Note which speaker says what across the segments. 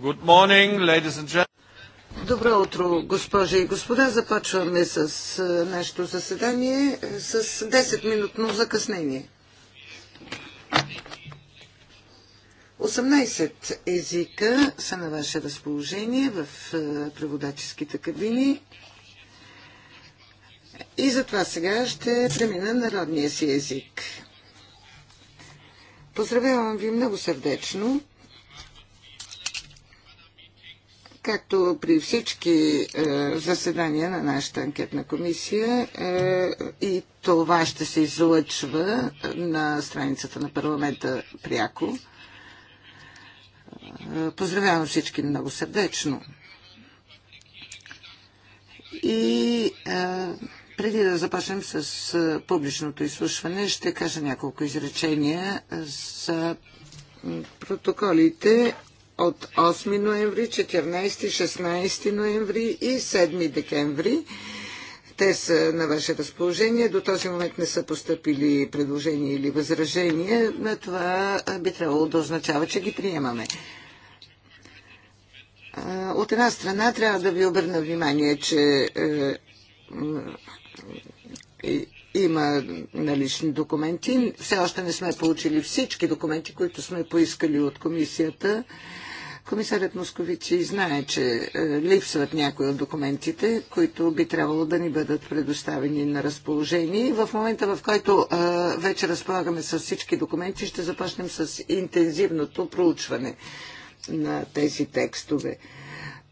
Speaker 1: Good morning, ladies and gentlemen. Добро утро, госпожи и господа. Започваме с нашето заседание е, с 10-минутно закъснение. 18 езика са на ваше разположение в преводаческите кабини. И затова сега ще премина народния си език. Поздравявам ви много сърдечно Както при всички е, заседания на нашата анкетна комисия е, и това ще се излъчва на страницата на парламента пряко. Е, поздравявам всички много сърдечно. И е, преди да започнем с е, публичното изслушване, ще кажа няколко изречения за протоколите от 8 ноември, 14, 16 ноември и 7 декември. Те са на ваше разположение. До този момент не са поступили предложения или възражения. На това би трябвало да означава, че ги приемаме. От една страна трябва да ви обърна внимание, че е, има налични документи. Все още не сме получили всички документи, които сме поискали от комисията. Комисарят Московици знае, че е, липсват някои от документите, които би трябвало да ни бъдат предоставени на разположение. В момента, в който е, вече разполагаме с всички документи, ще започнем с интензивното проучване на тези текстове.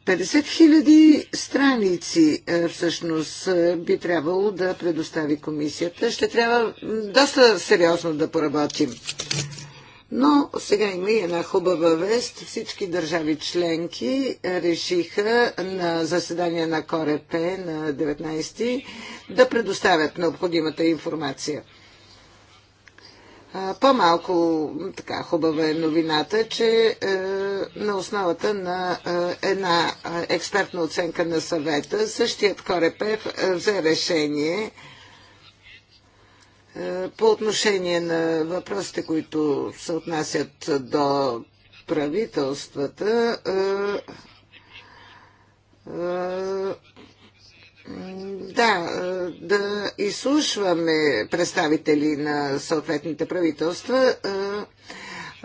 Speaker 1: 50 000 страници е, всъщност би трябвало да предостави комисията. Ще трябва доста сериозно да поработим. Но сега има и една хубава вест. Всички държави членки решиха на заседание на Корепе на 19 да предоставят необходимата информация. По-малко така хубава е новината, че е, на основата на е, една е, експертна оценка на съвета, същият Корепев взе решение е, по отношение на въпросите, които се отнасят до правителствата, е, е, да, да изслушваме представители на съответните правителства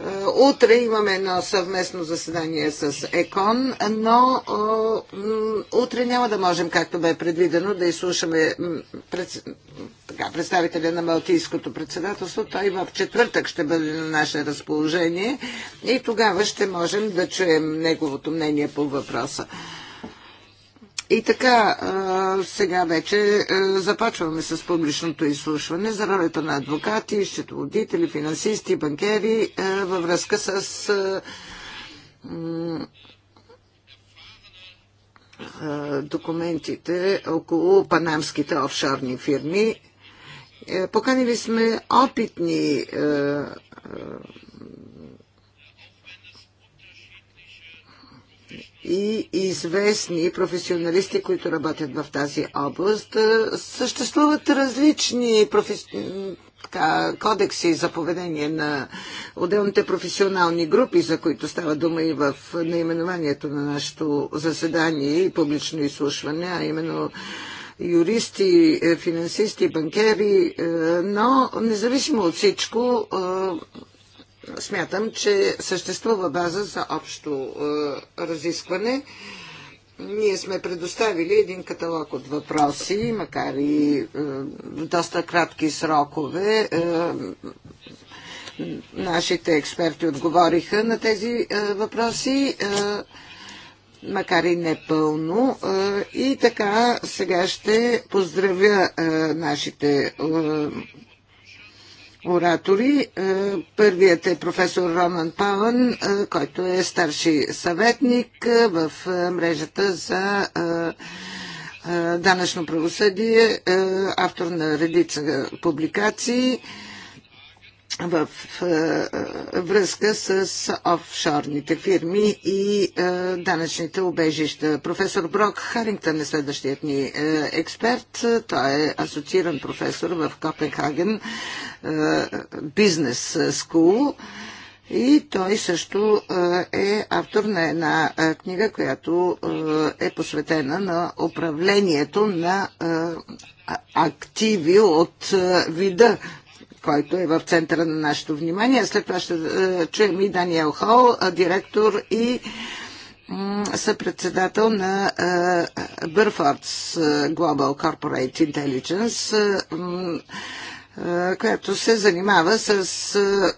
Speaker 1: е, утре имаме едно съвместно заседание с ЕКОН, но утре няма да можем, както бе предвидено, да изслушаме представителя на Малтийското председателство. Той в четвъртък ще бъде на наше разположение и тогава ще можем да чуем неговото мнение по въпроса. И така, сега вече започваме с публичното изслушване за ролята на адвокати, счетоводители, финансисти, банкери във връзка с документите около панамските офшорни фирми. Е, поканили сме опитни е, е, и известни професионалисти, които работят в тази област. Е, съществуват различни професи... така, кодекси за поведение на отделните професионални групи, за които става дума и в наименованието на нашето заседание и публично изслушване, а именно юристи, финансисти, банкери, е, но независимо от всичко, е, смятам, че съществува база за общо е, разискване. Ние сме предоставили един каталог от въпроси, макар и в е, доста кратки срокове. Е, нашите експерти отговориха на тези въпроси макар и непълно. И така сега ще поздравя нашите оратори. Е, първият е професор Роман Паван, е, който е старши съветник е, в мрежата за данъчно правосъдие, автор на редица публикации в е, е, връзка с офшорните фирми и е, данъчните убежища. Професор Брок Харингтън е следващият ни експерт. Той е асоцииран професор в Копенхаген Бизнес Скул. И той също е автор на една книга, която е посветена на управлението на активи от вида който е в центъра на нашето внимание. След това ще е, чуем и Даниел Хол, е, директор и съпредседател на Бърфордс е, Global Corporate Intelligence, която се занимава с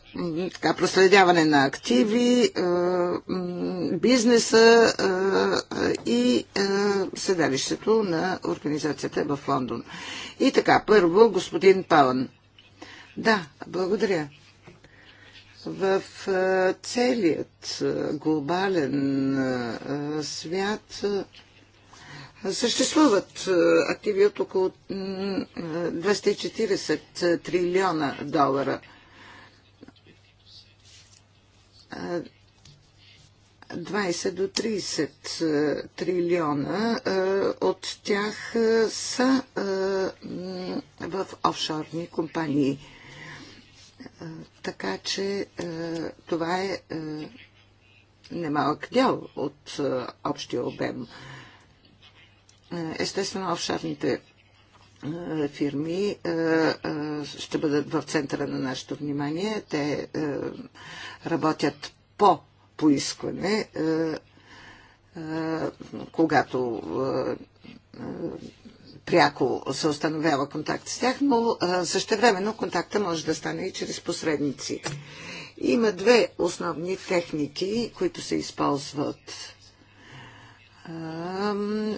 Speaker 1: така, проследяване на активи, бизнеса и седалището на организацията в Лондон. И така, първо господин Палан. Да, благодаря. В е, целият е, глобален е, свят съществуват активи от около 240 трилиона долара. 20 до 30 трилиона от тях са в офшорни компании така че това е немалък дял от общия обем. Естествено, офшорните фирми ще бъдат в центъра на нашето внимание. Те работят по поискване, когато пряко се установява контакт с тях, но същевременно контакта може да стане и чрез посредници. Има две основни техники, които се използват.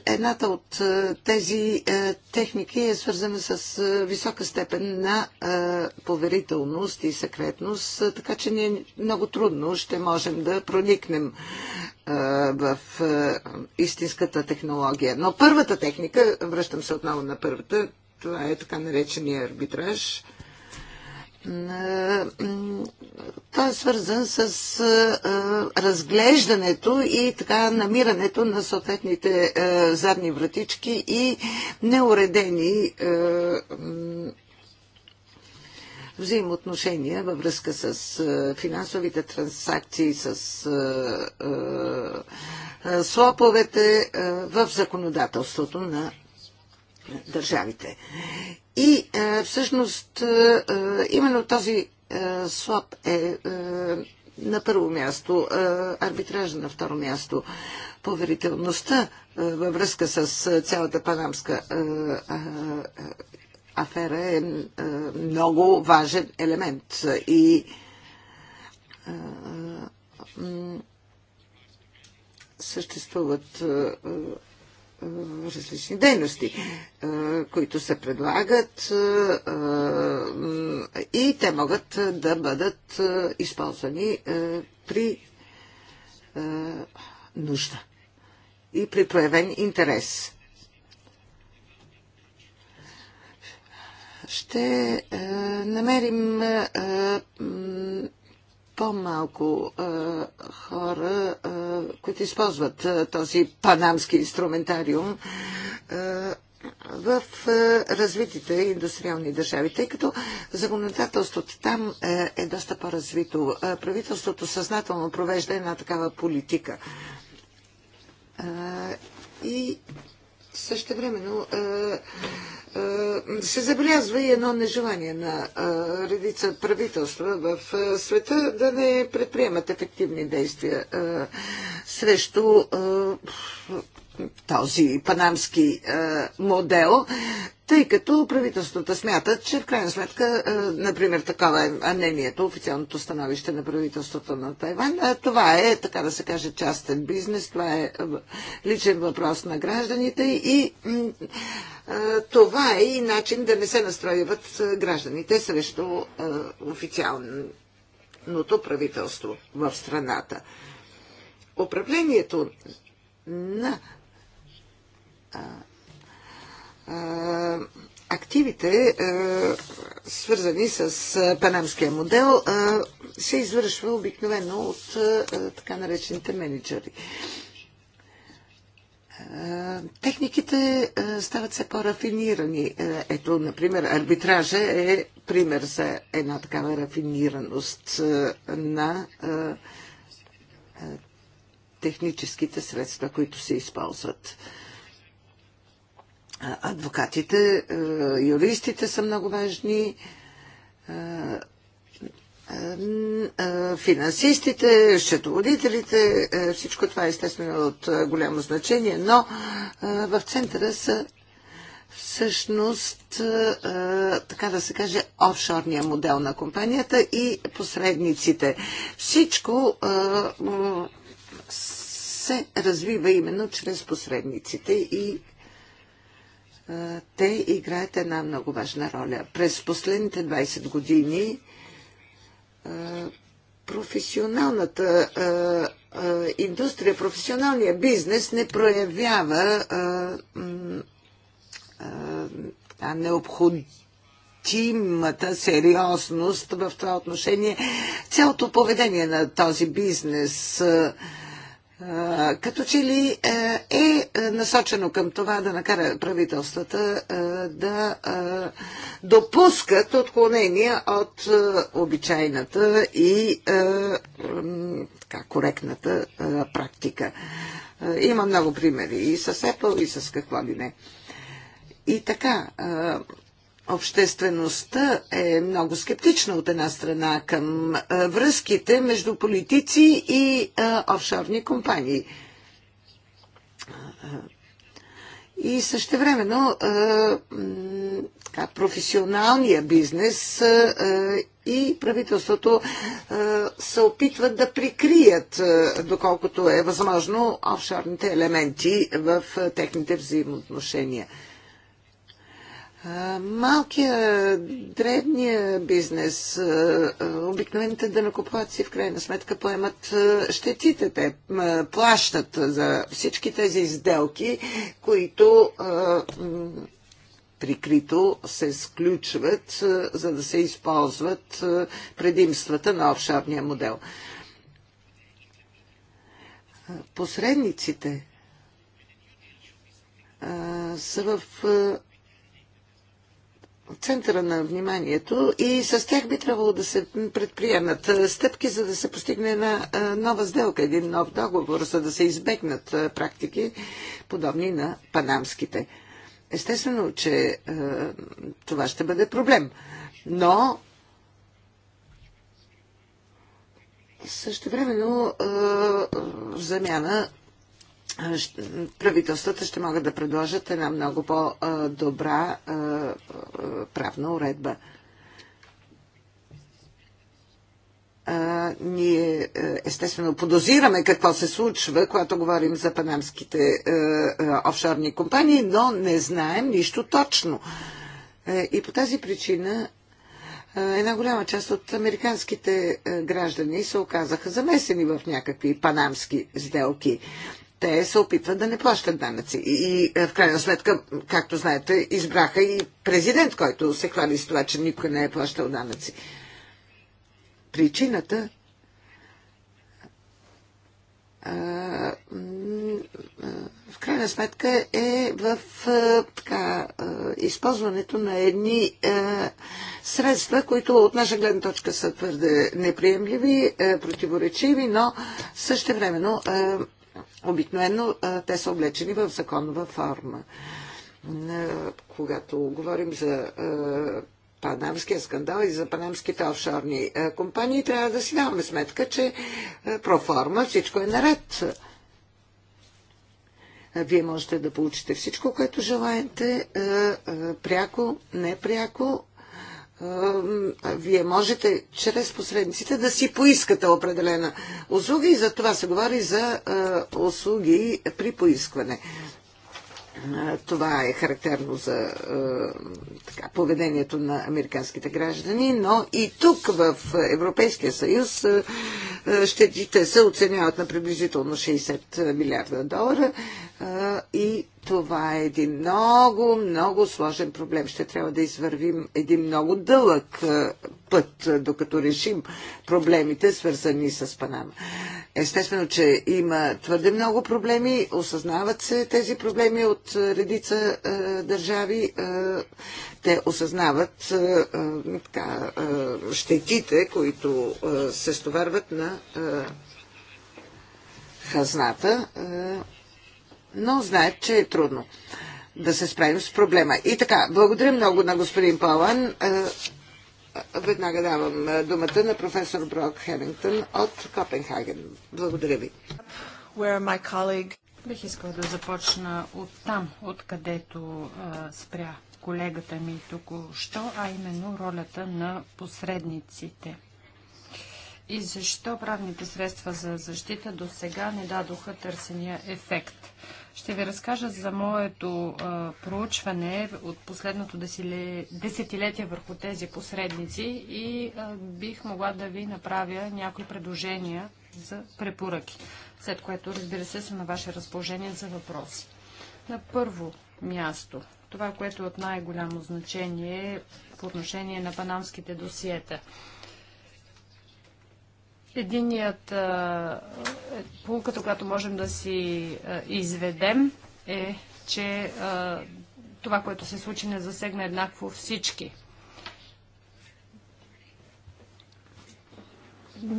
Speaker 1: Едната от тези техники е свързана с висока степен на поверителност и секретност, така че ние много трудно ще можем да проникнем в истинската технология. Но първата техника, връщам се отново на първата, това е така наречения арбитраж. Той е свързан с разглеждането и така намирането на съответните задни вратички и неуредени взаимоотношения във връзка с финансовите транзакции, с слоповете в законодателството на държавите. И всъщност именно този слоп е на първо място, арбитража на второ място, поверителността във връзка с цялата панамска афера е, е много важен елемент и е, съществуват е, различни дейности, които се предлагат и те могат да бъдат използвани при нужда и при проявен интерес. ще е, намерим е, по-малко е, хора, е, които използват е, този панамски инструментариум е, в е, развитите индустриални държави, тъй като законодателството там е, е доста по-развито. Е, правителството съзнателно провежда една такава политика. Е, и времено. е, е, се забелязва и едно нежелание на е, редица правителства в е, света да не предприемат ефективни действия срещу този панамски е, модел, тъй като правителствата смятат, че в крайна сметка, е, например, такова е мнението, официалното становище на правителството на Тайван. Е, това е, така да се каже, частен бизнес, това е, личен въпрос на гражданите и е, това е и начин да не се настроиват е, гражданите срещу е, официалното правителство в страната. Управлението на активите, свързани с панамския модел, се извършва обикновено от така наречените менеджери. Техниките стават все по-рафинирани. Ето, например, арбитража е пример за една такава рафинираност на техническите средства, които се използват адвокатите, юристите са много важни, финансистите, счетоводителите, всичко това е естествено от голямо значение, но в центъра са всъщност, така да се каже, офшорния модел на компанията и посредниците. Всичко се развива именно чрез посредниците и те играят една много важна роля. През последните 20 години професионалната индустрия, професионалния бизнес не проявява необходимост необходимата сериозност в това отношение. Цялото поведение на този бизнес като че ли е, е насочено към това да накара правителствата е, да е, допускат отклонения от обичайната и така, коректната практика. Има много примери и с Apple, и с какво ли не. И така, Обществеността е много скептична от една страна към връзките между политици и офшорни компании. И същевременно така, професионалния бизнес и правителството се опитват да прикрият, доколкото е възможно, офшорните елементи в техните взаимоотношения. Малкия, древния бизнес, обикновените си в крайна сметка поемат щетите. Те плащат за всички тези изделки, които прикрито се сключват, за да се използват предимствата на офшорния модел. Посредниците са в центъра на вниманието и с тях би трябвало да се предприемат стъпки, за да се постигне една нова сделка, един нов договор, за да се избегнат практики, подобни на панамските. Естествено, че това ще бъде проблем. Но също времено в замяна правителствата ще могат да предложат една много по-добра правна уредба. ние естествено подозираме какво се случва, когато говорим за панамските офшорни компании, но не знаем нищо точно. И по тази причина една голяма част от американските граждани се оказаха замесени в някакви панамски сделки те се опитват да не плащат данъци. И, и е, в крайна сметка, както знаете, избраха и президент, който се хвали с това, че никой не е плащал данъци. Причината в крайна сметка е в е, така, е, използването на едни средства, които от наша гледна точка са твърде неприемливи, противоречиви, но също времено Обикновено те са облечени в законова форма. Когато говорим за панамския скандал и за панамските офшорни компании, трябва да си даваме сметка, че проформа всичко е наред. Вие можете да получите всичко, което желаете, пряко, непряко, вие можете чрез посредниците да си поискате определена услуга и за това се говори за услуги при поискване. Това е характерно за е, така, поведението на американските граждани, но и тук в Европейския съюз е, е щетите се оценяват на приблизително 60 милиарда долара е, и това е един много, много сложен проблем. Ще трябва да извървим един много дълъг е, път, докато решим проблемите, свързани с Панама. Естествено, че има твърде много проблеми, осъзнават се тези проблеми от е, редица е, държави. Е, те осъзнават е, е, така, е, щетите, които е, се стоварват на е, хазната, е, но знаят, че е трудно да се справим с проблема. И така, благодаря много на господин Палан. Е, веднага давам думата на професор Брок Хемингтън от Копенхаген. Благодаря ви.
Speaker 2: Бих искал да започна от там, откъдето спря колегата ми току-що, а именно ролята на посредниците. И защо правните средства за защита до сега не дадоха търсения ефект? Ще ви разкажа за моето а, проучване от последното десетилетие върху тези посредници и а, бих могла да ви направя някои предложения за препоръки, след което, разбира се, съм на ваше разположение за въпроси. На първо място, това, което е от най-голямо значение по отношение на панамските досиета – Единият пункт, който можем да си изведем е, че това, което се случи, не засегна еднакво всички.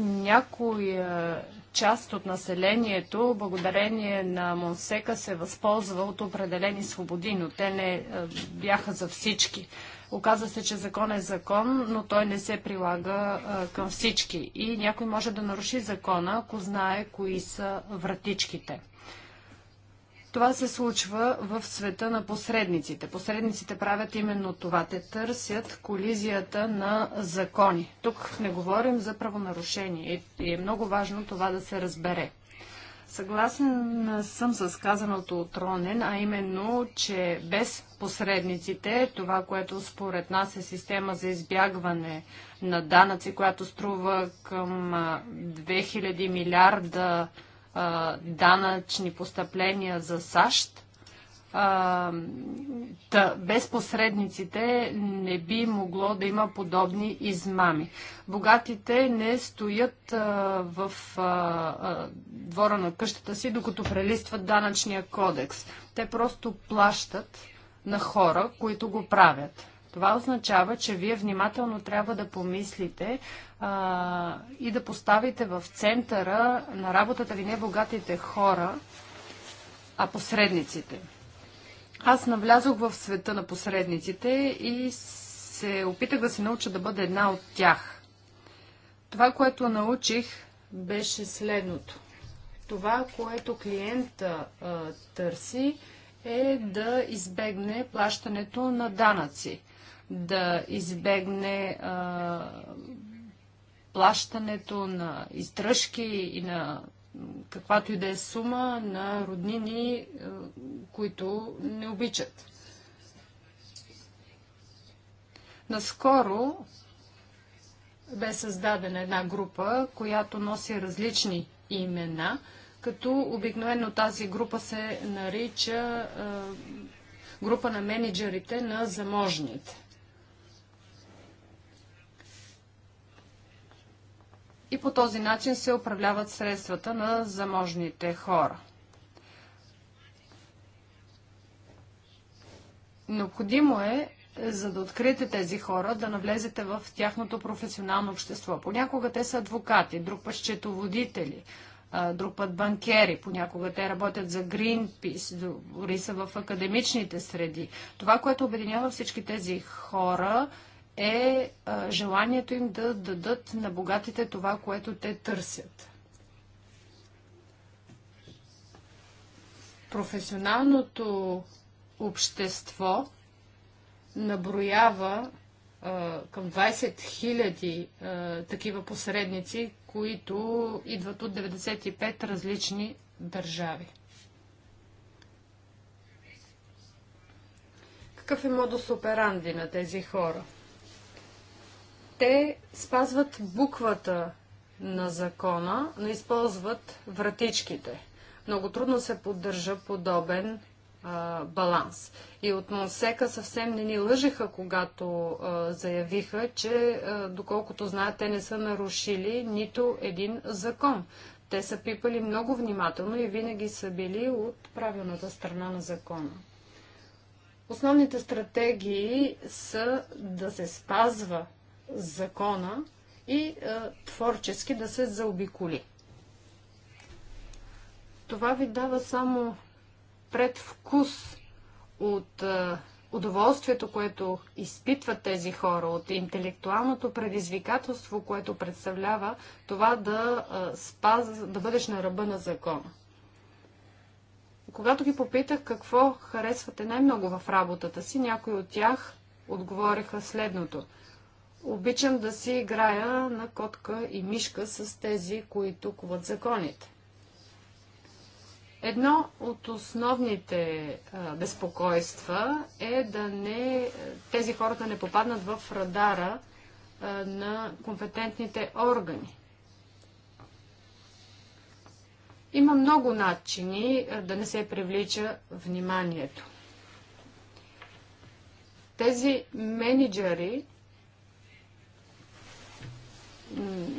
Speaker 2: Някоя част от населението, благодарение на Монсека, се възползва от определени свободи, но те не бяха за всички. Оказва се, че закон е закон, но той не се прилага а, към всички. И някой може да наруши закона, ако знае кои са вратичките. Това се случва в света на посредниците. Посредниците правят именно това. Те търсят колизията на закони. Тук не говорим за правонарушение и е много важно това да се разбере. Съгласен съм с казаното от Ронен, а именно, че без посредниците, това, което според нас е система за избягване на данъци, която струва към 2000 милиарда данъчни постъпления за САЩ, а, та, без посредниците не би могло да има подобни измами. Богатите не стоят а, в а, двора на къщата си, докато прелистват данъчния кодекс. Те просто плащат на хора, които го правят. Това означава, че вие внимателно трябва да помислите а, и да поставите в центъра на работата ви не богатите хора, а посредниците. Аз навлязох в света на посредниците и се опитах да се науча да бъда една от тях. Това, което научих, беше следното. Това, което клиента а, търси, е да избегне плащането на данъци, да избегне а, плащането на издръжки и на каквато и да е сума на роднини, е, които не обичат. Наскоро бе създадена една група, която носи различни имена, като обикновено тази група се нарича е, група на менеджерите на заможните. и по този начин се управляват средствата на заможните хора. Необходимо е, за да откриете тези хора, да навлезете в тяхното професионално общество. Понякога те са адвокати, друг път счетоводители, друг път банкери, понякога те работят за Greenpeace, дори са в академичните среди. Това, което обединява всички тези хора, е желанието им да дадат на богатите това, което те търсят. Професионалното общество наброява към 20 000 такива посредници, които идват от 95 различни държави. Какъв е модус операнди на тези хора? те спазват буквата на закона, но използват вратичките. Много трудно се поддържа подобен а, баланс. И от Монсека съвсем не ни лъжиха, когато а, заявиха, че а, доколкото знаят, те не са нарушили нито един закон. Те са пипали много внимателно и винаги са били от правилната страна на закона. Основните стратегии са да се спазва закона и е, творчески да се заобиколи. Това ви дава само предвкус от е, удоволствието, което изпитват тези хора, от интелектуалното предизвикателство, което представлява това да, е, спаз, да бъдеш на ръба на закона. Когато ги попитах какво харесвате най-много в работата си, някои от тях отговориха следното. Обичам да си играя на котка и мишка с тези, които куват законите. Едно от основните а, безпокойства е да не, тези хора да не попаднат в радара а, на компетентните органи. Има много начини а, да не се привлича вниманието. Тези менеджери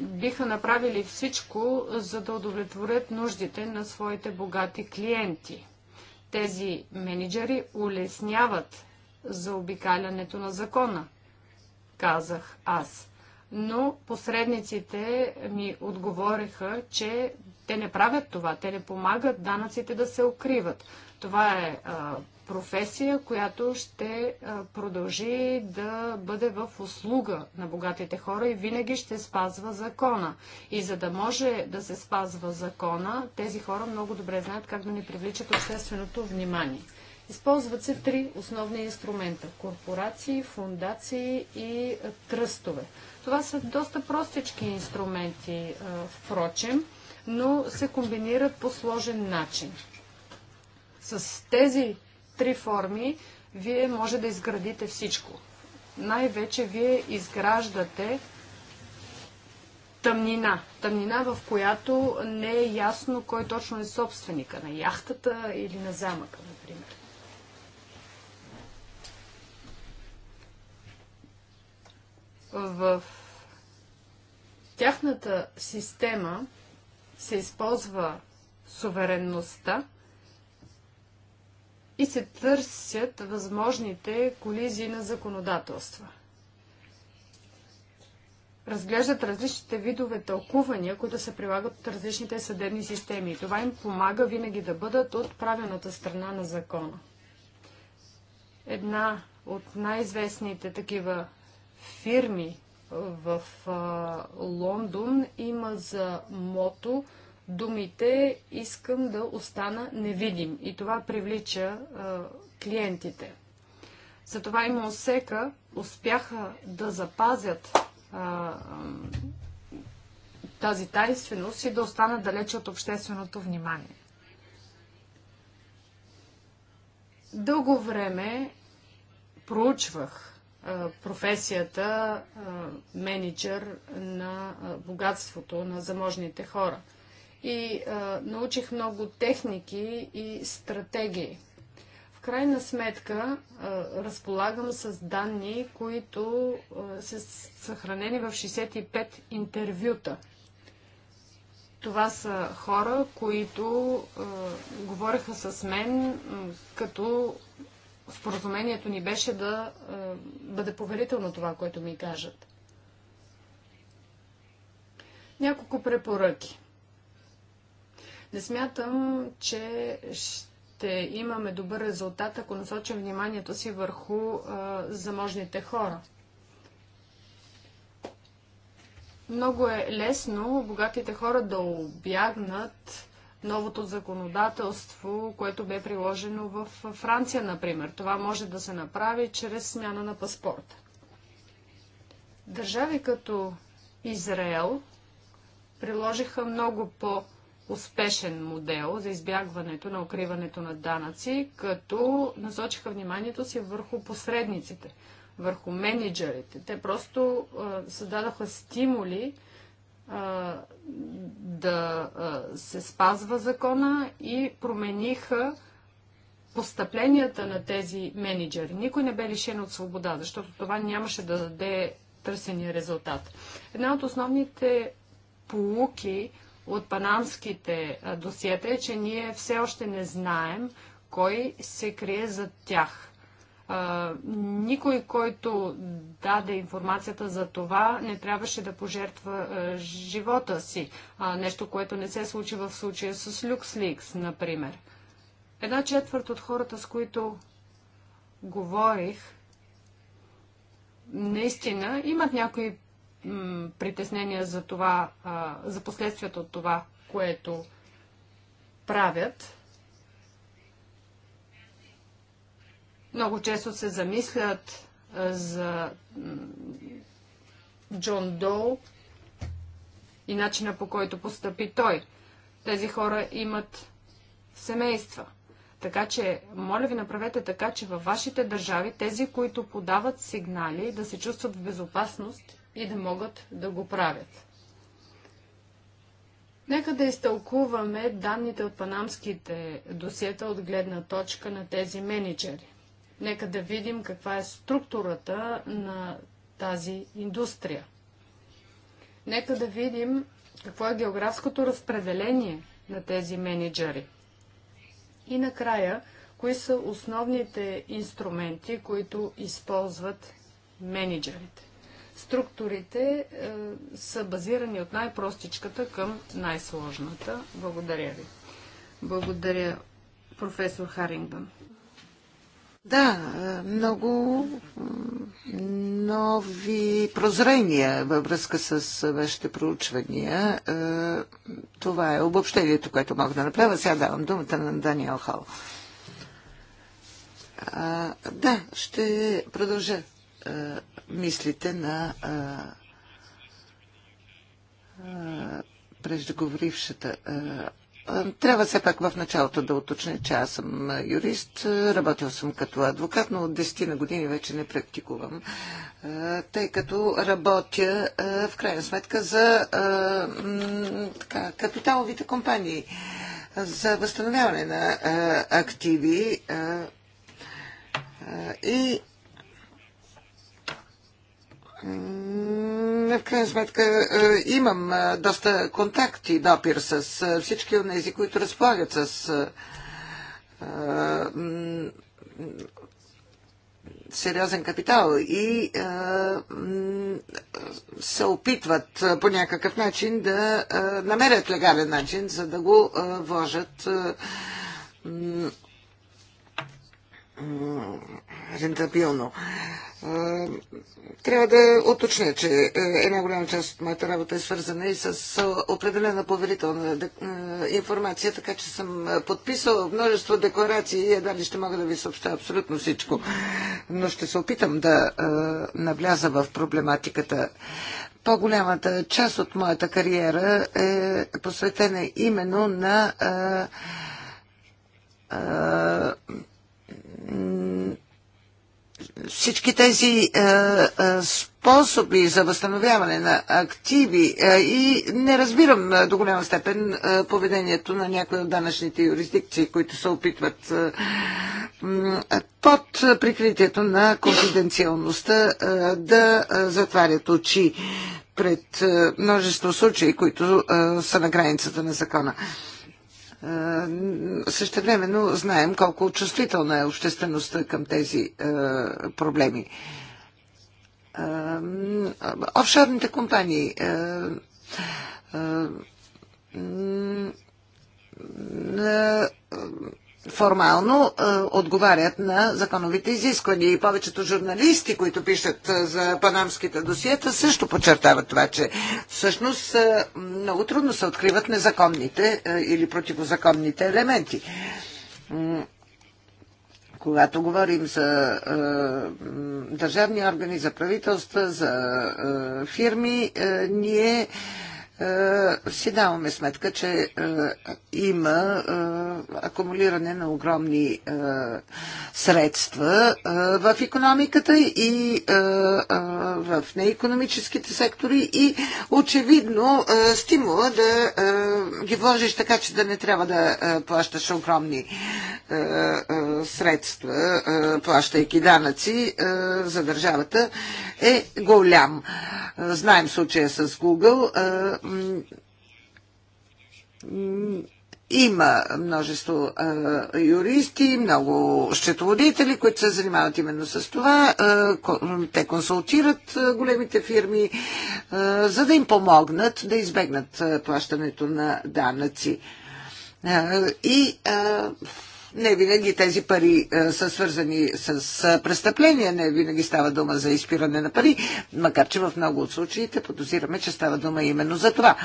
Speaker 2: биха направили всичко, за да удовлетворят нуждите на своите богати клиенти. Тези менеджери улесняват за обикалянето на закона, казах аз. Но посредниците ми отговориха, че те не правят това, те не помагат данъците да се укриват. Това е а, професия, която ще продължи да бъде в услуга на богатите хора и винаги ще спазва закона. И за да може да се спазва закона, тези хора много добре знаят как да ни привличат общественото внимание. Използват се три основни инструмента – корпорации, фундации и тръстове. Това са доста простички инструменти, впрочем, но се комбинират по сложен начин. С тези три форми вие може да изградите всичко. Най-вече вие изграждате тъмнина. Тъмнина, в която не е ясно кой точно е собственика на яхтата или на замъка, например. В тяхната система се използва суверенността и се търсят възможните колизии на законодателства. Разглеждат различните видове тълкувания, които се прилагат от различните съдебни системи. Това им помага винаги да бъдат от правилната страна на закона. Една от най-известните такива фирми в Лондон има за мото думите искам да остана невидим и това привлича а, клиентите. Затова има усека, успяха да запазят а, тази тайнственост и да останат далече от общественото внимание. Дълго време проучвах професията менеджер на богатството на заможните хора – и а, научих много техники и стратегии. В крайна сметка а, разполагам с данни, които а, са съхранени в 65 интервюта. Това са хора, които а, говореха с мен, като споразумението ни беше да а, бъде поверително това, което ми кажат. Няколко препоръки. Не смятам, че ще имаме добър резултат, ако насочим вниманието си върху а, заможните хора. Много е лесно богатите хора да обягнат новото законодателство, което бе приложено в Франция, например. Това може да се направи чрез смяна на паспорта. Държави като Израел приложиха много по- успешен модел за избягването на укриването на данъци, като насочиха вниманието си върху посредниците, върху менеджерите. Те просто а, създадаха стимули а, да а, се спазва закона и промениха постъпленията на тези менеджери. Никой не бе лишен от свобода, защото това нямаше да даде търсения резултат. Една от основните полуки от панамските досиета е, че ние все още не знаем кой се крие за тях. никой, който даде информацията за това, не трябваше да пожертва живота си. нещо, което не се случи в случая с LuxLeaks, например. Една четвърт от хората, с които говорих, наистина имат някои притеснения за това, за последствията от това, което правят. Много често се замислят за Джон Доу и начина по който постъпи той. Тези хора имат семейства. Така че, моля ви, направете така, че във вашите държави тези, които подават сигнали, да се чувстват в безопасност и да могат да го правят. Нека да изтълкуваме данните от панамските досиета от гледна точка на тези менеджери. Нека да видим каква е структурата на тази индустрия. Нека да видим какво е географското разпределение на тези менеджери. И накрая, кои са основните инструменти, които използват менеджерите. Структурите е, са базирани от най-простичката към най-сложната. Благодаря ви. Благодаря, професор Харингън. Да, е, много
Speaker 1: нови прозрения във връзка с вашите проучвания. Е, това е обобщението, което мога да направя. Сега давам думата на Даниел Хал. Е, да, ще продължа е, мислите на е, е, преждеговорившата. Трябва все пак в началото да уточня, че аз съм юрист, работил съм като адвокат, но от 10 на години вече не практикувам, тъй като работя в крайна сметка за така, капиталовите компании, за възстановяване на активи и в крайна сметка е, имам е, доста контакти, допир с е, всички от тези, които разполагат с сериозен капитал и се опитват по някакъв начин да намерят легален начин, за да го вложат рентабилно. Трябва да уточня, че е, една голяма част от моята работа е свързана и с е, определена поверителна е, информация, така че съм подписала множество декларации и едва ли ще мога да ви съобща абсолютно всичко. Но ще се опитам да навляза в проблематиката. По-голямата част от моята кариера е посветена именно на всички тези е, е, способи за възстановяване на активи е, и не разбирам до голяма степен поведението на някои от данъчните юрисдикции, които се опитват под прикритието на конфиденциалността да затварят очи пред множество случаи, които са на границата на закона. Е, същевременно знаем колко чувствителна е обществеността към тези е, проблеми. Е, офшорните компании формално а, е, отговарят на законовите изисквания. И повечето журналисти, които пишат а, е, за панамските досиета, също подчертават това, че всъщност а, е, много трудно се откриват незаконните а, или противозаконните елементи. Когато говорим за а, държавни органи, за правителства, за а, фирми, а, ние А, е, си даваме сметка, че е, има е, акумулиране на огромни средства в економиката и в неекономическите сектори и очевидно стимула да ги вложиш така, че да не трябва да плащаш огромни средства, плащайки данъци за държавата е голям. Знаем случая с Google има множество а, юристи, много счетоводители, които се занимават именно с това. А, те консултират а, големите фирми, а, за да им помогнат да избегнат а, плащането на данъци. А, и а, не винаги тези пари е, са свързани с е, престъпления, не винаги става дума за изпиране на пари, макар че в много от случаите подозираме, че става дума именно за това.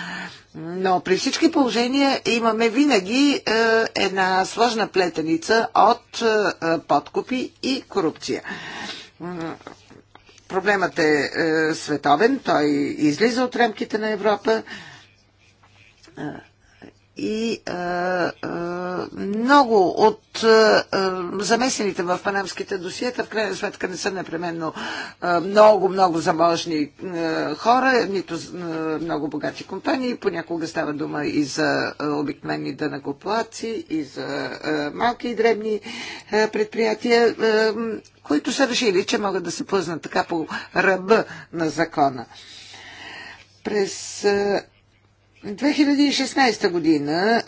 Speaker 1: Но при всички положения имаме винаги е, една сложна плетеница от подкупи и корупция. Проблемът е, е световен, той излиза от рамките на Европа и а, а, много от а, замесените в панамските досиета в крайна сметка не са непременно много-много заможни а, хора, нито а, много богати компании. Понякога става дума и за а, обикновени дънакоплаци, и за а, малки и дребни а, предприятия, а, които са решили, че могат да се плъзнат така по ръба на закона. През 2016 година е,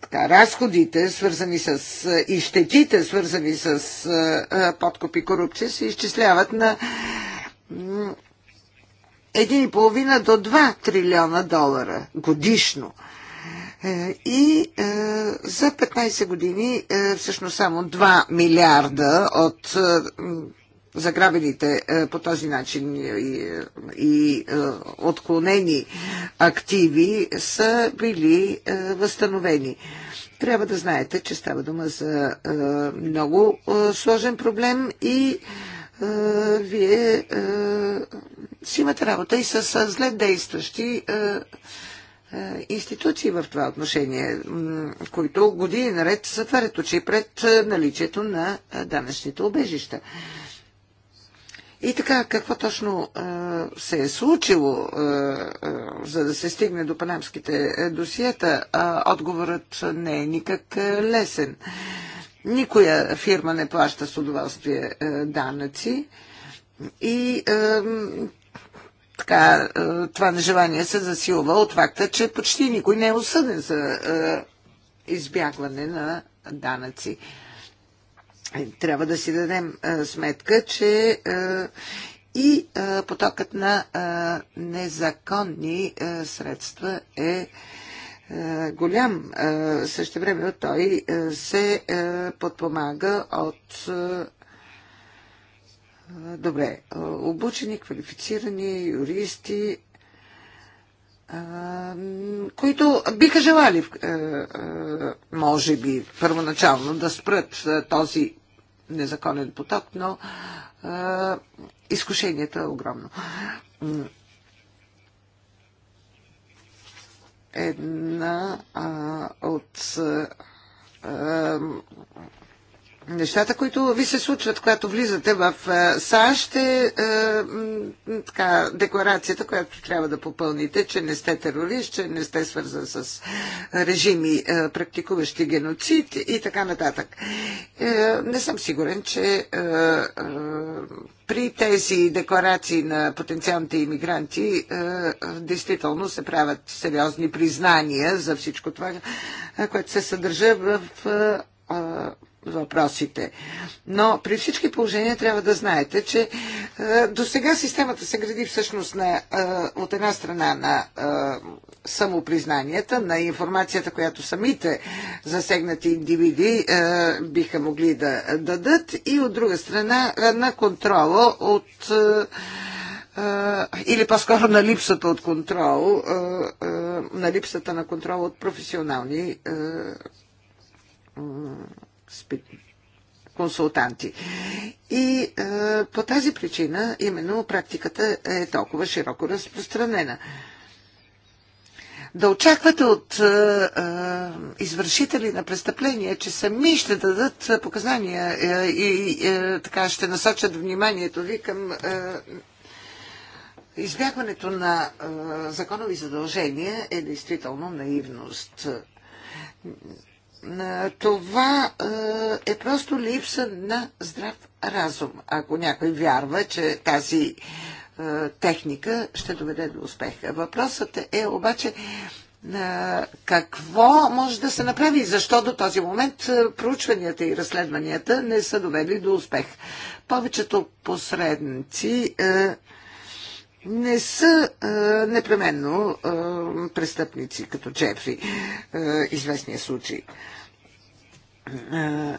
Speaker 1: така, разходите, свързани с е, и щетите, свързани с е, подкуп и корупция, се изчисляват на 1,5 до 2 трилиона долара годишно. И за 15 години всъщност само 2 милиарда от заграбените е, по този начин и, и е, отклонени активи са били е, възстановени. Трябва да знаете, че става дума за много сложен проблем и вие си имате работа и с зле действащи институции в това отношение, които години наред затварят очи пред наличието на данъчните убежища. И така, какво точно се е случило, за да се стигне до панамските е, досиета, отговорът не е никак лесен. Никоя фирма не плаща с удоволствие данъци и така, това нежелание се засилва от факта, че почти никой не е осъден за избягване на данъци трябва да си дадем сметка, че и потокът на незаконни средства е голям. Също време той се подпомага от добре обучени, квалифицирани юристи, които биха желали, може би, първоначално да спрат този незаконен поток, но а, изкушението е огромно. Една а, от нещата, които ви се случват, когато влизате в е, САЩ, е, е така, декларацията, която трябва да попълните, че не сте терорист, че не сте свързан с режими, е, практикуващи геноцид и така нататък. Е, не съм сигурен, че е, е, при тези декларации на потенциалните иммигранти е, е действително се правят сериозни признания за всичко това, е, което се съдържа в. Е, въпросите. Но при всички положения трябва да знаете, че е, до сега системата се гради всъщност на, е, от една страна на е, самопризнанията, на информацията, която самите засегнати индивиди е, биха могли да дадат и от друга страна е, на контрола от е, е, или по-скоро на липсата от контрол, е, на липсата на контрол от професионални консултанти. И е, по тази причина именно практиката е толкова широко разпространена. Да очаквате от е, е, извършители на престъпления, че сами ще дадат показания е, и е, така ще насочат вниманието ви към е, избягването на е, законови задължения е действително наивност това е просто липса на здрав разум, ако някой вярва, че тази техника ще доведе до успеха. Въпросът е обаче какво може да се направи? Защо до този момент проучванията и разследванията не са довели до успех? Повечето посредници не са а, непременно а, престъпници, като Джефри, а, известния случай. А,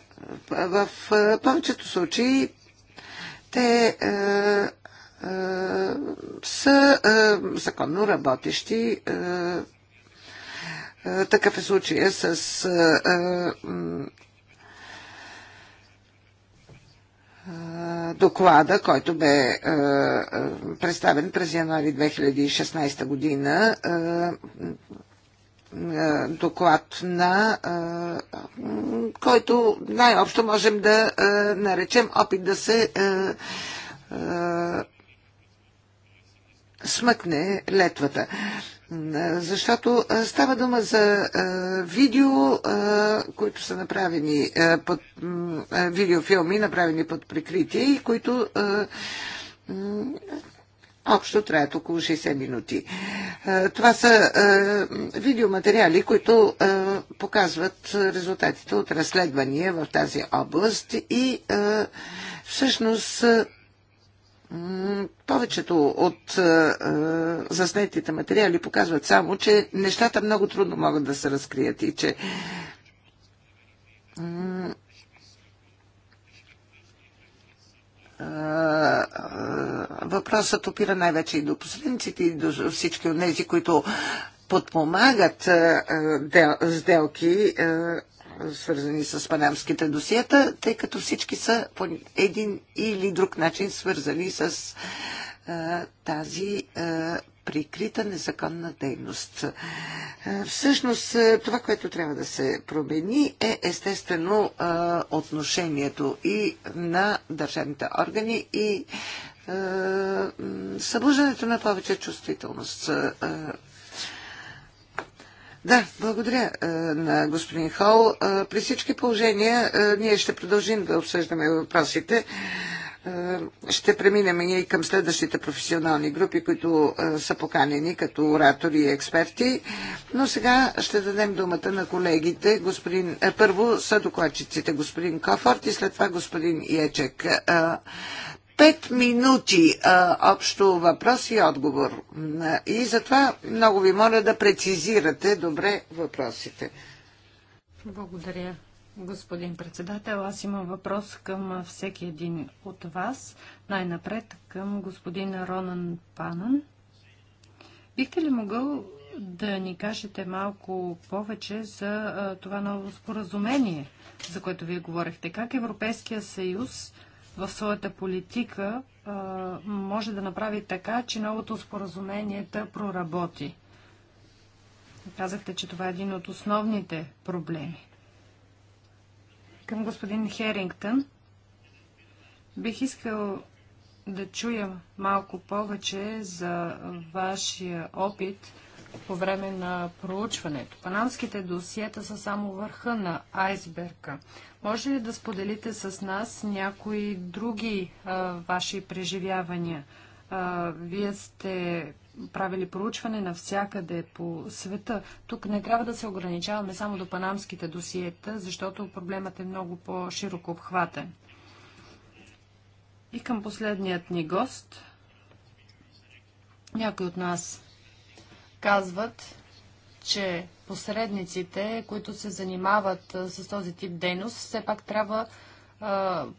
Speaker 1: в а, повечето случаи те а, а, са а, законно работещи. А, такъв е случая с а, а, доклада, който бе представен през януари 2016 година, доклад на който най-общо можем да наречем опит да се смъкне летвата защото става дума за видео, които са направени под видеофилми, направени под прикритие и които общо траят около 60 минути. Това са видеоматериали, които показват резултатите от разследвания в тази област и всъщност повечето от е, е, заснетите материали показват само, че нещата много трудно могат да се разкрият и че е, е, въпросът опира най-вече и до посредниците, и до всички от тези, които подпомагат сделки свързани с панамските досиета, тъй като всички са по един или друг начин свързани с а, тази а, прикрита незаконна дейност. Всъщност, това, което трябва да се промени е естествено отношението и на държавните органи и събуждането на повече чувствителност да, благодаря е, на господин Хол. Е, при всички положения е, ние ще продължим да обсъждаме въпросите. Ще преминем и към следващите професионални групи, които са поканени като оратори и експерти. Но сега ще дадем думата на колегите. Господин, първо са докладчиците господин Кофорт и след това господин Ячек. Пет минути а, общо въпрос и отговор. И затова много ви моля да прецизирате добре въпросите.
Speaker 2: Благодаря, господин председател. Аз имам въпрос към всеки един от вас. Най-напред към господин Ронан Панан. Бихте ли могъл да ни кажете малко повече за а, това ново споразумение, за което вие говорихте? Как Европейския съюз в своята политика може да направи така, че новото споразумение да проработи. Казахте, че това е един от основните проблеми. Към господин Херингтън бих искал да чуя малко повече за вашия опит по време на проучването. Панамските досиета са само върха на айсберга. Може ли да споделите с нас някои други а, ваши преживявания? А, вие сте правили проучване навсякъде по света. Тук не трябва да се ограничаваме само до панамските досиета, защото проблемът е много по-широко обхватен. И към последният ни гост. Някои от нас казват, че посредниците, които се занимават с този тип дейност, все пак трябва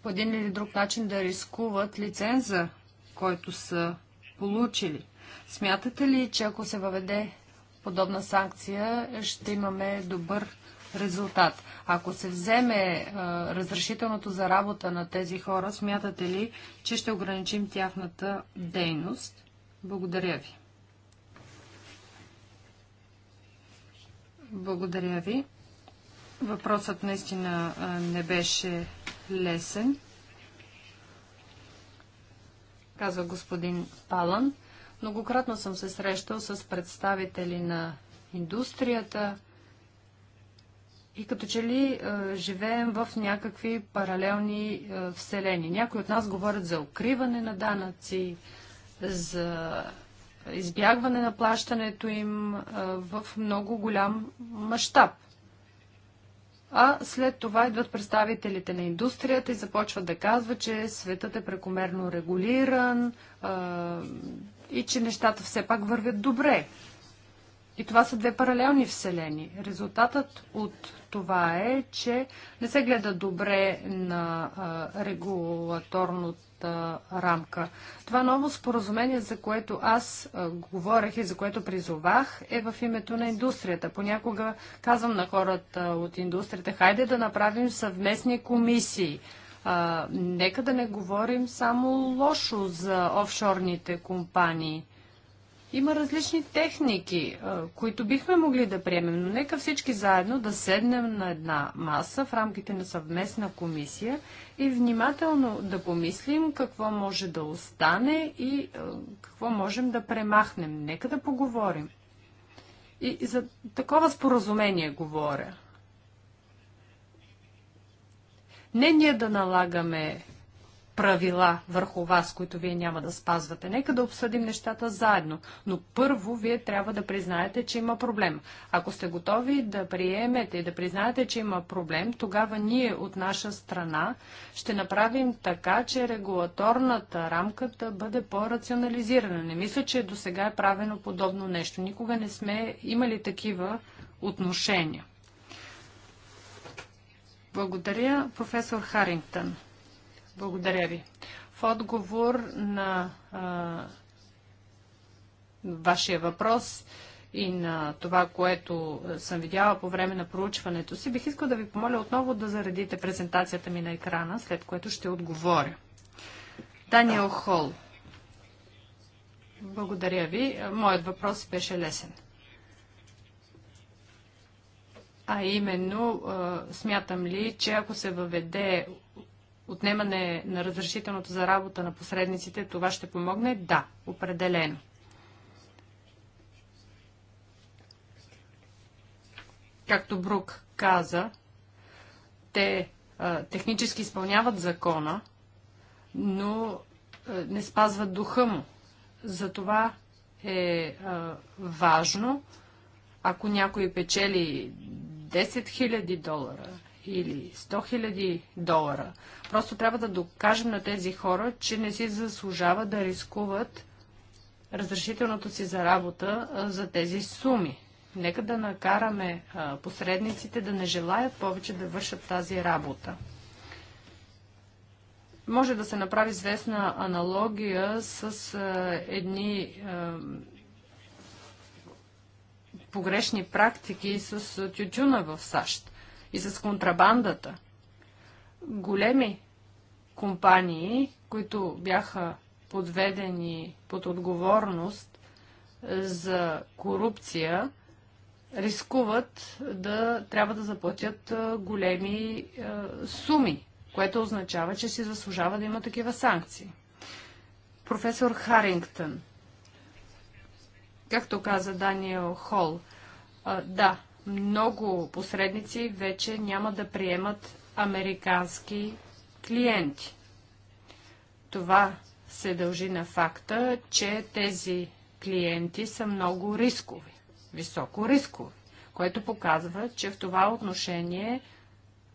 Speaker 2: по един или друг начин да рискуват лиценза, който са получили. Смятате ли, че ако се въведе подобна санкция, ще имаме добър резултат? Ако се вземе разрешителното за работа на тези хора, смятате ли, че ще ограничим тяхната дейност? Благодаря ви. Благодаря ви. Въпросът наистина не беше лесен, казва господин Палан. Многократно съм се срещал с представители на индустрията и като че ли е, живеем в някакви паралелни е, вселени. Някои от нас говорят за укриване на данъци, за избягване на плащането им в много голям мащаб. А след това идват представителите на индустрията и започват да казват, че светът е прекомерно регулиран и че нещата все пак вървят добре. И това са две паралелни вселени. Резултатът от това е, че не се гледа добре на регулаторното финансовата рамка. Това ново споразумение, за което аз говорех и за което призовах, е в името на индустрията. Понякога казвам на хората от индустрията, хайде да направим съвместни комисии. А, нека да не говорим само лошо за офшорните компании – има различни техники, които бихме могли да приемем, но нека всички заедно да седнем на една маса в рамките на съвместна комисия и внимателно да помислим какво може да остане и какво можем да премахнем. Нека да поговорим. И за такова споразумение говоря. Не ние да налагаме правила върху вас, които вие няма да спазвате. Нека да обсъдим нещата заедно. Но първо вие трябва да признаете, че има проблем. Ако сте готови да приемете и да признаете, че има проблем, тогава ние от наша страна ще направим така, че регулаторната рамка да бъде по-рационализирана. Не мисля, че до сега е правено подобно нещо. Никога не сме имали такива отношения. Благодаря, професор Харингтън. Благодаря ви. В отговор на а, вашия въпрос и на това, което съм видяла по време на проучването си, бих искал да ви помоля отново да заредите презентацията ми на екрана, след което ще отговоря. Даниел Хол. Благодаря ви. Моят въпрос беше лесен. А именно, смятам ли, че ако се въведе отнемане на разрешителното за работа на посредниците, това ще помогне? Да, определено. Както Брук каза, те а, технически изпълняват закона, но а, не спазват духа му. Затова е а, важно, ако някой печели 10 000 долара, или 100 хиляди долара. Просто трябва да докажем на тези хора, че не си заслужава да рискуват разрешителното си за работа за тези суми. Нека да накараме посредниците да не желаят повече да вършат тази работа. Може да се направи известна аналогия с а, едни погрешни практики с тютюна в САЩ и с контрабандата. Големи компании, които бяха подведени под отговорност за корупция, рискуват да трябва да заплатят големи суми, което означава, че си заслужава да има такива санкции. Професор Харингтън, както каза Даниел Хол, да, много посредници вече няма да приемат американски клиенти. Това се дължи на факта, че тези клиенти са много рискови, високо рискови, което показва, че в това отношение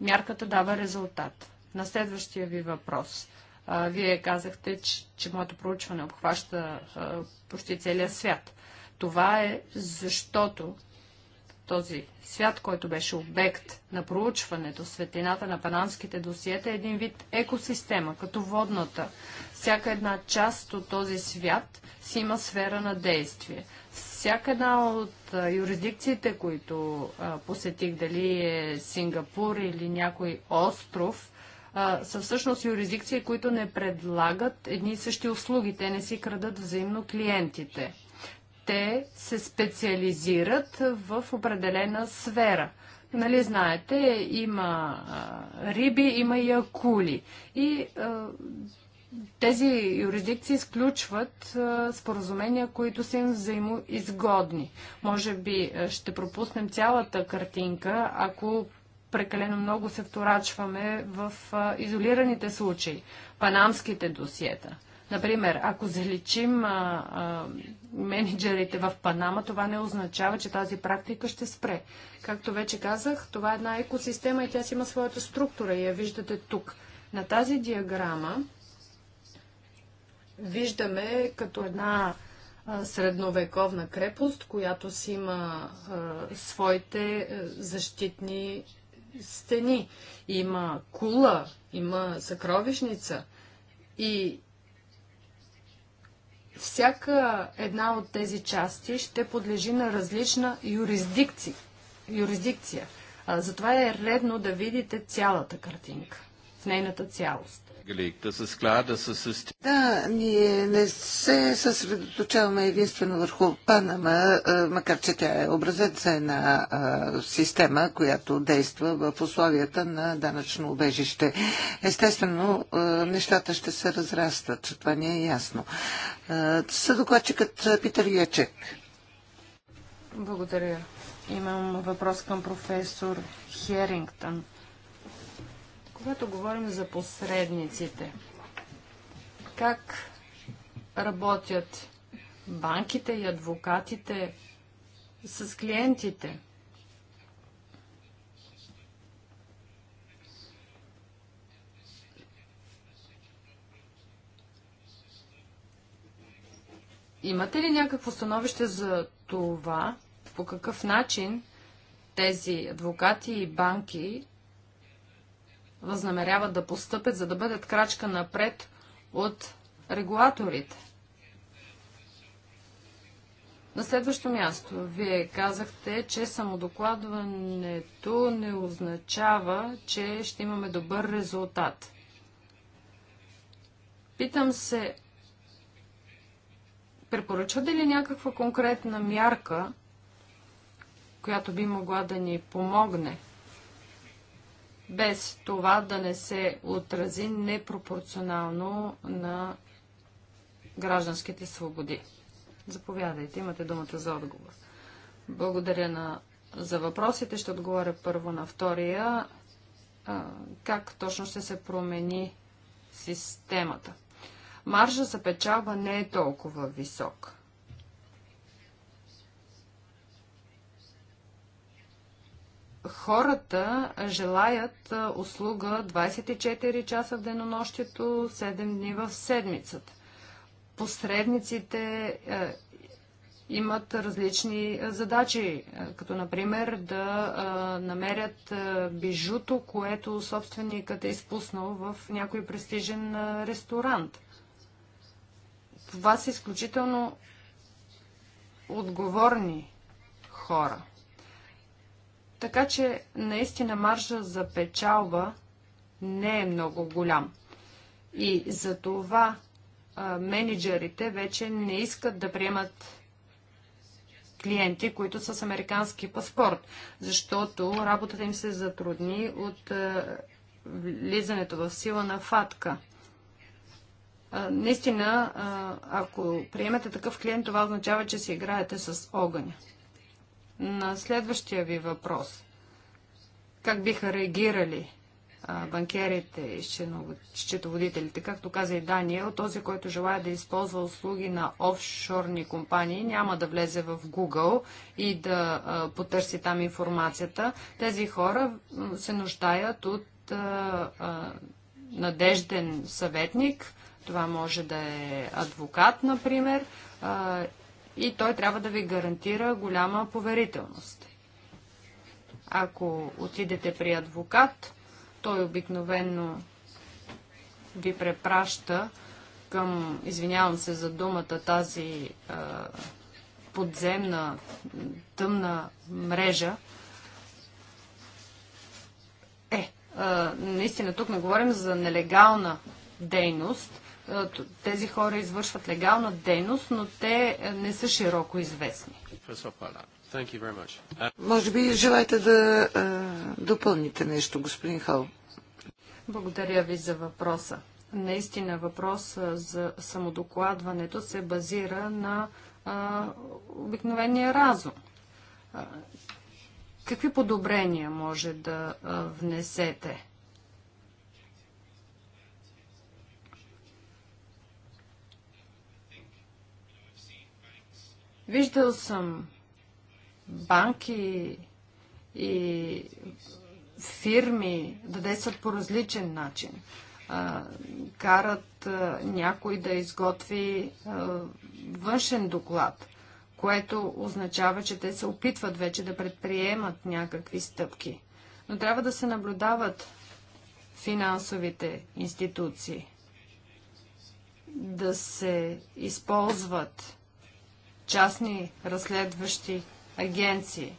Speaker 2: мярката дава резултат. На следващия ви въпрос. вие казахте, че, че моето проучване обхваща почти целия свят. Това е защото този свят, който беше обект на проучването, светлината на панамските досиета, е един вид екосистема, като водната. Всяка една част от този свят си има сфера на действие. Всяка една от юрисдикциите, които а, посетих, дали е Сингапур или някой остров, а, са всъщност юрисдикции, които не предлагат едни и същи услуги. Те не си крадат взаимно клиентите те се специализират в определена сфера. Нали знаете, има а, риби, има и акули. И а, тези юрисдикции изключват а, споразумения, които са им взаимоизгодни. Може би ще пропуснем цялата картинка, ако прекалено много се вторачваме в а, изолираните случаи, панамските досиета. Например, ако заличим а, а, менеджерите в Панама, това не означава, че тази практика ще спре. Както вече казах, това е една екосистема и тя си има своята структура и я виждате тук. На тази диаграма виждаме като една средновековна крепост, която си има а, своите а, защитни стени. Има кула, има съкровищница. И всяка една от тези части ще подлежи на различна юрисдикция. юрисдикция. Затова е редно да видите цялата картинка, в нейната цялост. Да, ние не
Speaker 1: се съсредоточаваме единствено върху Панама, макар че тя е образец за е една система, която действа в условията на данъчно убежище. Естествено, нещата ще се разрастват, това ни е ясно. Съдокладчикът Питър Ячек.
Speaker 2: Благодаря. Имам въпрос към професор Херингтън. Когато говорим за посредниците, как работят банките и адвокатите с клиентите? Имате ли някакво становище за това, по какъв начин тези адвокати и банки възнамеряват да постъпят, за да бъдат крачка напред от регулаторите? На следващо място, вие казахте, че самодокладването не означава, че ще имаме добър резултат. Питам се, препоръчвате ли някаква конкретна мярка, която би могла да ни помогне без това да не се отрази непропорционално на гражданските свободи. Заповядайте, имате думата за отговор. Благодаря на, за въпросите. Ще отговоря първо на втория. А, как точно ще се промени системата? Маржа за печалба не е толкова висок. хората желаят услуга 24 часа в денонощието, 7 дни в седмицата. Посредниците имат различни задачи, като например да намерят бижуто, което собственикът е изпуснал в някой престижен ресторант. Това са изключително отговорни хора – така че наистина маржа за печалба не е много голям. И за това менеджерите вече не искат да приемат клиенти, които са с американски паспорт, защото работата им се затрудни от влизането в сила на фатка. наистина, ако приемете такъв клиент, това означава, че си играете с огъня на следващия ви въпрос. Как биха реагирали банкерите и счетоводителите? Както каза и Даниел, този, който желая да използва услуги на офшорни компании, няма да влезе в Google и да потърси там информацията. Тези хора се нуждаят от надежден съветник. Това може да е адвокат, например, и той трябва да ви гарантира голяма поверителност. Ако отидете при адвокат, той обикновенно ви препраща към, извинявам се за думата, тази подземна, тъмна мрежа. Е, наистина тук не говорим за нелегална дейност, е, тези хора извършват легална дейност, но те е, не са широко известни. Може би желаете
Speaker 1: да е, допълните нещо, господин Хал.
Speaker 2: Благодаря ви за въпроса. Наистина въпрос за самодокладването се базира на а, обикновения разум. А, какви подобрения може да а, внесете? Виждал съм банки и фирми да действат по различен начин. карат някой да изготви външен доклад, което означава, че те се опитват вече да предприемат някакви стъпки. Но трябва да се наблюдават финансовите институции, да се използват частни разследващи агенции.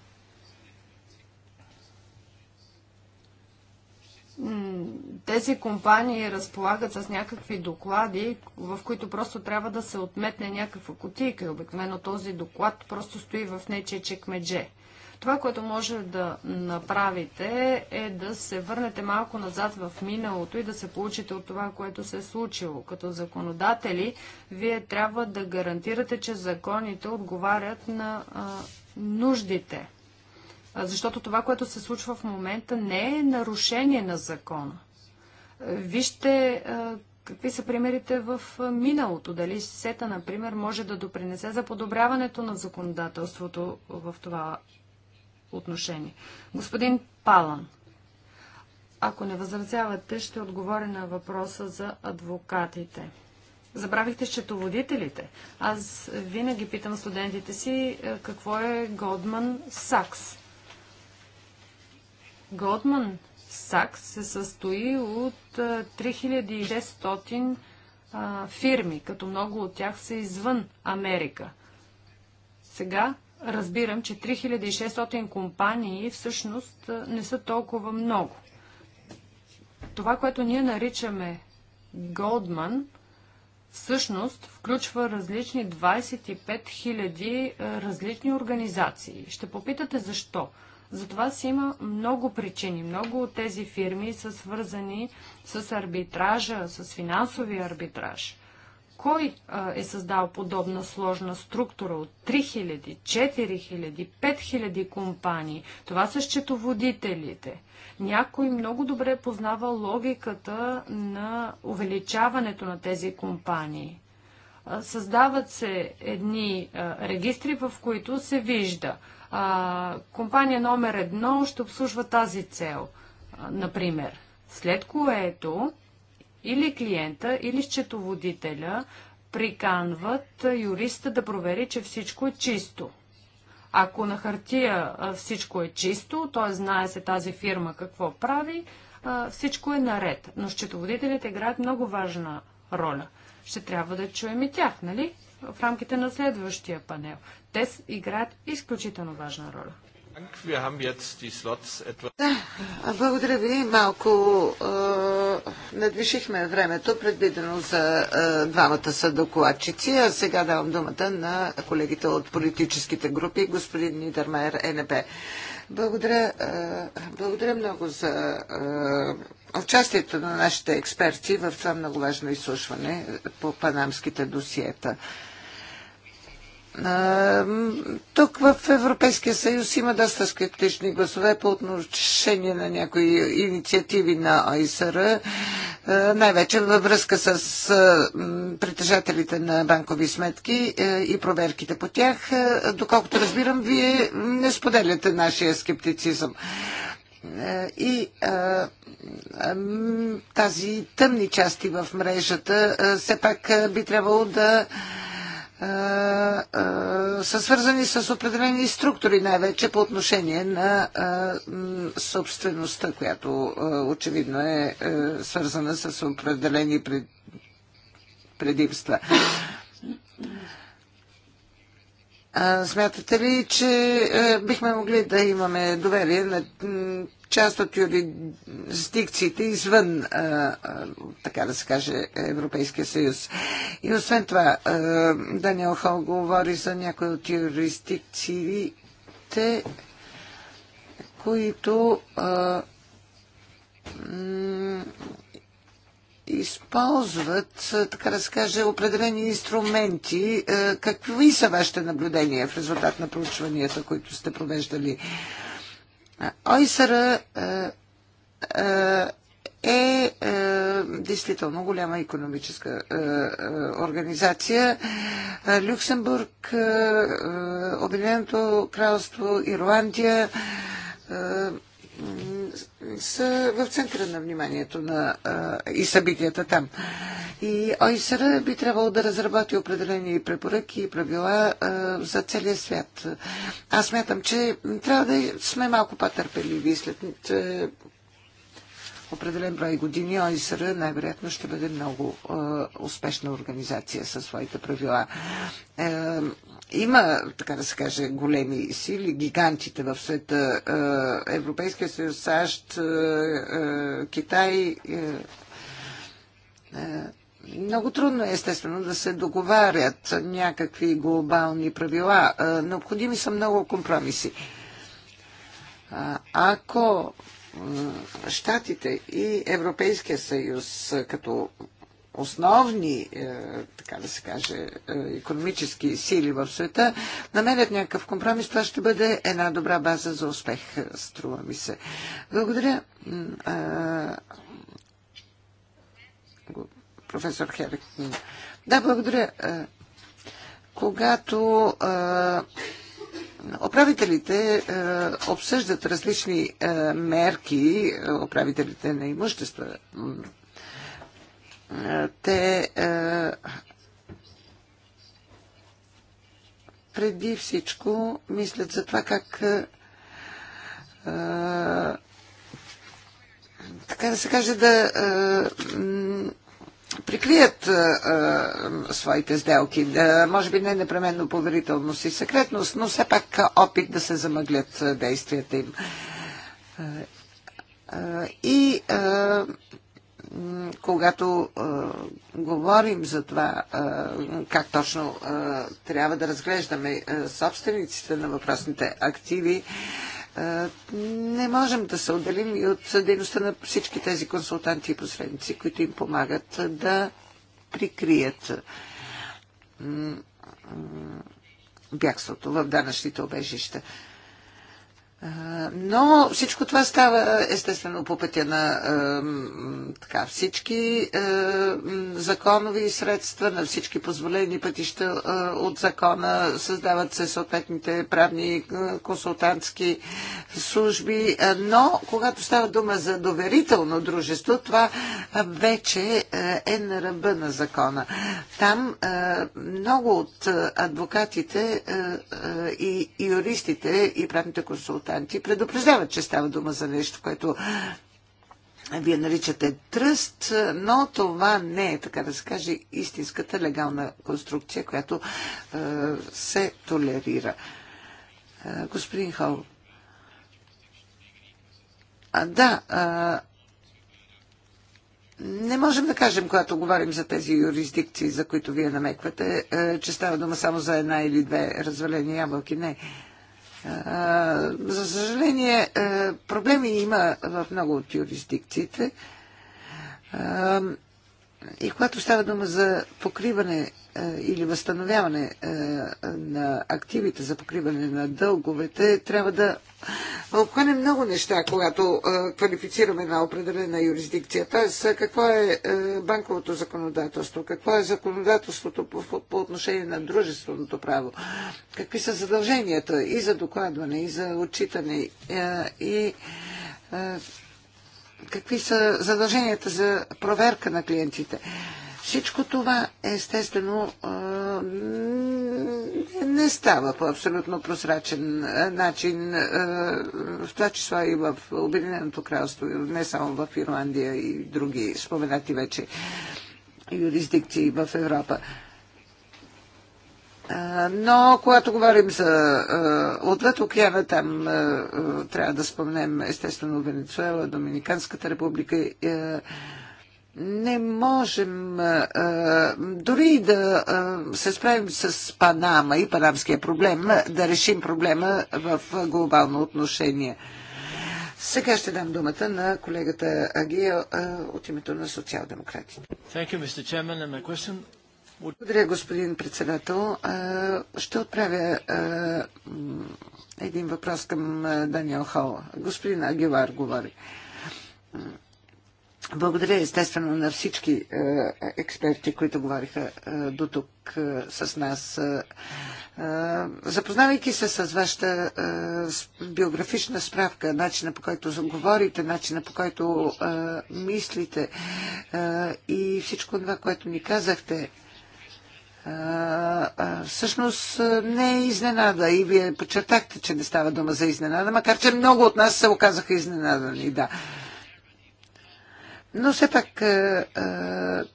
Speaker 2: Тези компании разполагат с някакви доклади, в които просто трябва да се отметне някаква котийка. Обикновено този доклад просто стои в нечия чекмедже. Това, което може да направите е да се върнете малко назад в миналото и да се получите от това, което се е случило. Като законодатели, вие трябва да гарантирате, че законите отговарят на а, нуждите. Защото това, което се случва в момента, не е нарушение на закона. Вижте какви са примерите в миналото. Дали сета, например, може да допринесе за подобряването на законодателството в това отношение. Господин Палан, ако не възразявате, ще отговоря на въпроса за адвокатите. Забравихте счетоводителите. Аз винаги питам студентите си е, какво е Голдман Сакс. Голдман Сакс се състои от 3600 е, фирми, като много от тях са извън Америка. Сега разбирам, че 3600 компании всъщност не са толкова много. Това, което ние наричаме Goldman, всъщност включва различни 25 000 различни организации. Ще попитате защо. Затова си има много причини. Много от тези фирми са свързани с арбитража, с финансовия арбитраж кой а, е създал подобна сложна структура от 3000, 4000, 5000 компании. Това са счетоводителите. Някой много добре познава логиката на увеличаването на тези компании. А, създават се едни а, регистри, в които се вижда компания номер едно ще обслужва тази цел, например. След което или клиента, или счетоводителя приканват юриста да провери, че всичко е чисто. Ако на хартия всичко е чисто, т.е. знае се тази фирма какво прави, всичко е наред. Но счетоводителите играят много важна роля. Ще трябва да чуем и тях, нали? В рамките на следващия панел. Те играят изключително важна роля благодаря ви. Малко е,
Speaker 1: надвишихме времето, предвидено за е, двамата съдокладчици, А сега давам думата на колегите от политическите групи, господин Нидермайер, НП. Благодаря, е, благодаря много за е, участието на нашите експерти в това много важно изслушване по панамските досиета. Е, тук в Европейския съюз има доста скептични гласове по отношение на някои инициативи на ОИСР, най-вече във връзка с притежателите на банкови сметки и проверките по тях. Доколкото разбирам, вие не споделяте нашия скептицизъм. И а, тази тъмни части в мрежата все пак би трябвало да са свързани с определени структури, най-вече по отношение на собствеността, която очевидно е, е свързана с определени предимства. Смятате ли, че е, бихме могли да имаме доверие на част от юрисдикциите извън, е, е, така да се каже, Европейския съюз? И освен това, Даниел Хол говори за някои от юрисдикциите, които използват, е, така да се каже, определени инструменти. Е, какви са вашите наблюдения в резултат на проучванията, които сте провеждали? ОИСР е, е, е действително голяма економическа е, е, организация. Люксембург, е, е, Обединеното кралство, Ирландия. Е, са в центъра на вниманието на, а, и събитията там. И ОИСР би трябвало да разработи определени препоръки и правила а, за целия свят. Аз мятам, че трябва да сме малко по-търпеливи след а, е, определен брой години ОИСР най-вероятно ще бъде много а, е, успешна организация със своите правила. А, е, има, така да се каже, големи сили, гигантите в света, е, Европейския съюз, САЩ, е, е, Китай. Много трудно е, естествено, да се договарят някакви глобални правила. Необходими са много компромиси. Ако Штатите и Европейския съюз като основни, е, така да се каже, е, економически сили в света, намерят някакъв компромис, това ще бъде една добра база за успех, е, струва ми се. Благодаря. Професор Херек. Да, благодаря. Когато Управителите обсъждат различни мерки, управителите на имущества те е, преди всичко мислят за това как е, така да се каже да е, прикрият а, а, своите сделки. А, може би не непременно поверителност и секретност, но все пак опит да се замъглят действията им. А, и а, когато е, говорим за това е, как точно е, трябва да разглеждаме е, собствениците на въпросните активи, е, не можем да се отделим и от дейността на всички тези консултанти и посредници, които им помагат да прикрият бягството в данъчните обежища. Но всичко това става естествено по пътя на така, всички законови средства, на всички позволени пътища от закона. Създават се съответните правни консултантски служби. Но когато става дума за доверително дружество, това вече е на ръба на закона. Там много от адвокатите и юристите и правните консултанти консултанти предупреждават, че става дума за нещо, което вие наричате тръст, но това не е, така да се каже, истинската легална конструкция, която е, се толерира. Е, господин Хол. А, да, е, не можем да кажем, когато говорим за тези юрисдикции, за които вие намеквате, е, че става дума само за една или две развалени ябълки. Не. Е, за съжаление, проблеми има в много от юрисдикциите. И когато става дума за покриване е, или възстановяване е, на активите за покриване на дълговете, трябва да обхванем много неща, когато е, квалифицираме на определена юрисдикция. Т.е. какво е банковото законодателство, какво е законодателството по отношение на дружественото право, какви са задълженията и за докладване, и за отчитане, и какви са задълженията за проверка на клиентите. Всичко това, естествено, не става по абсолютно прозрачен начин, в това число и в Обединеното кралство, не само в Ирландия и други споменати вече юрисдикции в Европа. Но когато говорим за отвъд океана, там трябва да спомнем естествено Венецуела, Доминиканската република. Не можем дори да се справим с Панама и панамския проблем, да решим проблема в глобално отношение. Сега ще дам думата на колегата Агия от името на социал-демократите. Благодаря, господин председател. Ще отправя един въпрос към Даниел Хол. Господин Агилар говори. Благодаря естествено на всички експерти, които говориха до тук с нас. Запознавайки се с вашата биографична справка, начина по който говорите, начина по който мислите и всичко това, което ни казахте, всъщност не е изненада. И вие подчертахте, че не става дума за изненада, макар че много от нас се оказаха изненадани, да. Но все пак,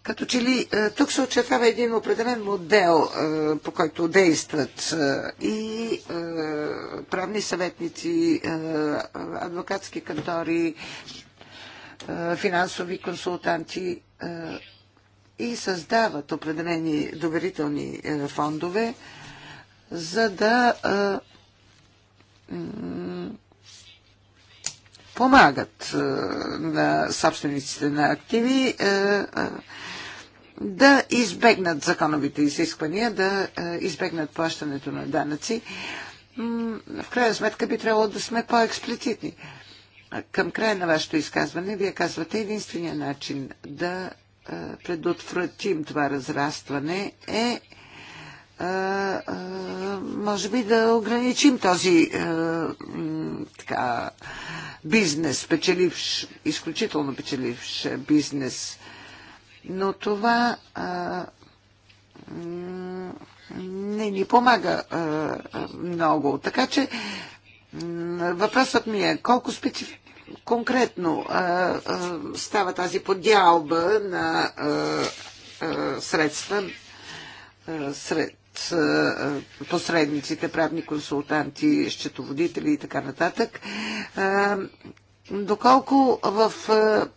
Speaker 1: като че ли тук се очертава един определен модел, по който действат и правни съветници, адвокатски кантори, финансови консултанти и създават определени доверителни е, фондове, за да е, помагат е, на собствениците на активи да избегнат законовите изисквания, да избегнат плащането на данъци. В крайна сметка би трябвало да сме по-експлицитни. Към края на вашето изказване вие казвате единствения начин да е, предотвратим това разрастване е, е, е може би да ограничим този така, бизнес, печеливш, изключително печеливш бизнес. Но това не ни помага много. Така че въпросът ми е колко специфично конкретно става тази подялба на средства сред посредниците, правни консултанти, счетоводители и така нататък. Доколко в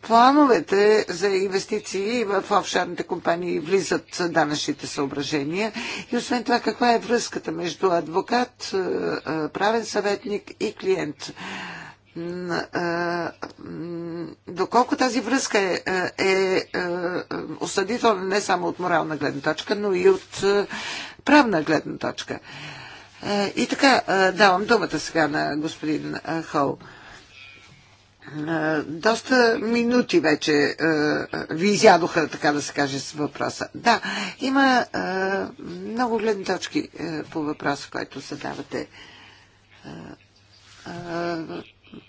Speaker 1: плановете за инвестиции в офшорните компании влизат данъчните съображения и освен това каква е връзката между адвокат, правен съветник и клиент? доколко тази връзка е, е, е, е осъдителна не само от морална гледна точка, но и от е, правна гледна точка. Е, и така, давам думата сега на господин Хол. Доста минути вече ви изядоха, така да се каже, с въпроса. Да, има много гледни точки по въпроса, който задавате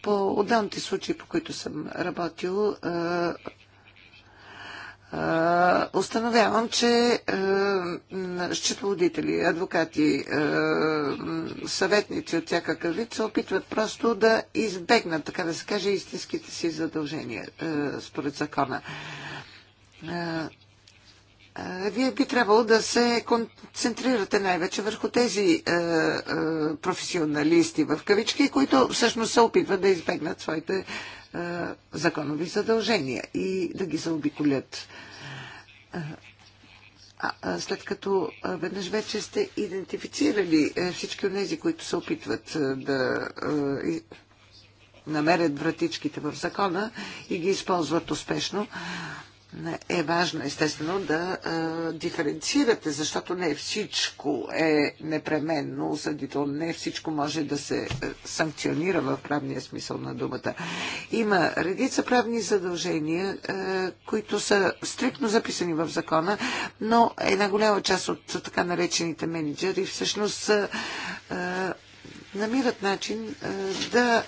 Speaker 1: по отделните случаи, по които съм работил, е, е, установявам, че е, счетоводители, адвокати, съветници от всякакъв вид се опитват просто да избегнат, така да се каже, истинските си задължения според закона вие би трябвало да се концентрирате най-вече върху тези е, е, професионалисти в кавички, които всъщност се опитват да избегнат своите е, законови задължения и да ги заобиколят. А, след като веднъж вече сте идентифицирали е, всички от тези, които се опитват е, да е, намерят вратичките в закона и ги използват успешно, е важно, естествено, да а, диференцирате, защото не всичко е непременно осъдително, не всичко може да се санкционира в правния смисъл на думата. Има редица правни задължения, а, които са стриктно записани в закона, но една голяма част от така наречените менеджери всъщност а, намират начин да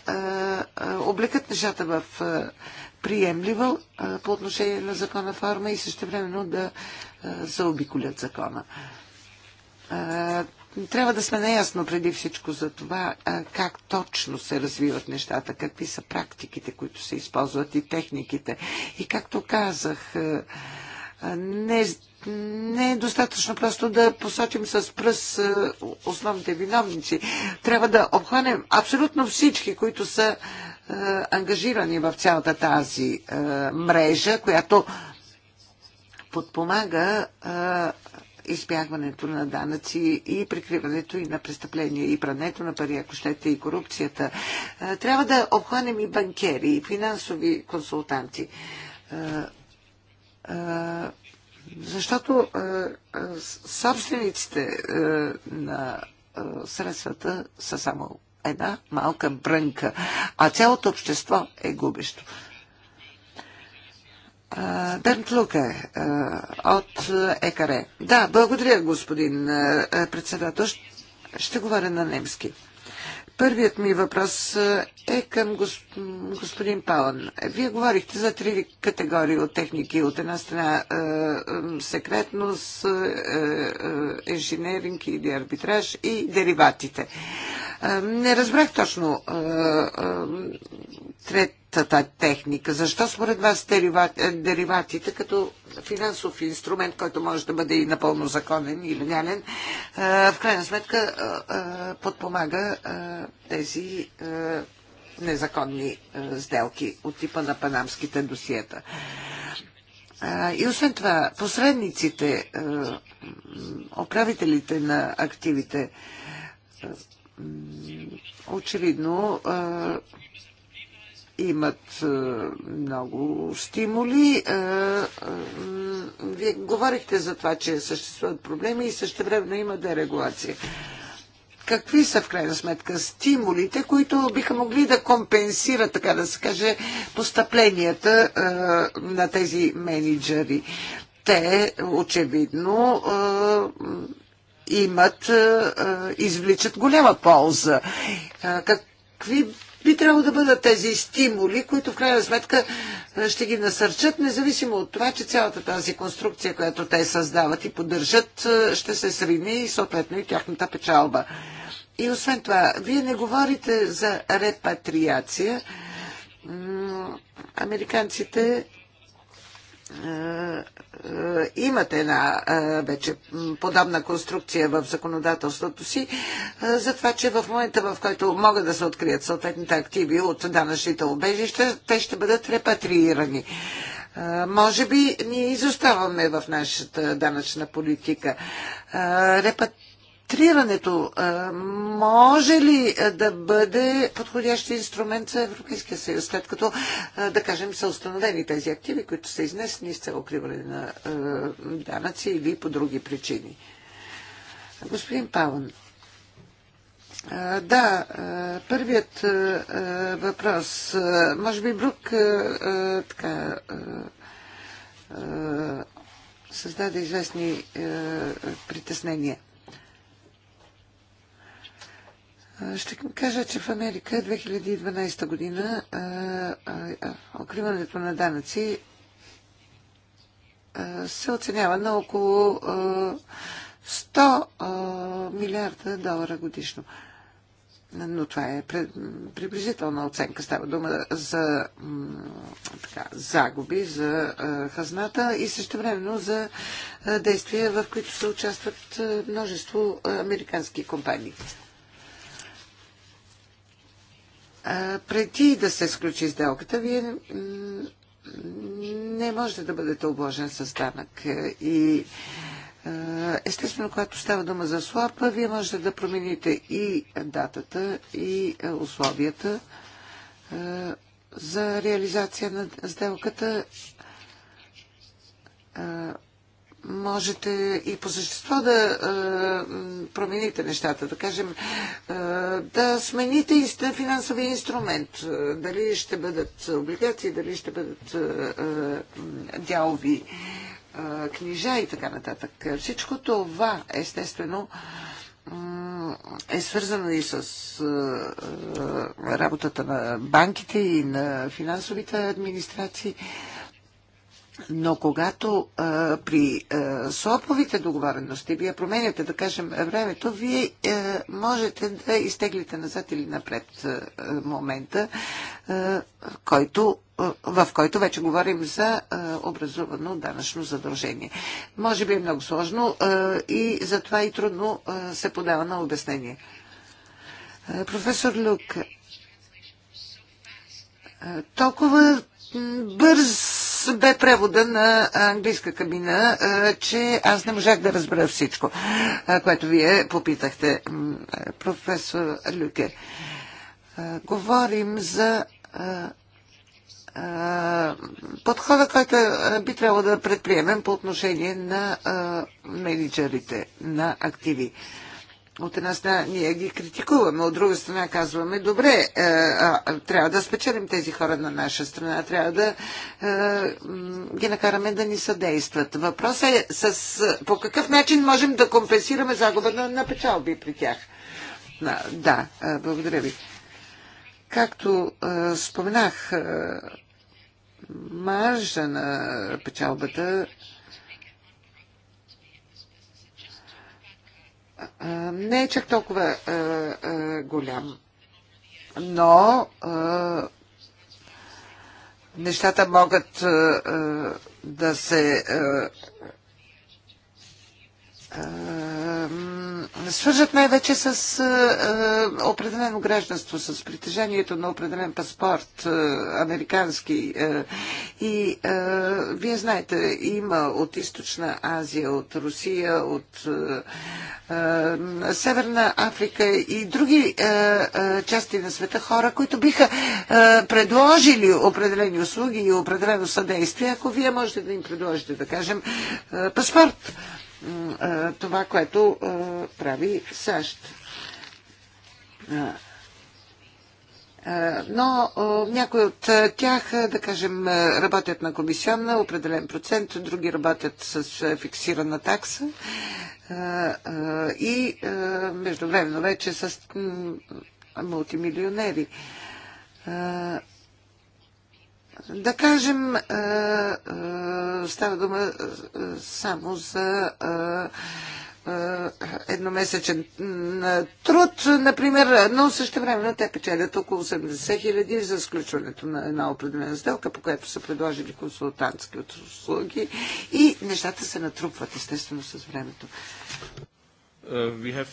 Speaker 1: облекат нещата в приемливо по отношение на закона форма и също времено да заобиколят закона. Трябва да сме наясно преди всичко за това как точно се развиват нещата, какви са практиките, които се използват и техниките. И както казах, не, не е достатъчно просто да посочим с пръст основните виновници. Трябва да обхванем абсолютно всички, които са е, ангажирани в цялата тази е, мрежа, която подпомага е, избягването на данъци и прикриването и на престъпления и прането на пари, ако щете, и корупцията. Трябва да обхванем и банкери, и финансови консултанти. Защото собствениците на средствата са само една малка брънка, а цялото общество е губещо. Бернт Луке от ЕКАРЕ. Да, благодаря, господин председател. Ще говоря на немски. Първият ми въпрос е, е към господин Паун. Вие говорихте за три категории от техники. От една страна е, е, секретност, е, инженеринг или арбитраж и дериватите. не разбрах точно третата техника. Защо според вас е, дериватите като финансов инструмент, който може да бъде и напълно законен и легален, е, в крайна сметка е, подпомага тези незаконни сделки от типа на панамските досиета? И освен това, посредниците, управителите на активите, очевидно имат е, много стимули. Е, е, вие говорихте за това, че съществуват проблеми и също времено има дерегулация. Какви са в крайна сметка стимулите, които биха могли да компенсират, така да се каже, постъпленията на тези менеджери? Те очевидно имат, извличат голяма полза. Как Какви би трябвало да бъдат тези стимули, които в крайна сметка ще ги насърчат, независимо от това, че цялата тази конструкция, която те създават и поддържат, ще се срини и съответно и тяхната печалба. И освен това, вие не говорите за репатриация. Американците е, е, имат една е, вече подобна конструкция в законодателството си, за това, че в момента, в който могат да се открият съответните активи от данъчните обежища, те ще бъдат репатриирани. Може би ние изоставаме в нашата данъчна политика. Репат арбитрирането може ли да бъде подходящ инструмент за Европейския съюз, след като, да кажем, са установени тези активи, които са изнесени с цел укриване на данъци или по други причини? Господин Паун, да, първият въпрос. Може би Брук така създаде известни притеснения. Ще кажа, че в Америка 2012 година укриването на данъци се оценява на около 100 милиарда долара годишно. Но това е приблизителна оценка. Става дума за така, загуби, за хазната и също времено за действия, в които се участват множество американски компании преди да се сключи сделката, вие не можете да бъдете обложен с данък. Е, и естествено, когато става дума за слапа, вие можете да промените и датата, и е, условията е, за реализация на сделката можете и по същество да е, промените нещата, да кажем, е, да смените и финансови инструмент. Е, дали ще бъдат облигации, дали ще бъдат дялови книжа и така нататък. Всичко това, естествено, е свързано и с работата на банките и на финансовите администрации. Но когато а, при а, соповите договорености вие променяте, да кажем, времето, вие а, можете да изтеглите назад или напред а, момента, а, който, в който вече говорим за а, образувано данъчно задължение. Може би е много сложно а, и затова и трудно а, се подава на обяснение. А, професор Люк, а, толкова бърз бе превода на английска кабина, че аз не можах да разбера всичко, което вие попитахте, професор Люкер. Говорим за подхода, който би трябвало да предприемем по отношение на менеджерите на активи от една страна ние ги критикуваме, от друга страна казваме, добре, е, а, трябва да спечелим тези хора на наша страна, трябва да е, ги накараме да ни съдействат. Въпросът е с, по какъв начин можем да компенсираме загуба на, на печалби при тях. Да, да е, благодаря ви. Както е, споменах, е, маржа на печалбата е, не е чак толкова голям. Но нещата могат да се свържат най-вече с определено гражданство, с притежанието на определен паспорт, американски. и вие знаете, има от Източна Азия, от Русия, от Северна Африка и други части на света хора, които биха предложили определени услуги и определено съдействие, ако вие можете да им предложите, да кажем, паспорт това, което прави САЩ. Но някои от тях, да кажем, работят на комисионна, определен процент, други работят с фиксирана такса и междувременно вече с мултимилионери. Да кажем, е, е, става дума е, само за едномесечен труд, например, но също време те печелят около 80 хиляди за сключването на една определена сделка, по която са предложили консултантски услуги и нещата се натрупват, естествено, с времето. Uh,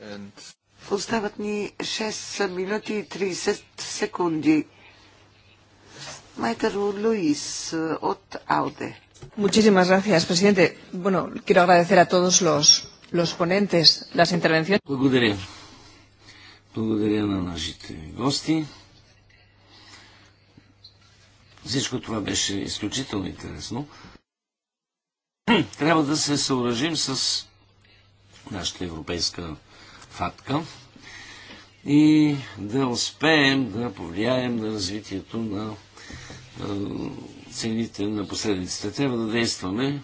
Speaker 1: and... Остават ни 6 минути и 30 секунди. Майкъл Luis, Ot Aude. Muchísimas gracias, presidente. Bueno, quiero agradecer a todos los, los ponentes las intervenciones. Благодаря.
Speaker 3: Благодаря на нашите гости. Всичко това беше изключително интересно. Трябва да се съоръжим с нашата европейска фатка и да успеем да повлияем на развитието на цените на последиците. Трябва да действаме.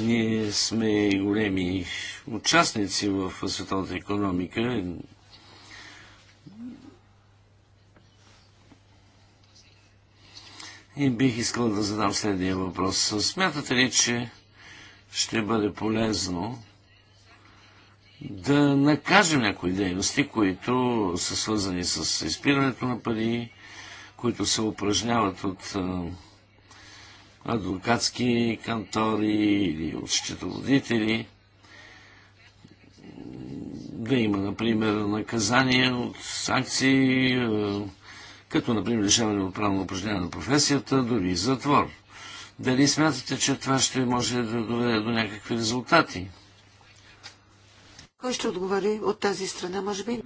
Speaker 3: Ние сме големи участници в световната економика. И бих искал да задам следния въпрос. Смятате ли, че ще бъде полезно да накажем някои дейности, които са свързани с изпирането на пари, които се упражняват от адвокатски кантори или от счетоводители. Да има, например, наказания от санкции, като, например, лишаване от правно упражняване на професията, дори и затвор. Дали смятате, че това ще може да доведе до някакви резултати?
Speaker 1: Кой ще отговори от тази страна, може би?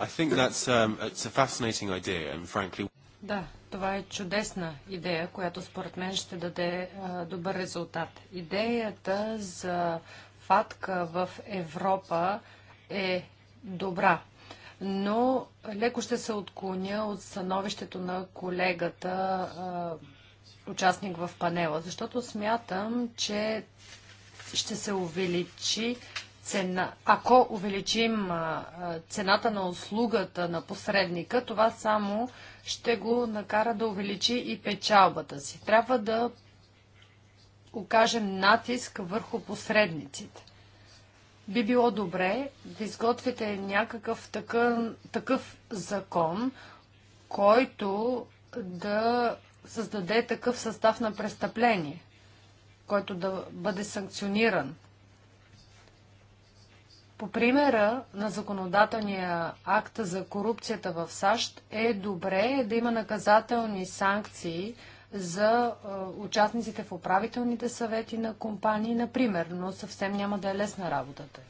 Speaker 2: I think that's, um, it's a fascinating idea and frankly... Да, това е чудесна идея, която според мен ще даде а, добър резултат. Идеята за фатка в Европа е добра, но леко ще се отклоня от становището на колегата, а, участник в панела, защото смятам, че ще се увеличи цена, ако увеличим цената на услугата на посредника, това само ще го накара да увеличи и печалбата си. Трябва да окажем натиск върху посредниците. Би било добре да изготвите някакъв такъв, такъв закон, който да създаде такъв състав на престъпление, който да бъде санкциониран по примера на законодателния акт за корупцията в САЩ е добре да има наказателни санкции за е, участниците в управителните съвети на компании, например, но съвсем няма да е лесна работата.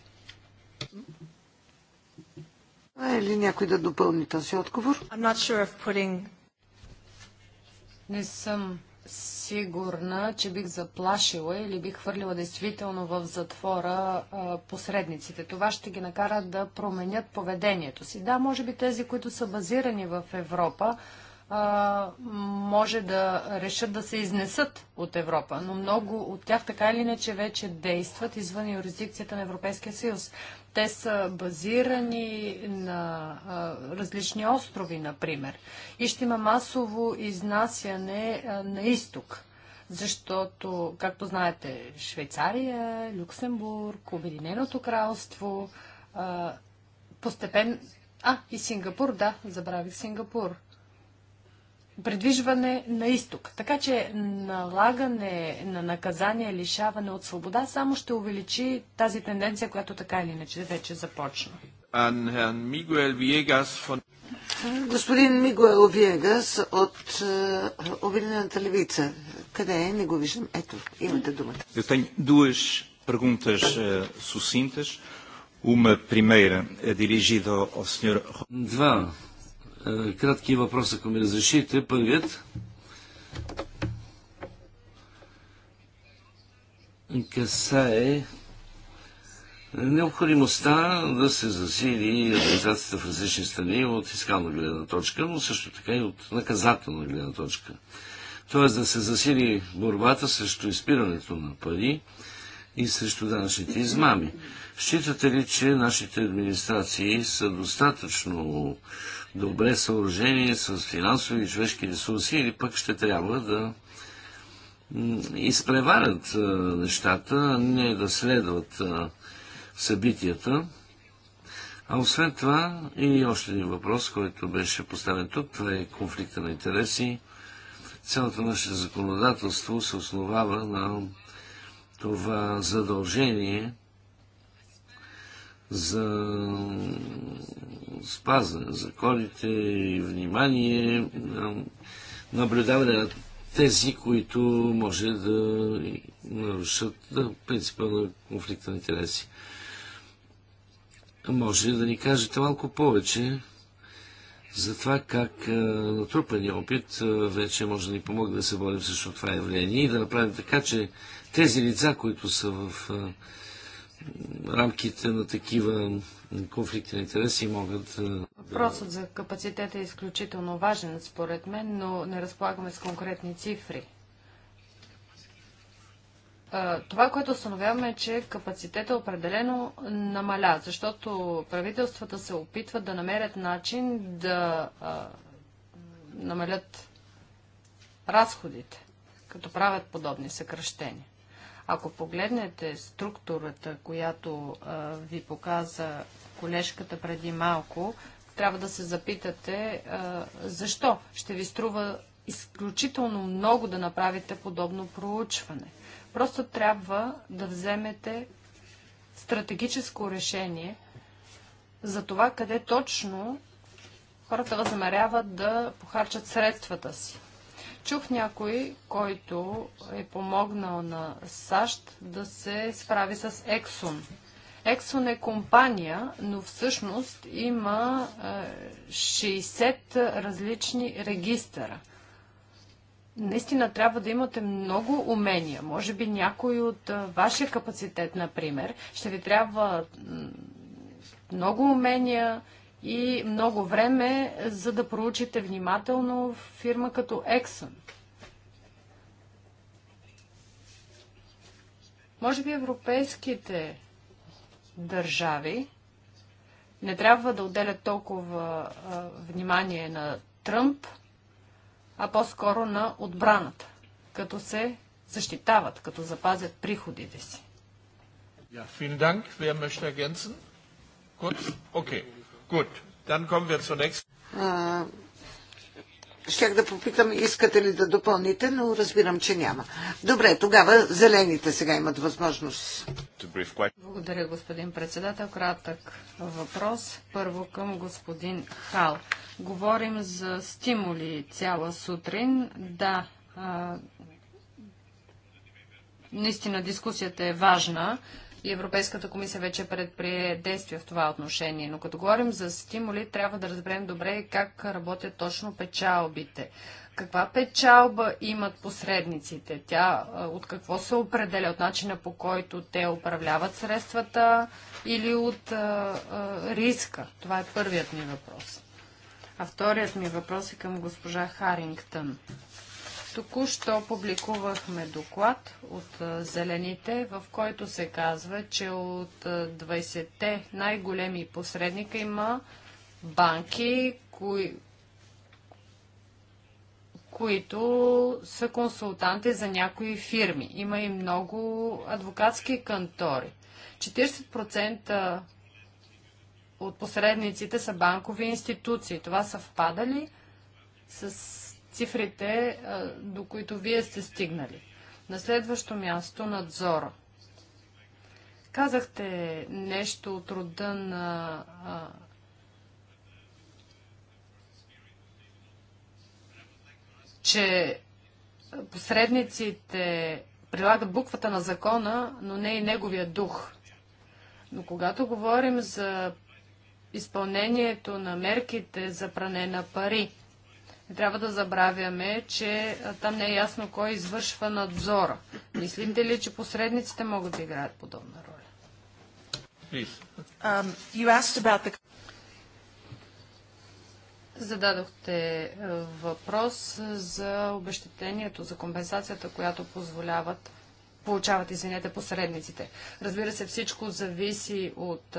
Speaker 1: А е ли някой да допълни този отговор?
Speaker 2: I'm not sure putting... Не съм сигурна, че бих заплашила или бих хвърлила действително в затвора а, посредниците. Това ще ги накара да променят поведението си. Да, може би тези, които са базирани в Европа, а, може да решат да се изнесат от Европа, но много от тях така или иначе вече действат извън юрисдикцията на Европейския съюз. Те са базирани на а, различни острови, например, и ще има масово изнасяне а, на изток защото, както знаете, Швейцария, Люксембург, Обединеното кралство, а, постепен... А, и Сингапур, да, забравих Сингапур предвижване на изток. Така че налагане на наказание, лишаване от свобода само ще увеличи тази тенденция, която така или иначе вече започна. Господин Мигуел
Speaker 1: Виегас от е, Обединената левица. Къде е? Не го виждам. Ето, имате думата.
Speaker 3: Eu tenho duas perguntas uh, sucintas. Uma primeira е, dirigida ao Sr. Два е, кратки въпроси, ако ми разрешите. Първият касае необходимостта да се засили организацията в различни страни от фискална гледна точка, но също така и от наказателна гледна точка. Тоест да се засили борбата срещу изпирането на пари и срещу данъчните измами. Считате ли, че нашите администрации са достатъчно добре съоръжение с финансови и човешки ресурси или пък ще трябва да изпреварят нещата, не да следват събитията. А освен това и още един въпрос, който беше поставен тук, това е конфликта на интереси. Цялото наше законодателство се основава на това задължение за спазване на законите и внимание, наблюдаване на тези, които може да нарушат да, принципа на конфликта на интереси. Може да ни кажете малко повече за това как натрупания опит вече може да ни помогне да се борим срещу това явление и да направим така, че тези лица, които са в а, рамките на такива конфликти на интереси могат да... Въпросът
Speaker 2: за капацитета е изключително важен, според мен, но не разполагаме с конкретни цифри. Това, което установяваме е, че капацитета определено намаля, защото правителствата се опитват да намерят начин да намалят разходите, като правят подобни съкръщения. Ако погледнете структурата, която а, ви показа колежката преди малко, трябва да се запитате а, защо ще ви струва изключително много да направите подобно проучване. Просто трябва да вземете стратегическо решение за това къде точно хората възмеряват да похарчат средствата си. Чух някой, който е помогнал на САЩ да се справи с Ексон. Ексон е компания, но всъщност има 60 е, различни регистъра. Наистина трябва да имате много умения. Може би някой от е, вашия капацитет, например, ще ви трябва много умения и много време, за да проучите внимателно фирма като Exxon. Може би европейските държави не трябва да отделят толкова внимание на Тръмп, а по-скоро на отбраната, като се защитават, като запазят приходите си.
Speaker 3: Ja, vielen Dank. Wer möchte ergänzen? Kurz? Okay. Gut, dann kommen wir
Speaker 1: Щях да попитам, искате ли да допълните, но разбирам, че няма. Добре, тогава зелените сега имат възможност.
Speaker 2: Благодаря, господин председател. Кратък въпрос. Първо към господин Хал. Говорим за стимули цяла сутрин. Да, а, наистина дискусията е важна и Европейската комисия вече предприе действия в това отношение. Но като говорим за стимули, трябва да разберем добре как работят точно печалбите. Каква печалба имат посредниците? Тя от какво се определя? От начина по който те управляват средствата или от а, а, риска? Това е първият ми въпрос. А вторият ми въпрос е към госпожа Харингтън. Току-що публикувахме доклад от Зелените, в който се казва, че от 20-те най-големи посредника има банки, кои, които са консултанти за някои фирми. Има и много адвокатски кантори. 40% от посредниците са банкови институции. Това съвпада ли с цифрите, е, до които вие сте стигнали. На следващо място надзора. Казахте нещо от рода на че посредниците прилагат буквата на закона, но не и неговия дух. Но когато говорим за изпълнението на мерките за пране на пари, не трябва да забравяме, че там не е ясно кой извършва надзора. Мислите ли, че посредниците могат да играят подобна роля? Um, Зададохте въпрос за обещетението, за компенсацията, която позволяват получават, извинете, посредниците. Разбира се, всичко зависи от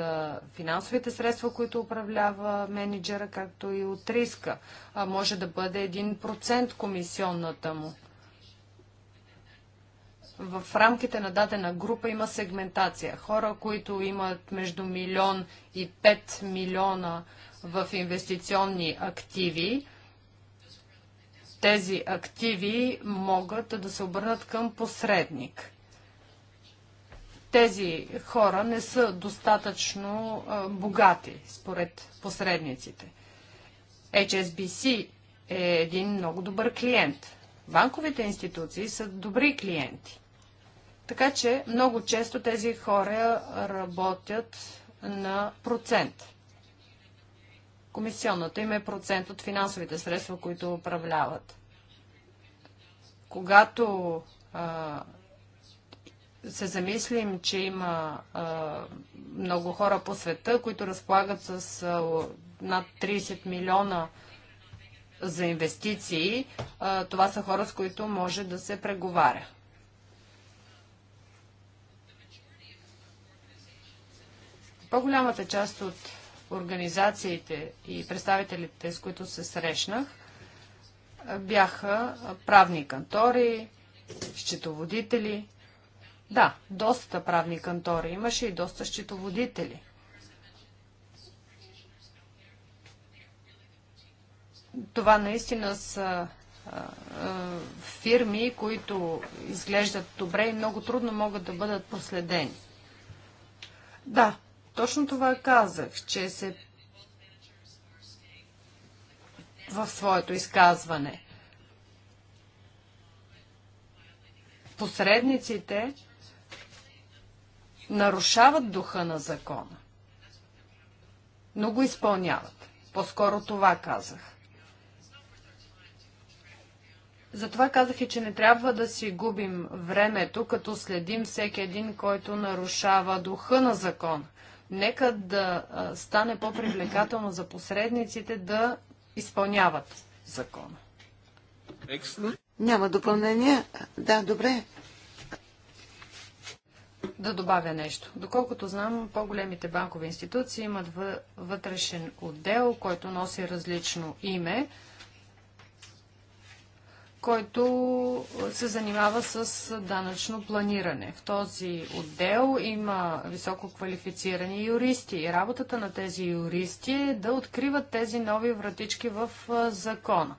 Speaker 2: финансовите средства, които управлява менеджера, както и от риска. А, може да бъде 1% комисионната му. В рамките на дадена група има сегментация. Хора, които имат между милион и 5 милиона в инвестиционни активи, тези активи могат да се обърнат към посредник тези хора не са достатъчно богати, според посредниците. HSBC е един много добър клиент. Банковите институции са добри клиенти. Така че много често тези хора работят на процент. Комисионната им е процент от финансовите средства, които управляват. Когато а, се замислим, че има а, много хора по света, които разполагат с а, над 30 милиона за инвестиции, а, това са хора, с които може да се преговаря. По-голямата част от организациите и представителите, с които се срещнах, бяха правни кантори, счетоводители – да, доста правни кантори имаше и доста счетоводители. Това наистина са фирми, които изглеждат добре и много трудно могат да бъдат проследени. Да, точно това казах, че се в своето изказване. Посредниците нарушават духа на закона, но го изпълняват. По-скоро това казах. Затова казах и, че не трябва да си губим времето, като следим всеки един, който нарушава духа на закон. Нека да стане по-привлекателно за посредниците да изпълняват закона. Няма допълнение? Да, добре да добавя нещо. Доколкото знам, по-големите банкови институции имат вътрешен отдел, който носи различно име, който се занимава с данъчно планиране. В този отдел има високо квалифицирани юристи и работата на тези юристи е да откриват тези нови вратички в закона.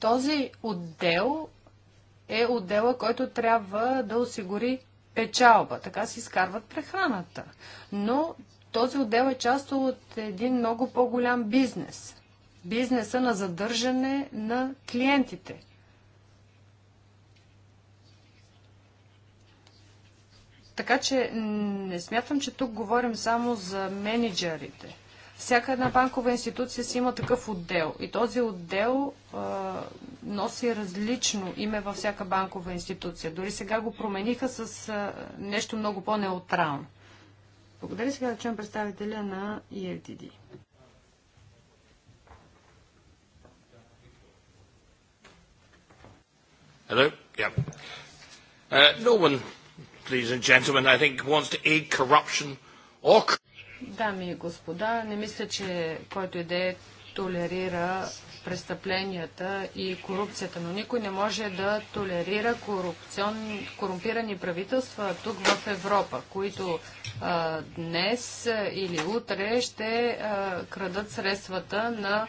Speaker 2: Този отдел е отдела, който трябва да осигури печалба. Така си изкарват прехраната. Но този отдел е част от един много по-голям бизнес. Бизнеса на задържане на клиентите. Така че не смятам, че тук говорим само за менеджерите. Всяка една банкова институция си има такъв отдел и този отдел а, носи различно име във всяка банкова институция. Дори сега го промениха с а, нещо много по-неутрално. Благодаря сега да чуем представителя на EFDD.
Speaker 3: Hello? Yeah. Uh, no one, ladies and gentlemen, I think wants to aid corruption or...
Speaker 2: Дами и господа, не мисля, че който идея толерира престъпленията и корупцията, но никой не може да толерира корупцион, корумпирани правителства тук в Европа, които а, днес или утре ще а, крадат средствата на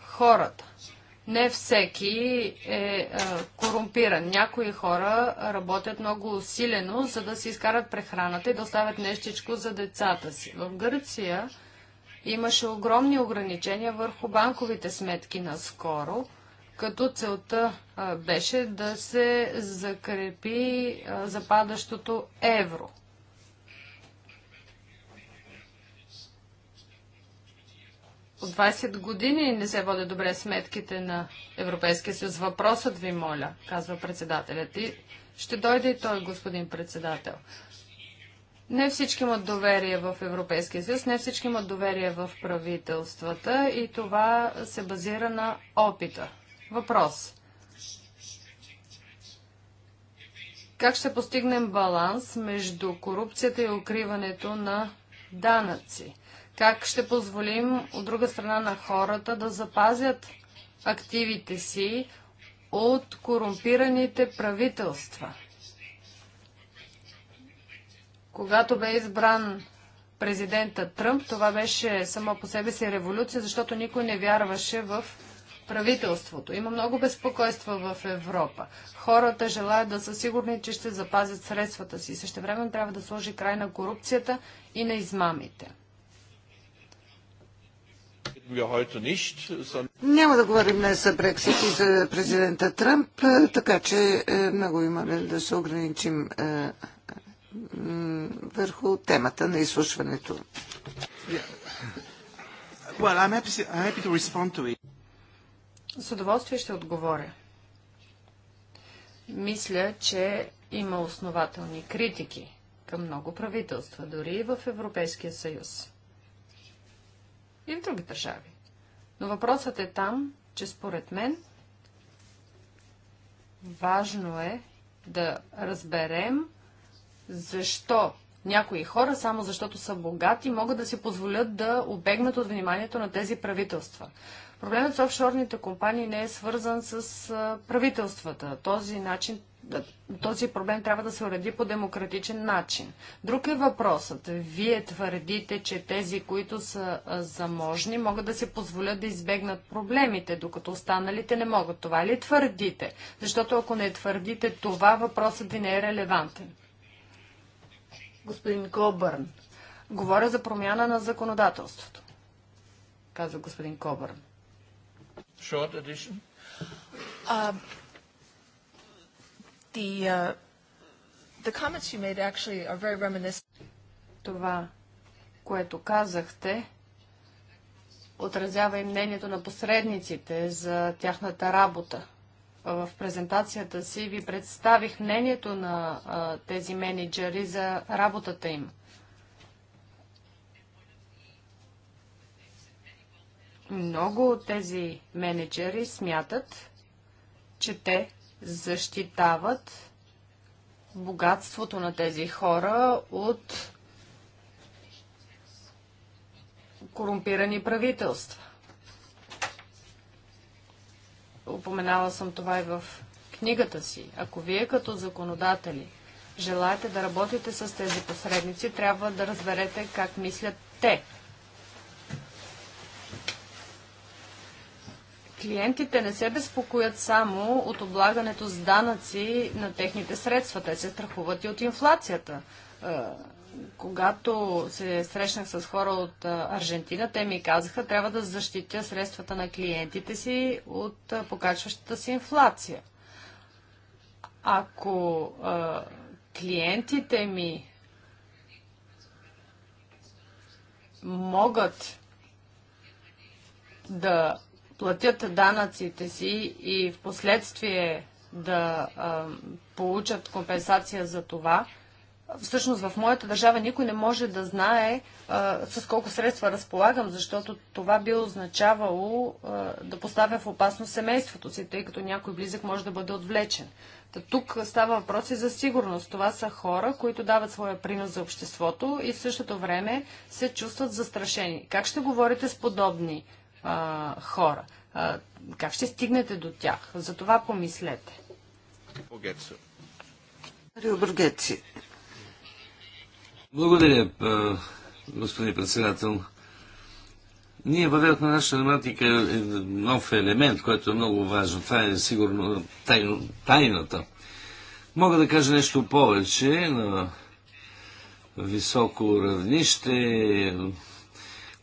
Speaker 2: хората. Не всеки е, е корумпиран. Някои хора работят много усилено, за да си изкарат прехраната и да оставят нещичко за децата си. В Гърция имаше огромни ограничения върху банковите сметки наскоро, като целта а, е, беше да се закрепи а, е, западащото евро. От 20 години не се водят добре сметките на Европейския съюз. Въпросът ви, моля, казва председателят. И ще дойде и той, господин председател. Не всички имат доверие в Европейския съюз, не всички имат доверие в правителствата и това се базира на опита. Въпрос. Как ще постигнем баланс между корупцията и укриването на данъци? Как ще позволим от друга страна на хората да запазят активите си от корумпираните правителства? Когато бе избран президента Тръмп, това беше само по себе си революция, защото никой не вярваше в правителството. Има много безпокойства в Европа. Хората желаят да са сигурни, че ще запазят средствата си. Също време трябва да сложи край на корупцията и на измамите. Няма да говорим днес за Брексит и за
Speaker 1: президента Тръмп, е, така че е, много ви моля да се ограничим е, върху темата на изслушването.
Speaker 2: С удоволствие ще отговоря. Мисля, че има основателни критики към много правителства, дори и в Европейския съюз и в други държави. Но въпросът е там, че според мен важно е да разберем защо някои хора, само защото са богати, могат да си позволят да обегнат от вниманието на тези правителства. Проблемът с офшорните компании не е свързан с правителствата. Този начин този проблем трябва да се уреди по демократичен начин. Друг е въпросът. Вие твърдите, че тези, които са заможни, могат да се позволят да избегнат проблемите, докато останалите не могат. Това ли твърдите? Защото ако не твърдите това, въпросът ви не е релевантен. Господин Кобърн, говоря за промяна на законодателството, казва господин Кобърн.
Speaker 3: Short edition.
Speaker 2: Uh... The, uh, the comments you made actually are very reminiscent. Това, което казахте, отразява и мнението на посредниците за тяхната работа. В презентацията си ви представих мнението на а, тези менеджери за работата им. Много от тези менеджери смятат, че те защитават богатството на тези хора от корумпирани правителства. Упоменала съм това и в книгата си. Ако вие като законодатели желаете да работите с тези посредници, трябва да разберете как мислят те, клиентите не се безпокоят само от облагането с данъци на техните средства. Те се страхуват и от инфлацията. Е, когато се срещнах с хора от е, Аржентина, те ми казаха, трябва да защитя средствата на клиентите си от е, покачващата си инфлация. Ако клиентите ми могат да платят данъците си и в последствие да а, получат компенсация за това, всъщност в моята държава никой не може да знае а, с колко средства разполагам, защото това би означавало а, да поставя в опасност семейството си, тъй като някой близък може да бъде отвлечен. Та тук става въпрос и за сигурност. Това са хора, които дават своя принос за обществото и в същото време се чувстват застрашени. Как ще говорите с подобни а, хора. А, как ще стигнете до тях? За това помислете. Рио
Speaker 3: Благодаря, господин председател. Ние въведохме на нашата тематика нов елемент, който е много важен. Това е сигурно тайно, тайната. Мога да кажа нещо повече на високо равнище,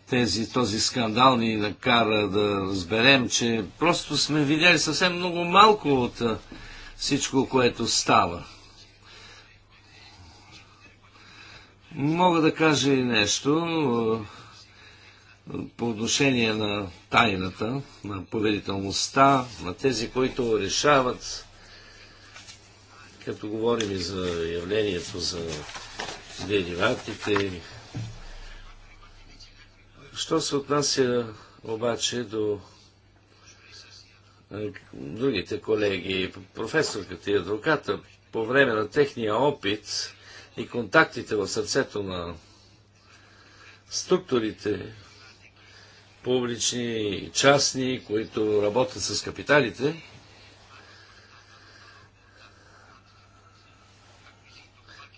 Speaker 3: тези, този скандал ни накара да разберем, че просто сме видяли съвсем много малко от всичко, което става. Мога да кажа и нещо по отношение на тайната, на поверителността, на тези, които решават, като говорим и за явлението за дериватите, Що се отнася обаче до е, другите колеги, професорката и адвоката, по време на техния опит и контактите в сърцето на структурите, публични и частни, които работят с капиталите,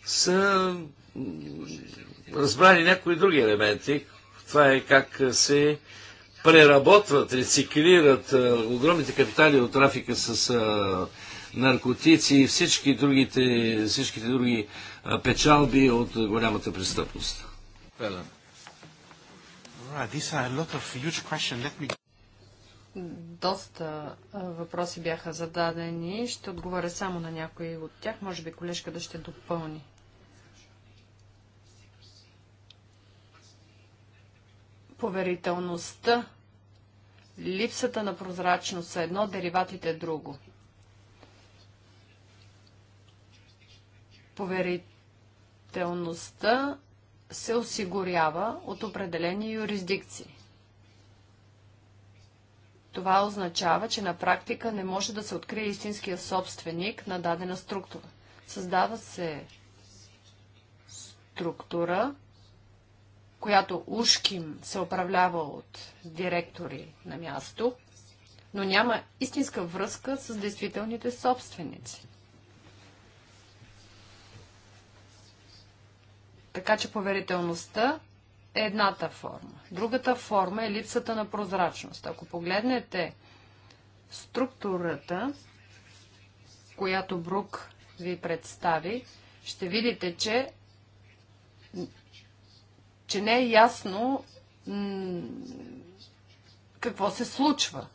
Speaker 3: са разбрали някои други елементи, това е как се преработват, рециклират огромните капитали от трафика с наркотици и всички другите, всичките други печалби от голямата престъпност.
Speaker 2: Доста въпроси бяха зададени. Ще отговоря само на някои от тях. Може би колежката да ще допълни. Поверителността, липсата на прозрачност са едно, дериватите е друго. Поверителността се осигурява от определени юрисдикции. Това означава, че на практика не може да се открие истинския собственик на дадена структура. Създава се структура, която ушким се управлява от директори на място, но няма истинска връзка с действителните собственици. Така че поверителността е едната форма. Другата форма е липсата на прозрачност. Ако погледнете структурата, която Брук ви представи, ще видите, че че не е ясно какво се случва.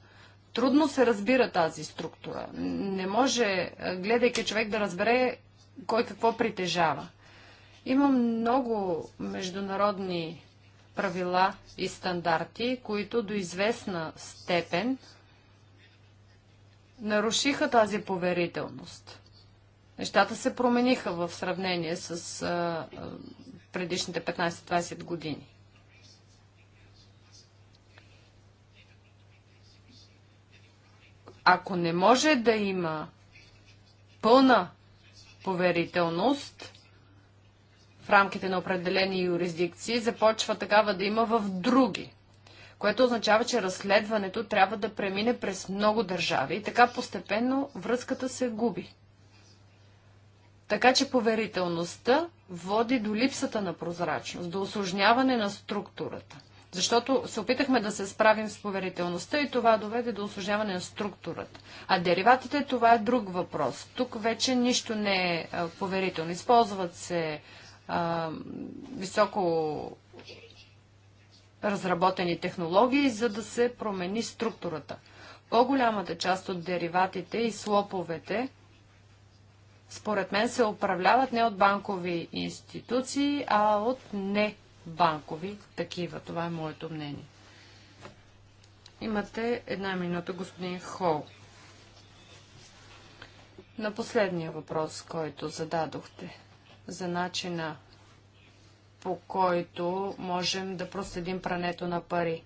Speaker 2: Трудно се разбира тази структура. Не може, гледайки човек, да разбере кой какво притежава. Има много международни правила и стандарти, които до известна степен нарушиха тази поверителност. Нещата се промениха в сравнение с а, предишните 15-20 години. Ако не може да има пълна поверителност в рамките на определени юрисдикции, започва такава да има в други което означава, че разследването трябва да премине през много държави и така постепенно връзката се губи. Така че поверителността води до липсата на прозрачност, до осложняване на структурата. Защото се опитахме да се справим с поверителността и това доведе до осложняване на структурата. А дериватите това е друг въпрос. Тук вече нищо не е поверително. Използват се а, високо разработени технологии, за да се промени структурата. По-голямата част от дериватите и слоповете – според мен, се управляват не от банкови институции, а от не банкови такива. Това е моето мнение. Имате една минута, господин Хол. На последния въпрос, който зададохте, за начина по който можем да проследим прането на пари.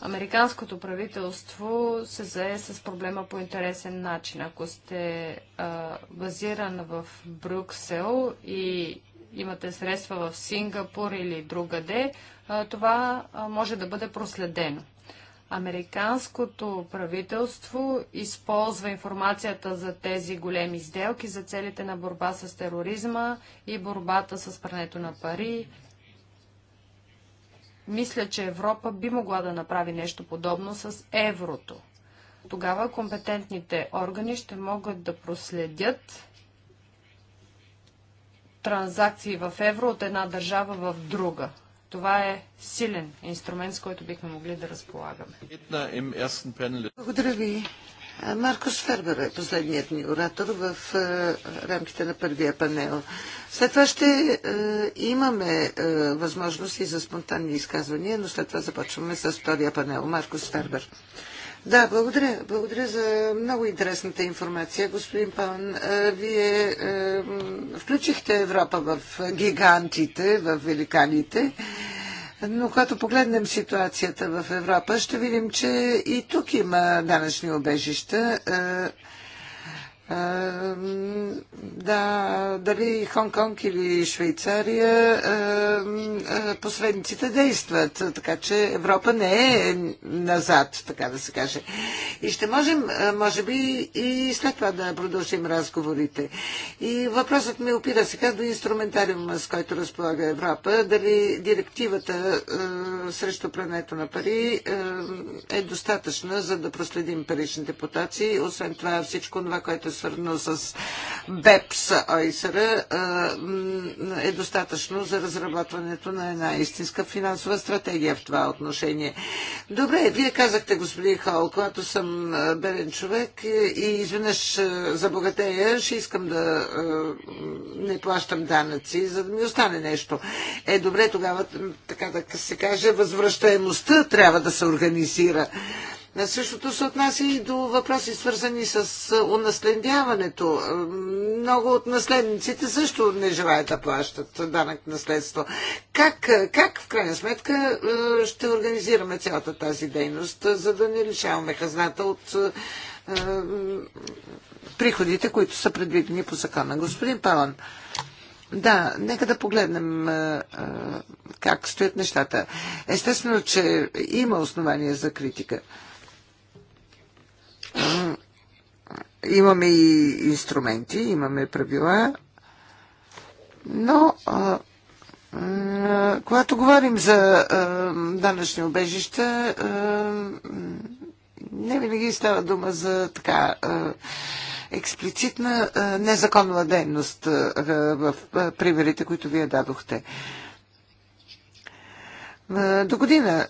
Speaker 2: Американското правителство се зае с проблема по интересен начин. Ако сте а, базиран в Брюксел и имате средства в Сингапур или другаде, а, това а, може да бъде проследено. Американското правителство използва информацията за тези големи сделки за целите на борба с тероризма и борбата с прането на пари мисля, че Европа би могла да направи нещо подобно с еврото. Тогава компетентните органи ще могат да проследят транзакции в евро от една държава в друга. Това е силен инструмент, с който бихме могли да разполагаме. Благодаря ви,
Speaker 1: Маркос Фербер е последният ни оратор в рамките на първия панел. След това ще имаме възможности за спонтанни изказвания, но след това започваме с втория панел. Маркус Фербер. Да, благодаря. Благодаря за много интересната информация, господин Пан. Вие е, включихте Европа в гигантите, в великаните. Е, но когато погледнем ситуацията в Европа, ще видим, че и тук има данъчни обежища. Е, да, дали Хонг-Конг или Швейцария, посредниците действат, така че Европа не е назад, така да се каже. И ще можем, може би, и след това да продължим разговорите. И въпросът ми опира сега до инструментариума, с който разполага Европа. Дали директивата срещу прането на пари е достатъчна, за да проследим паричните потаци. Освен това, всичко това, което свързано с БЕПС ОИСР, е достатъчно за разработването на една истинска финансова стратегия в това отношение. Добре, вие казахте, господин Хол, когато съм беден човек е, и изведнъж забогатея, ще искам да не плащам данъци, за да ми остане нещо. Е, добре, тогава, така да се каже, възвръщаемостта трябва да се организира същото се отнася и до въпроси, свързани с унаследяването. Много от наследниците също не желаят да плащат данък наследство. Как, как в крайна сметка ще организираме цялата тази дейност, за да не лишаваме хазната от е, приходите, които са предвидени по закона? Господин Палан, да, нека да погледнем а, как стоят нещата. Естествено, че има основания за критика. Имаме и инструменти, имаме правила, но а, когато говорим за а, данъчни обежища, а, не винаги става дума за така а, експлицитна а, незаконна дейност а, в а, примерите, които вие дадохте. А, до година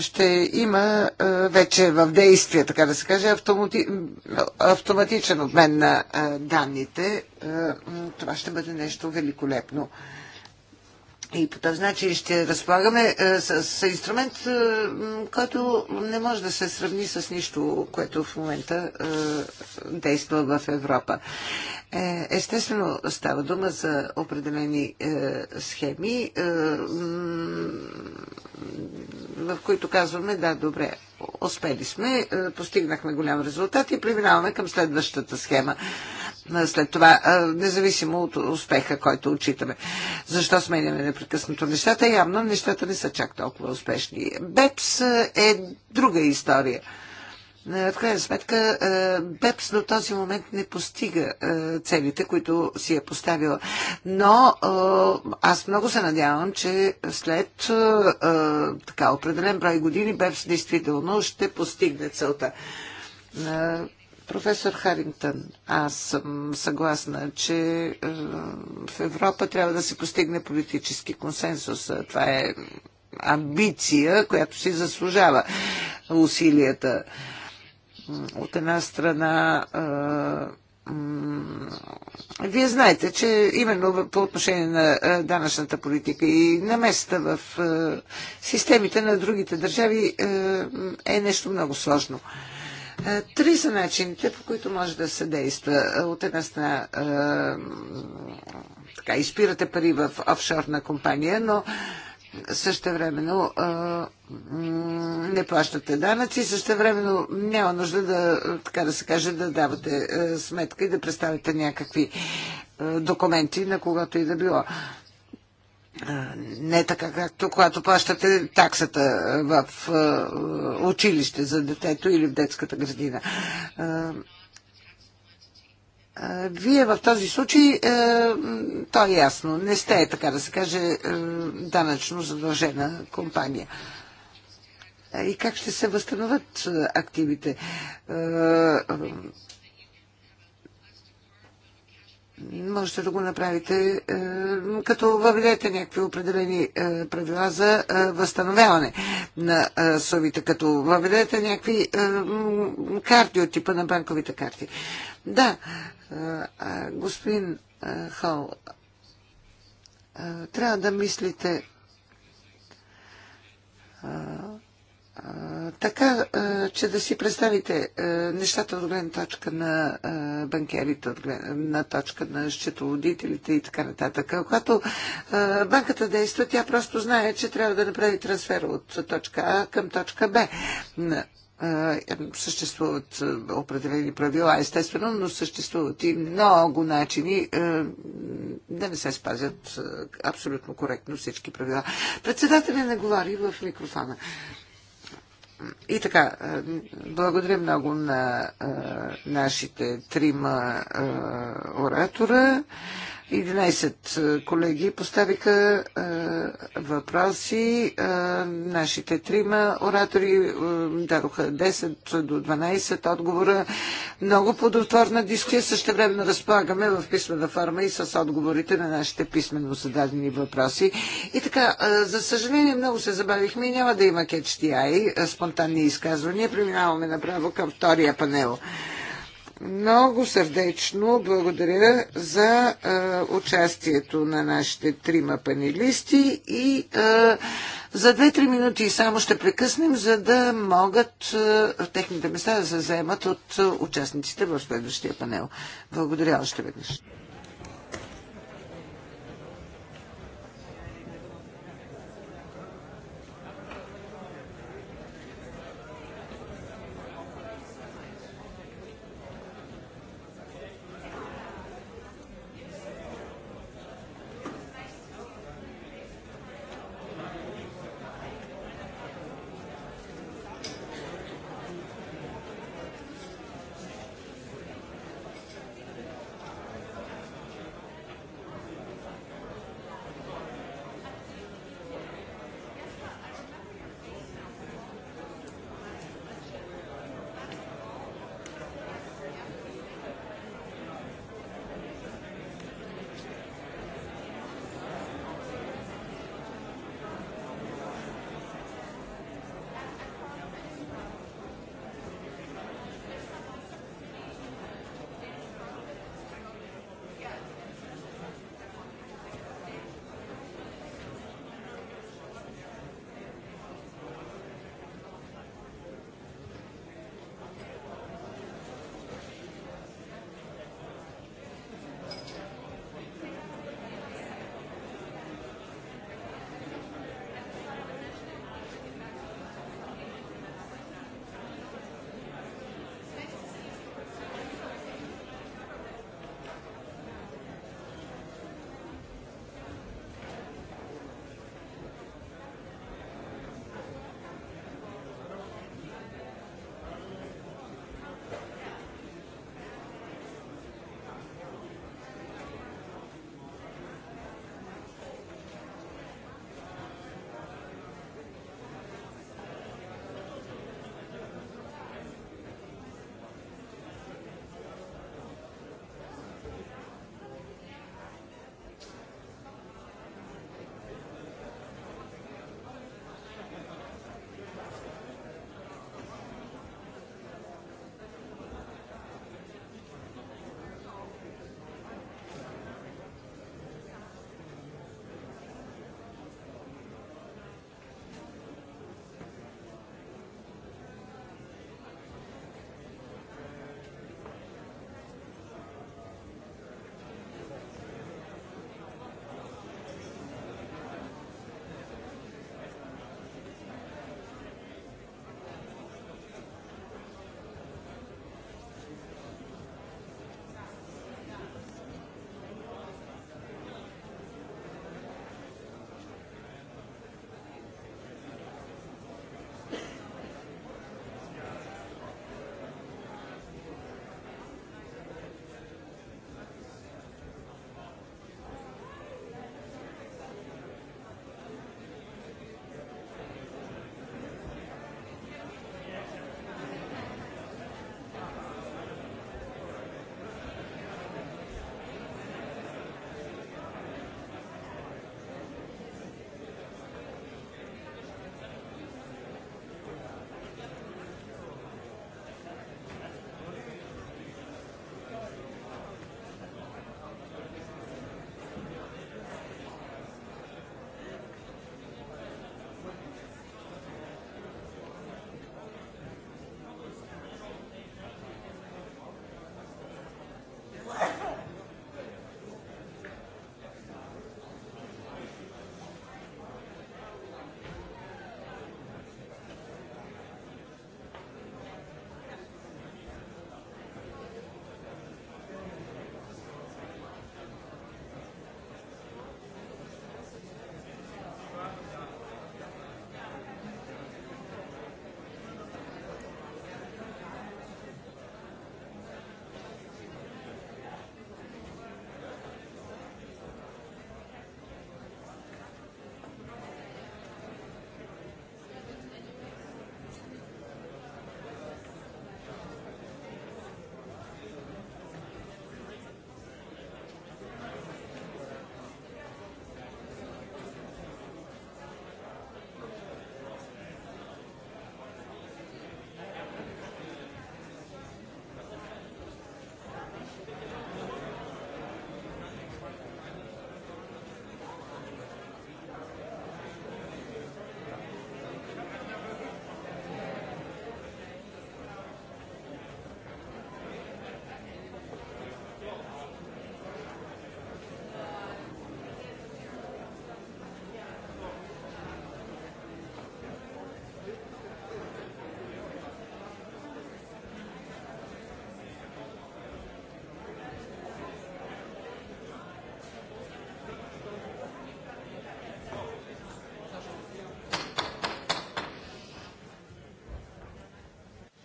Speaker 1: ще има вече в действие, така да се каже, автомати... автоматичен обмен на данните. Това ще бъде нещо великолепно. И по този начин ще разполагаме е, с, с инструмент, е, който не може да се сравни с нищо, което в момента е, действа в Европа. Естествено, става дума за определени е, схеми, е, в които казваме, да, добре, успели сме, е, постигнахме голям резултат и преминаваме към следващата схема. Е, след това, е, независимо от успеха, който отчитаме. Защо сменяме непрекъснато нещата? Явно нещата не са чак толкова успешни. БЕПС е друга история. Е, в крайна сметка БЕПС е, до този момент не постига е, целите, които си е поставила. Но аз много се надявам, че след така определен брой години БЕПС действително ще постигне целта. Професор Харингтън, аз съм съгласна, че в Европа трябва да се постигне политически консенсус. Това е амбиция, която си заслужава усилията от една страна вие знаете, че именно по отношение на данъчната политика и наместа в системите на другите държави е нещо много сложно. Три са начините, по които може да се действа. От една страна така, изпирате пари в офшорна компания, но също времено не плащате данъци, времено няма нужда да, така да се каже, да давате сметка и да представите някакви документи на когато и да било. Не така, както когато плащате таксата в училище за детето или в детската градина. Вие в този случай, е, то е ясно, не сте, така да се каже, е, данъчно задължена компания. Е, и как ще се възстановят активите? Можете да го направите, като въведете някакви определени правила за възстановяване на совите, като въведете някакви карти от типа на банковите карти. Да, господин Хол, трябва да мислите така, че да си представите нещата от гледна точка на банкерите, от гледна точка на счетоводителите и така нататък. Когато банката действа, тя просто знае, че трябва да направи трансфер от точка А към точка Б съществуват определени правила, естествено, но съществуват и много начини да не се спазят абсолютно коректно всички правила. Председателя не говори в микрофона. И така, благодаря много на нашите трима оратора. 11 е, колеги поставиха е, въпроси. Е, нашите трима оратори е, дадоха 10 до 12 отговора. Много плодотворна дискусия. Също време разполагаме в писмена форма и с отговорите на нашите писменно зададени въпроси. И така, е, за съжаление, много се забавихме и няма да има кетчтиай, е, спонтанни изказвания. Преминаваме направо към втория панел. Много сърдечно благодаря за а, участието на нашите трима панелисти и а, за 2-3 минути само ще прекъснем, за да могат а, техните места да се вземат от участниците в следващия панел. Благодаря още веднъж.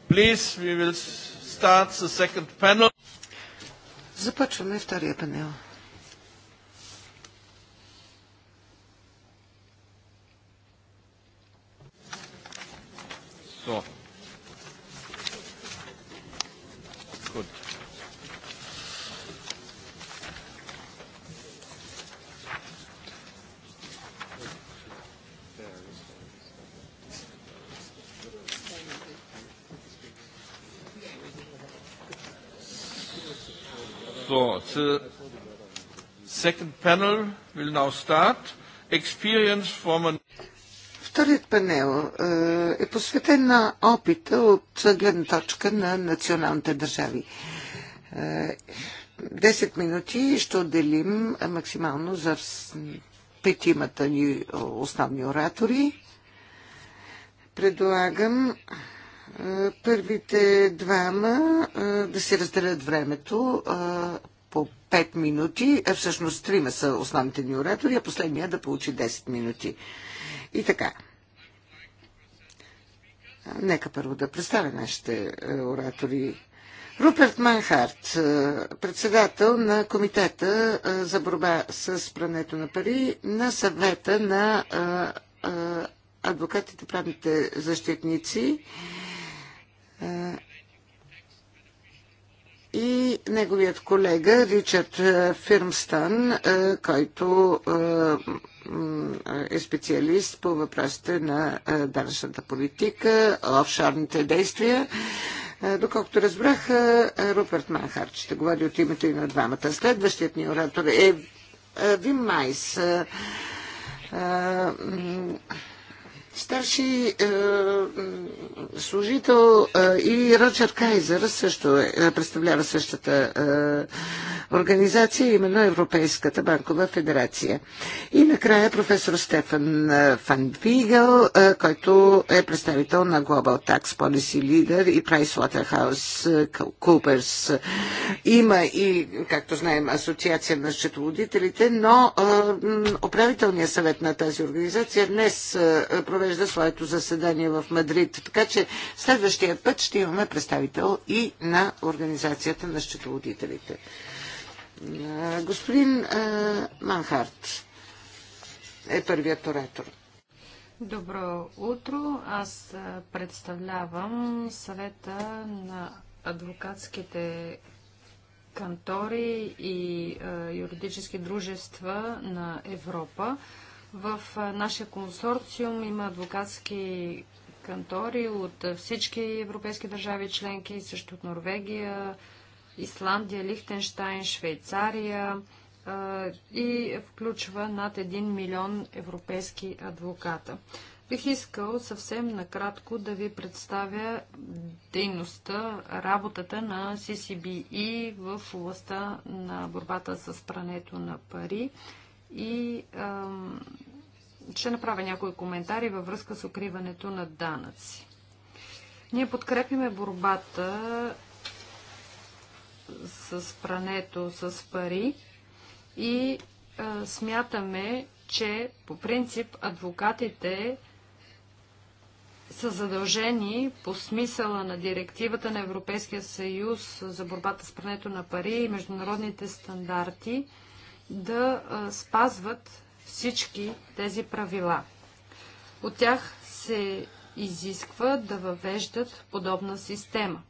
Speaker 3: Please, we will start the second
Speaker 1: panel. Започваме втория панел.
Speaker 3: panel will now start. Experience from an...
Speaker 1: Вторият панел е, е посветен на опита от гледна точка на националните държави. Е, десет минути ще отделим максимално за петимата ни основни оратори. Предлагам е, първите двама да си разделят времето 5 минути. Е, всъщност трима са основните ни оратори, а последния да получи 10 минути. И така. Нека първо да представя нашите е, оратори. Руперт Манхарт, е, председател на Комитета за борба с прането на пари на съвета на адвокатите, правните защитници и неговият колега Ричард е, Фирмстън, е, който е, е специалист по въпросите на данъчната политика, офшорните действия. Доколкото разбрах, Руперт Манхарт ще говори от името и на двамата. Следващият ни оратор е Вим Майс Старши е, служител е, и Роджер Кайзер също е, представлява същата е, организация, именно Европейската банкова федерация. И накрая професор Стефан Фан който е представител на Global Tax Policy Leader и Pricewaterhouse Coopers. Има и, както знаем, Асоциация на счетоводителите, но управителният съвет на тази организация днес провежда своето заседание в Мадрид. Така че следващия път ще имаме представител и на Организацията на счетоводителите. Е, господин е, Манхарт е първият оратор.
Speaker 2: Добро утро. Аз е, представлявам съвета на адвокатските кантори и юридически дружества на Европа. В нашия консорциум има адвокатски кантори от всички европейски държави членки, също от Норвегия, Исландия, Лихтенштайн, Швейцария и включва над 1 милион европейски адвоката. Бих искал съвсем накратко да ви представя дейността, работата на CCBI e в областта на борбата с прането на пари и ам, ще направя някои коментари във връзка с укриването на данъци. Ние подкрепиме борбата с прането с пари и а, смятаме, че по принцип адвокатите са задължени по смисъла на директивата на Европейския съюз за борбата с прането на пари и международните стандарти да а, спазват всички тези правила. От тях се изисква да въвеждат подобна система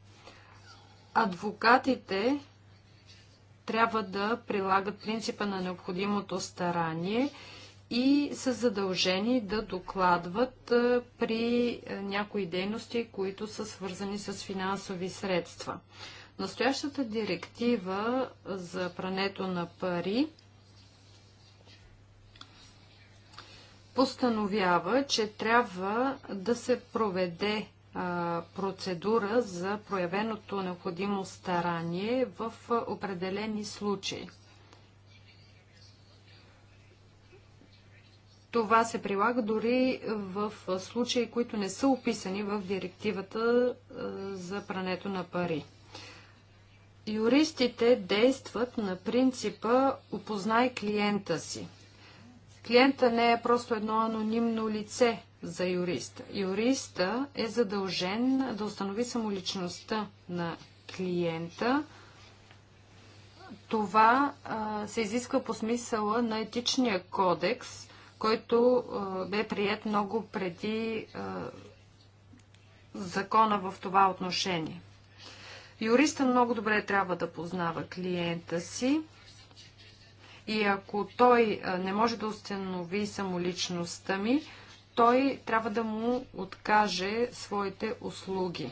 Speaker 2: адвокатите трябва да прилагат принципа на необходимото старание и са задължени да докладват е, при е, някои дейности, които са свързани с финансови средства. Настоящата директива за прането на пари постановява, че трябва да се проведе процедура за проявеното необходимо старание в определени случаи. Това се прилага дори в случаи, които не са описани в директивата за прането на пари. Юристите действат на принципа опознай клиента си. Клиента не е просто едно анонимно лице, за юриста. Юриста е задължен да установи самоличността на клиента. Това а, се изисква по смисъла на етичния кодекс, който а, бе прият много преди а, закона в това отношение. Юриста много добре трябва да познава клиента си и ако той не може да установи самоличността ми, той трябва да му откаже своите услуги.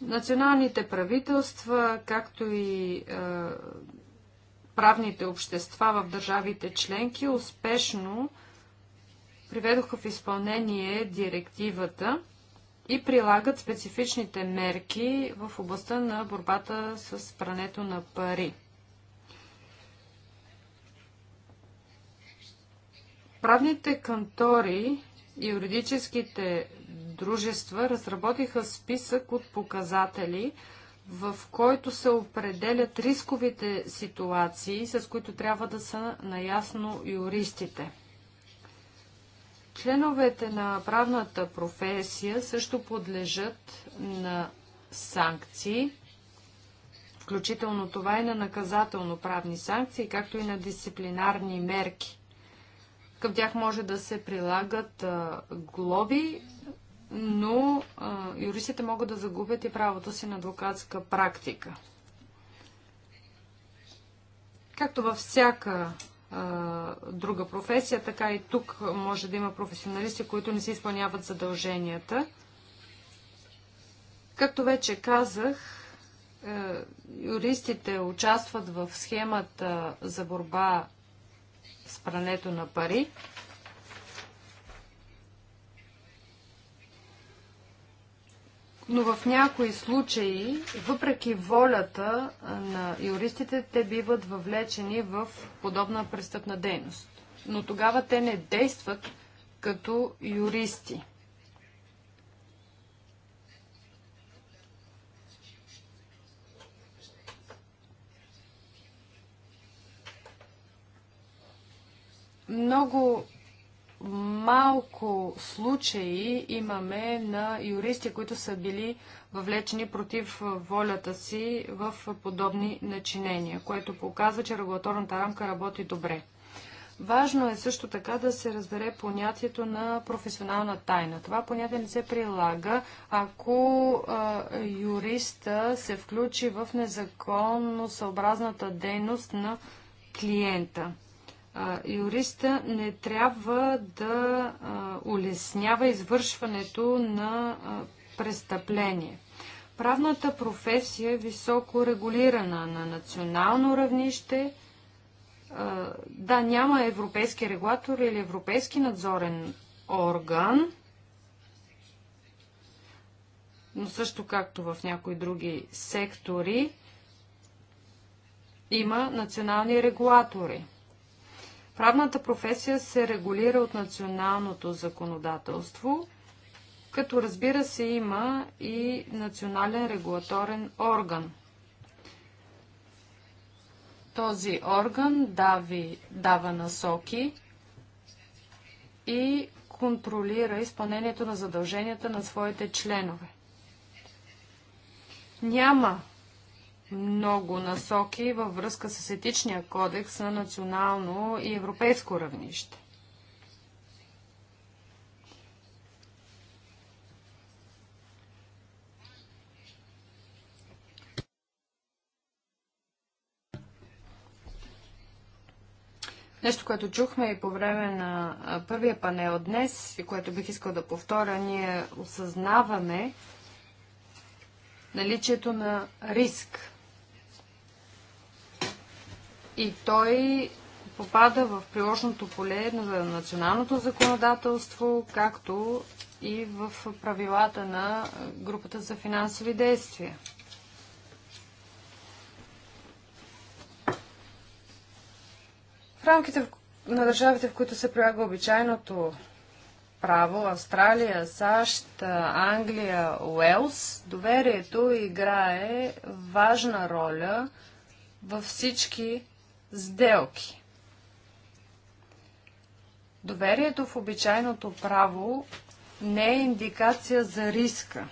Speaker 2: Националните правителства, както и е, правните общества в държавите членки успешно приведоха в изпълнение директивата и прилагат специфичните мерки в областта на борбата с прането на пари. Правните кантори и юридическите дружества разработиха списък от показатели, в който се определят рисковите ситуации, с които трябва да са наясно юристите. Членовете на правната професия също подлежат на санкции, включително това и на наказателно-правни санкции, както и на дисциплинарни мерки – към тях може да се прилагат а, глоби, но а, юристите могат да загубят и правото си на адвокатска практика. Както във всяка друга професия, така и тук може да има професионалисти, които не си изпълняват задълженията. Както вече казах, юристите участват в схемата за борба прането на пари. Но в някои случаи, въпреки волята на юристите, те биват въвлечени в подобна престъпна дейност. Но тогава те не действат като юристи. Много малко случаи имаме на юристи, които са били въвлечени против волята си в подобни начинения, което показва, че регулаторната рамка работи добре. Важно е също така да се разбере понятието на професионална тайна. Това понятие не се прилага, ако а, юриста се включи в незаконно съобразната дейност на клиента юриста не трябва да улеснява извършването на престъпление. Правната професия е високо регулирана на национално равнище. Да, няма европейски регулатор или европейски надзорен орган, но също както в някои други сектори има национални регулатори. Правната професия се регулира от националното законодателство, като разбира се има и национален регулаторен орган. Този орган дави, дава насоки и контролира изпълнението на задълженията на своите членове. Няма много насоки във връзка с етичния кодекс на национално и европейско равнище. Нещо, което чухме и по време на първия панел днес и което бих искал да повторя, ние осъзнаваме наличието на риск и той попада в приложното поле на националното законодателство, както и в правилата на групата за финансови действия. В рамките на държавите, в които се прилага обичайното право, Австралия, САЩ, Англия, Уелс, доверието играе важна роля във всички сделки. Доверието в обичайното право не е индикация за риска.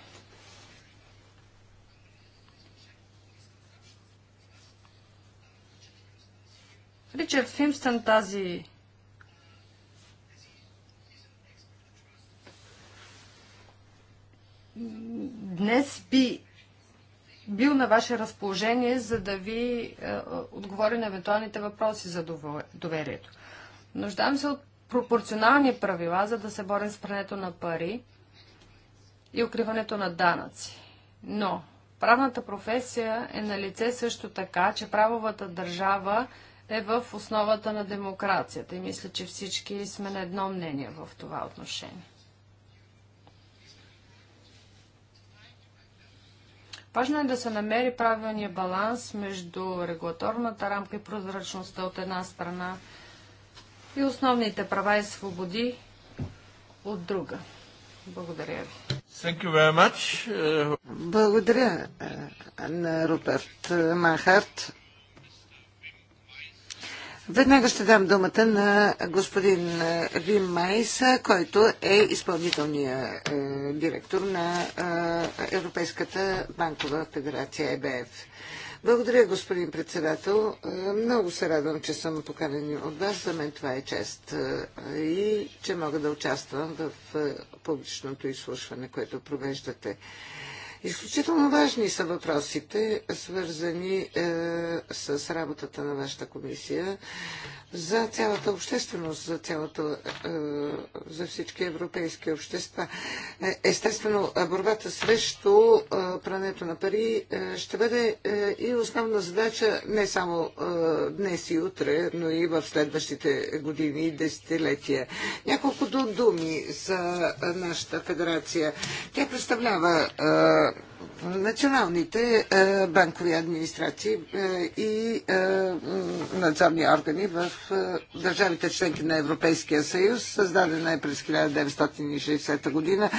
Speaker 2: Ричард Фимстън тази днес би бил на ваше разположение, за да ви е, отговори на евентуалните въпроси за доверието. Нуждам се от пропорционални правила, за да се борим с прането на пари и укриването на данъци. Но правната професия е на лице също така, че правовата държава е в основата на демокрацията и мисля, че всички сме на едно мнение в това отношение. Важно е да се намери правилния баланс между регулаторната рамка и прозрачността от една страна и основните права и свободи от друга. Благодаря ви. Thank you very much.
Speaker 1: Благодаря е, на Руперт Махарт. Веднага ще дам думата на господин Вим Майс, който е изпълнителният е, директор на е, Европейската банкова федерация ЕБФ. Благодаря, господин председател. Е, много се радвам, че съм поканен от вас. За мен това е чест и че мога да участвам в публичното изслушване, което провеждате. Изключително важни са въпросите, свързани е, с работата на вашата комисия за цялата общественост, за, цялата, е, за всички европейски общества. Е, естествено, борбата срещу е, прането на пари ще бъде и основна задача не само днес и утре, но и в следващите години и десетилетия. Няколко думи за нашата федерация. Тя представлява националните е, банкови администрации е, и е, надзорни органи в държавите членки на Европейския съюз. Създадена е през 1960 година,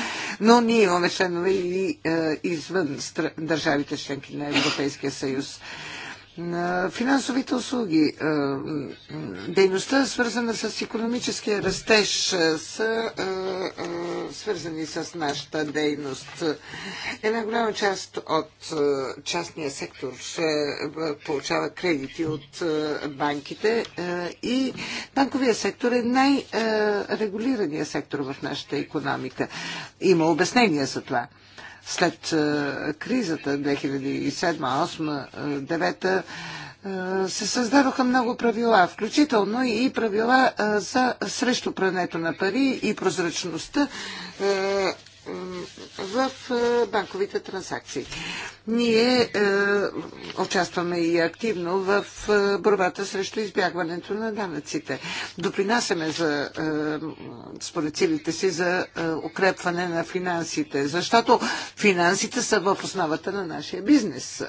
Speaker 1: но ние имаме членове и извън държавите членки на Европейския съюз. Финансовите услуги, дейността свързана с економическия растеж са свързани с нашата дейност. Една голяма част от е, частния сектор е, получава кредити от е, банките и банковия сектор е най-регулирания сектор в нашата економика. Има обяснение за това след кризата 2007-2008-2009 се създаваха много правила, включително и правила за срещу прането на пари и прозрачността в банковите транзакции. Ние е, участваме и активно в е, борбата срещу избягването на данъците. Допринасяме за, е, според силите си за е, укрепване на финансите, защото финансите са в основата на нашия бизнес. Е,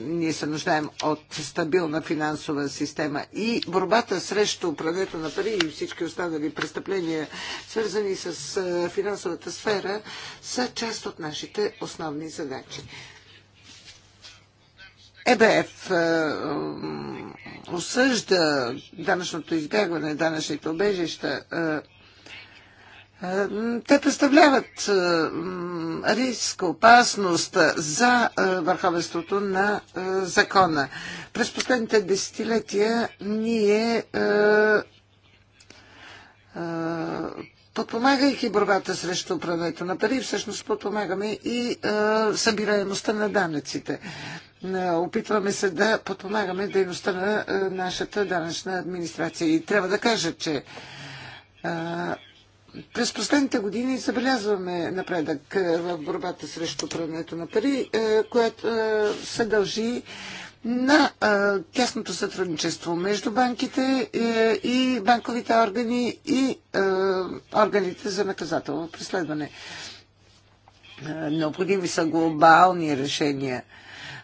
Speaker 1: ние се нуждаем от стабилна финансова система и борбата срещу прането на пари и всички останали престъпления, свързани с е, финансовата сфера, са част от нашите основни задачи. ЕБФ е, осъжда данъчното избягване, данъчните обежища, е, е, те представляват риск, опасност за върховенството на закона. През последните десетилетия ние подпомагайки борбата срещу прането на пари, всъщност подпомагаме и е, събираемостта на данъците. Е, опитваме се да подпомагаме дейността на е, нашата данъчна администрация. И трябва да кажа, че е, през последните години забелязваме напредък е, в борбата срещу прането на пари, е, което се дължи на а, тясното сътрудничество между банките е, и банковите органи и е, органите за наказателно преследване. Е, необходими са глобални решения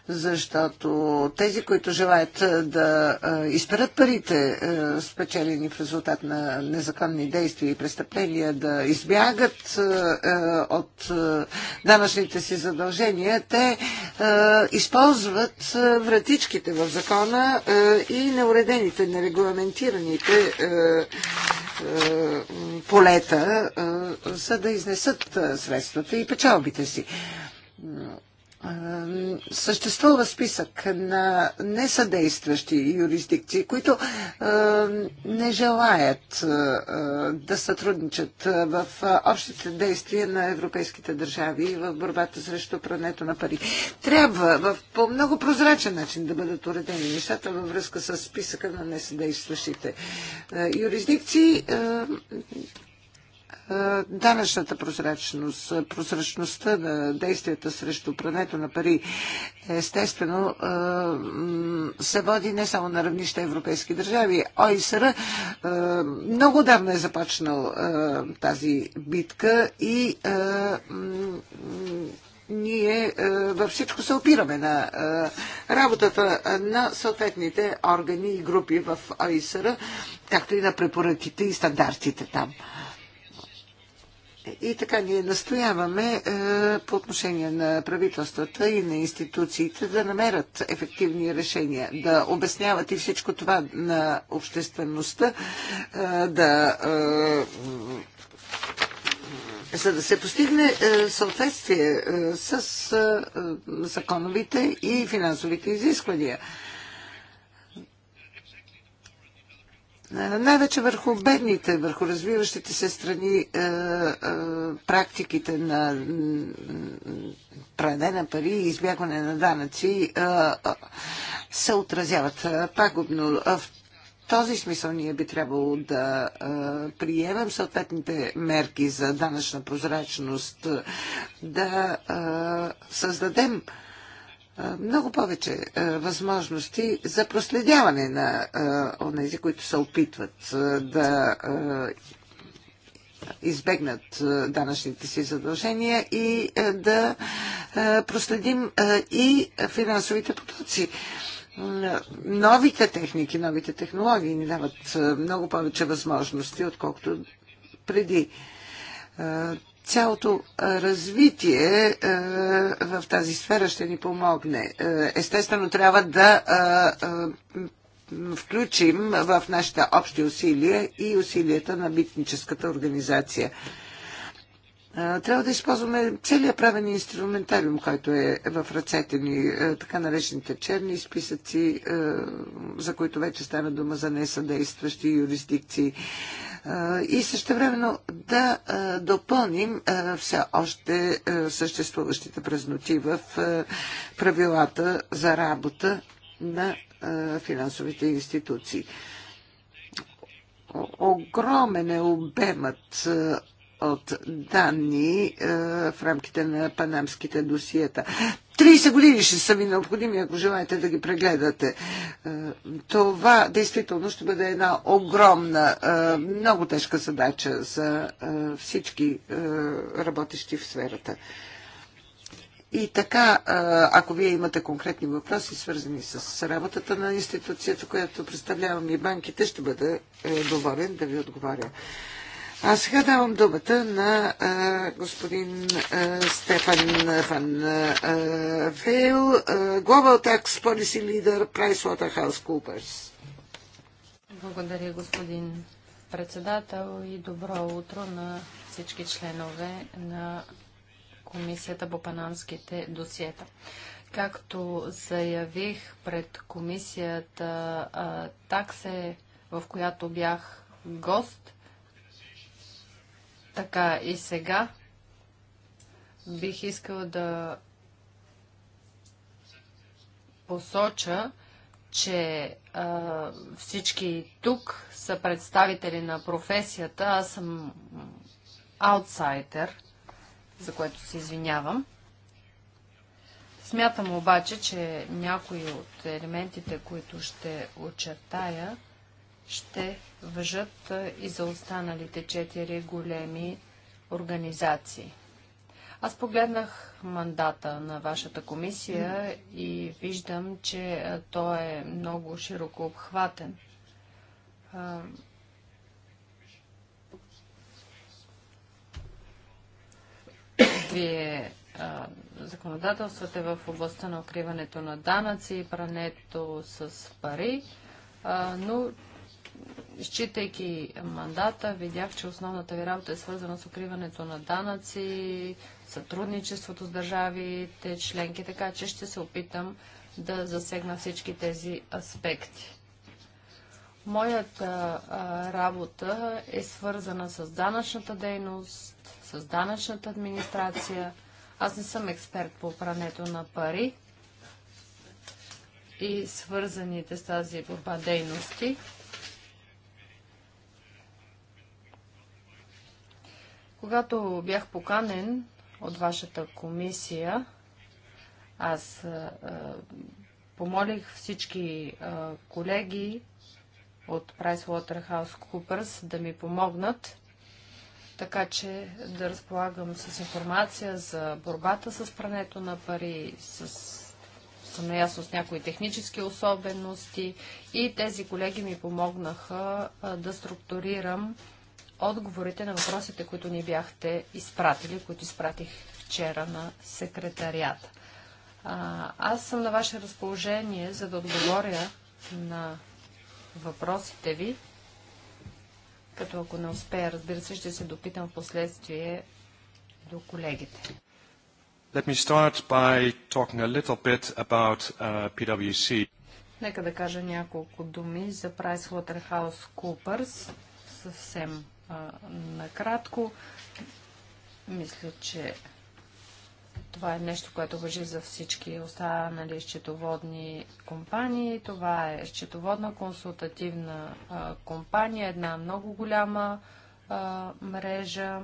Speaker 1: защото тези, които желаят да изперат парите, спечелени в резултат на незаконни действия и престъпления, да избягат от данъчните си задължения, те използват вратичките в закона и неуредените, нерегламентираните полета, за да изнесат средствата и печалбите си съществува списък на несъдействащи юрисдикции, които не желаят да сътрудничат в общите действия на европейските държави в борбата срещу прането на пари. Трябва в, по много прозрачен начин да бъдат уредени нещата във връзка с списъка на несъдействащите юрисдикции. Е, данъчната прозрачност, прозрачността на действията срещу прането на пари, естествено е, се води не само на равнище европейски държави. ОИСР е, много давно е започнал тази битка и ние във всичко се опираме на работата на съответните органи и групи в ОИСР, както и на препоръките и стандартите там. И така ние настояваме е, по отношение на правителствата и на институциите да намерят ефективни решения, да обясняват и всичко това на обществеността, е, да е, за да се постигне съответствие с законовите и финансовите изисквания. Е, най-вече върху бедните, върху развиващите се страни е, е, практиките на пране на пари и избягване на данъци е, се отразяват е, пагубно. В този смисъл ние би трябвало да е, приемем съответните мерки за данъчна прозрачност, да създадем много повече възможности за проследяване на онези, които се опитват да избегнат данъчните си задължения и да проследим и финансовите потоци. Новите техники, новите технологии ни дават много повече възможности, отколкото преди цялото развитие в тази сфера ще ни помогне. Естествено, трябва да включим в нашите общи усилия и усилията на битническата организация. Трябва да използваме целият правен инструментариум, който е в ръцете ни, така наречените черни списъци, за които вече стана дума за несъдействащи юрисдикции и същевременно да допълним все още съществуващите празноти в правилата за работа на финансовите институции. Огромен е обемът от данни е, в рамките на панамските досиета. 30 години ще са ви необходими, ако желаете да ги прегледате. Е, това действително ще бъде една огромна, е, много тежка задача за всички работещи в сферата. И така, ако вие имате конкретни въпроси, свързани с работата на институцията, която представлявам и банките, ще бъда доволен да ви отговаря. А сега давам думата на а, господин а, Стефан Ван Вейл, Global Tax Policy Leader, PricewaterhouseCoopers.
Speaker 2: Благодаря, господин председател и добро утро на всички членове на Комисията по панамските досиета. Както заявих пред комисията Таксе, в която бях гост – така и сега бих искала да посоча, че а, всички тук са представители на професията. Аз съм аутсайдер, за което се извинявам. Смятам обаче, че някои от елементите, които ще очертая, ще въжат и за останалите четири големи организации. Аз погледнах мандата на вашата комисия и виждам, че той е много широко обхватен. Вие законодателствате в областта на укриването на данъци и прането с пари, но изчитайки мандата, видях, че основната ви работа е свързана с укриването на данъци, сътрудничеството с държавите, членки, така че ще се опитам да засегна всички тези аспекти. Моята работа е свързана с данъчната дейност, с данъчната администрация. Аз не съм експерт по прането на пари и свързаните с тази борба дейности. Когато бях поканен от вашата комисия, аз а, помолих всички а, колеги от PricewaterhouseCoopers да ми помогнат, така че да разполагам с информация за борбата с прането на пари, с съм наясно с някои технически особености и тези колеги ми помогнаха а, да структурирам отговорите на въпросите, които ни бяхте изпратили, които изпратих вчера на секретарията. Аз съм на ваше разположение, за да отговоря на въпросите ви, като ако не успея, разбира се, ще се допитам в последствие до колегите.
Speaker 3: Let me start by talking a little bit about uh, PwC.
Speaker 2: Нека да кажа няколко думи за PricewaterhouseCoopers съвсем а, накратко. Мисля, че това е нещо, което въжи за всички останали счетоводни компании. Това е счетоводна консултативна а, компания, една много голяма а, мрежа,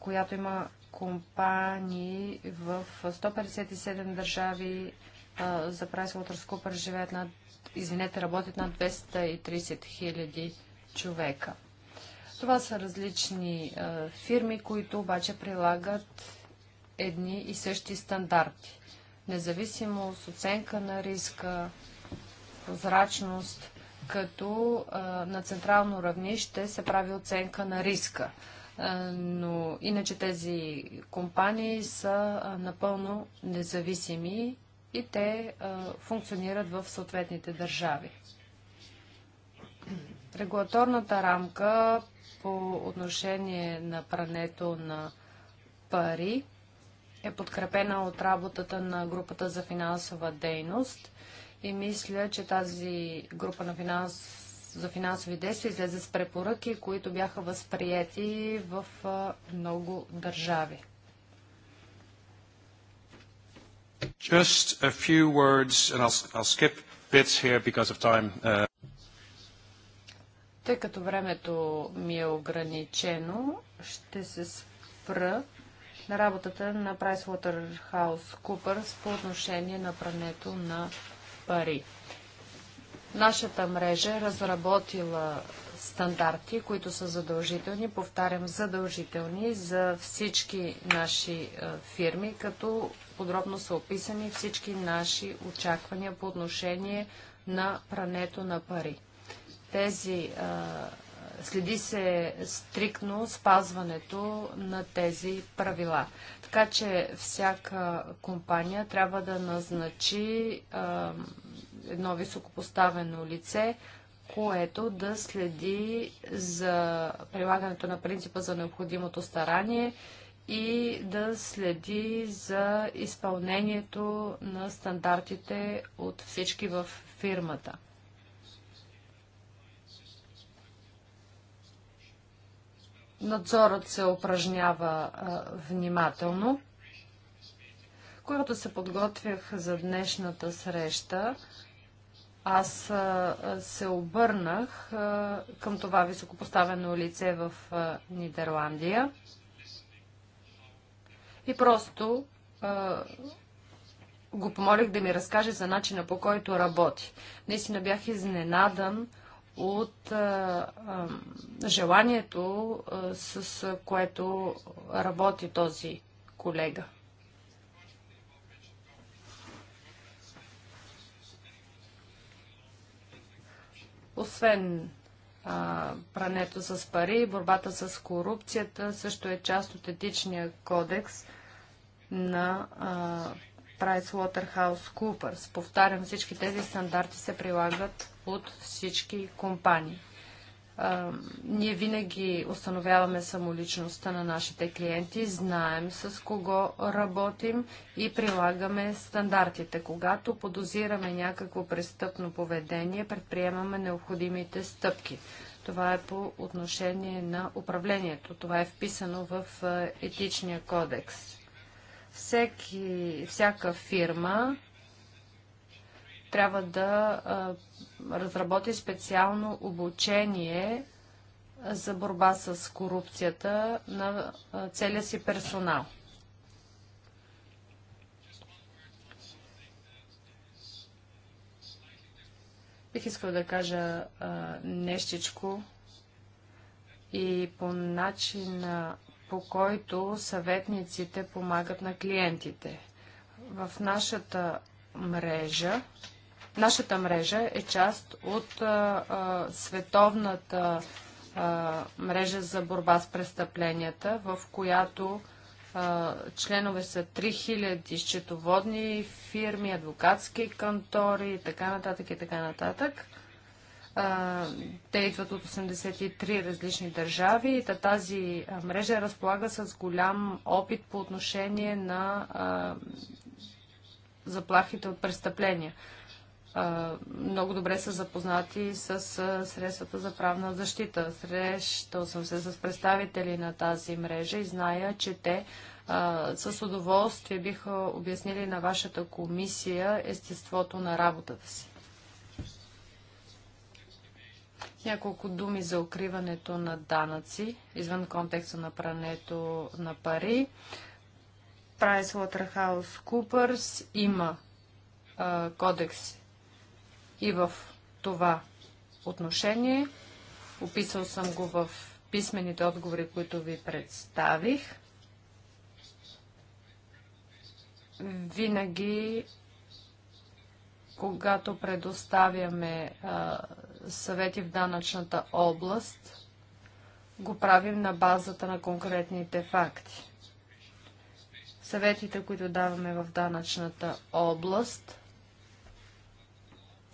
Speaker 2: която има компании в 157 държави а, за PricewaterhouseCoopers живеят над, извинете, работят над 230 хиляди човека. Това са различни фирми, които обаче прилагат едни и същи стандарти. Независимост, оценка на риска, прозрачност, като на централно равнище се прави оценка на риска. но иначе тези компании са напълно независими и те функционират в съответните държави регулаторната рамка по отношение на прането на пари е подкрепена от работата на групата за финансова дейност и мисля, че тази група на финанс... за финансови действия излезе с препоръки, които бяха възприяти в много държави.
Speaker 3: Just a few words, and I'll, I'll skip bits here because of
Speaker 1: time. Uh...
Speaker 2: Тъй като времето ми е ограничено, ще се спра на работата на PricewaterhouseCoopers по отношение на прането на пари. Нашата мрежа е разработила стандарти, които са задължителни, повтарям, задължителни за всички наши фирми, като подробно са описани всички наши очаквания по отношение на прането на пари тези следи се стрикно спазването на тези правила. Така че всяка компания трябва да назначи едно високопоставено лице, което да следи за прилагането на принципа за необходимото старание и да следи за изпълнението на стандартите от всички в фирмата. Надзорът се упражнява внимателно. Когато се подготвях за днешната среща, аз се обърнах към това високопоставено лице в Нидерландия и просто го помолих да ми разкаже за начина по който работи. Наистина бях изненадан от а, а, желанието, а, с което работи този колега. Освен прането с пари, борбата с корупцията също е част от етичния кодекс на PricewaterhouseCoopers. Повтарям, всички тези стандарти се прилагат от всички компании. А, ние винаги установяваме самоличността на нашите клиенти, знаем с кого работим и прилагаме стандартите. Когато подозираме някакво престъпно поведение, предприемаме необходимите стъпки. Това е по отношение на управлението. Това е вписано в етичния кодекс. Всеки, всяка фирма трябва да разработи специално обучение за борба с корупцията на целия си персонал. Бих искал да кажа нещичко и по начина по който съветниците помагат на клиентите. В нашата мрежа Нашата мрежа е част от световната мрежа за борба с престъпленията, в която членове са 3000 счетоводни фирми, адвокатски кантори и така нататък и така нататък. Те идват от 83 различни държави и тази мрежа разполага с голям опит по отношение на заплахите от престъпления много добре са запознати с средствата за правна защита. Срещал съм се с представители на тази мрежа и зная, че те а, с удоволствие биха обяснили на вашата комисия естеството на работата си. Няколко думи за укриването на данъци, извън контекста на прането на пари. PricewaterhouseCoopers има а, кодекс и в това отношение, описал съм го в писмените отговори, които ви представих, винаги, когато предоставяме а, съвети в данъчната област, го правим на базата на конкретните факти. Съветите, които даваме в данъчната област,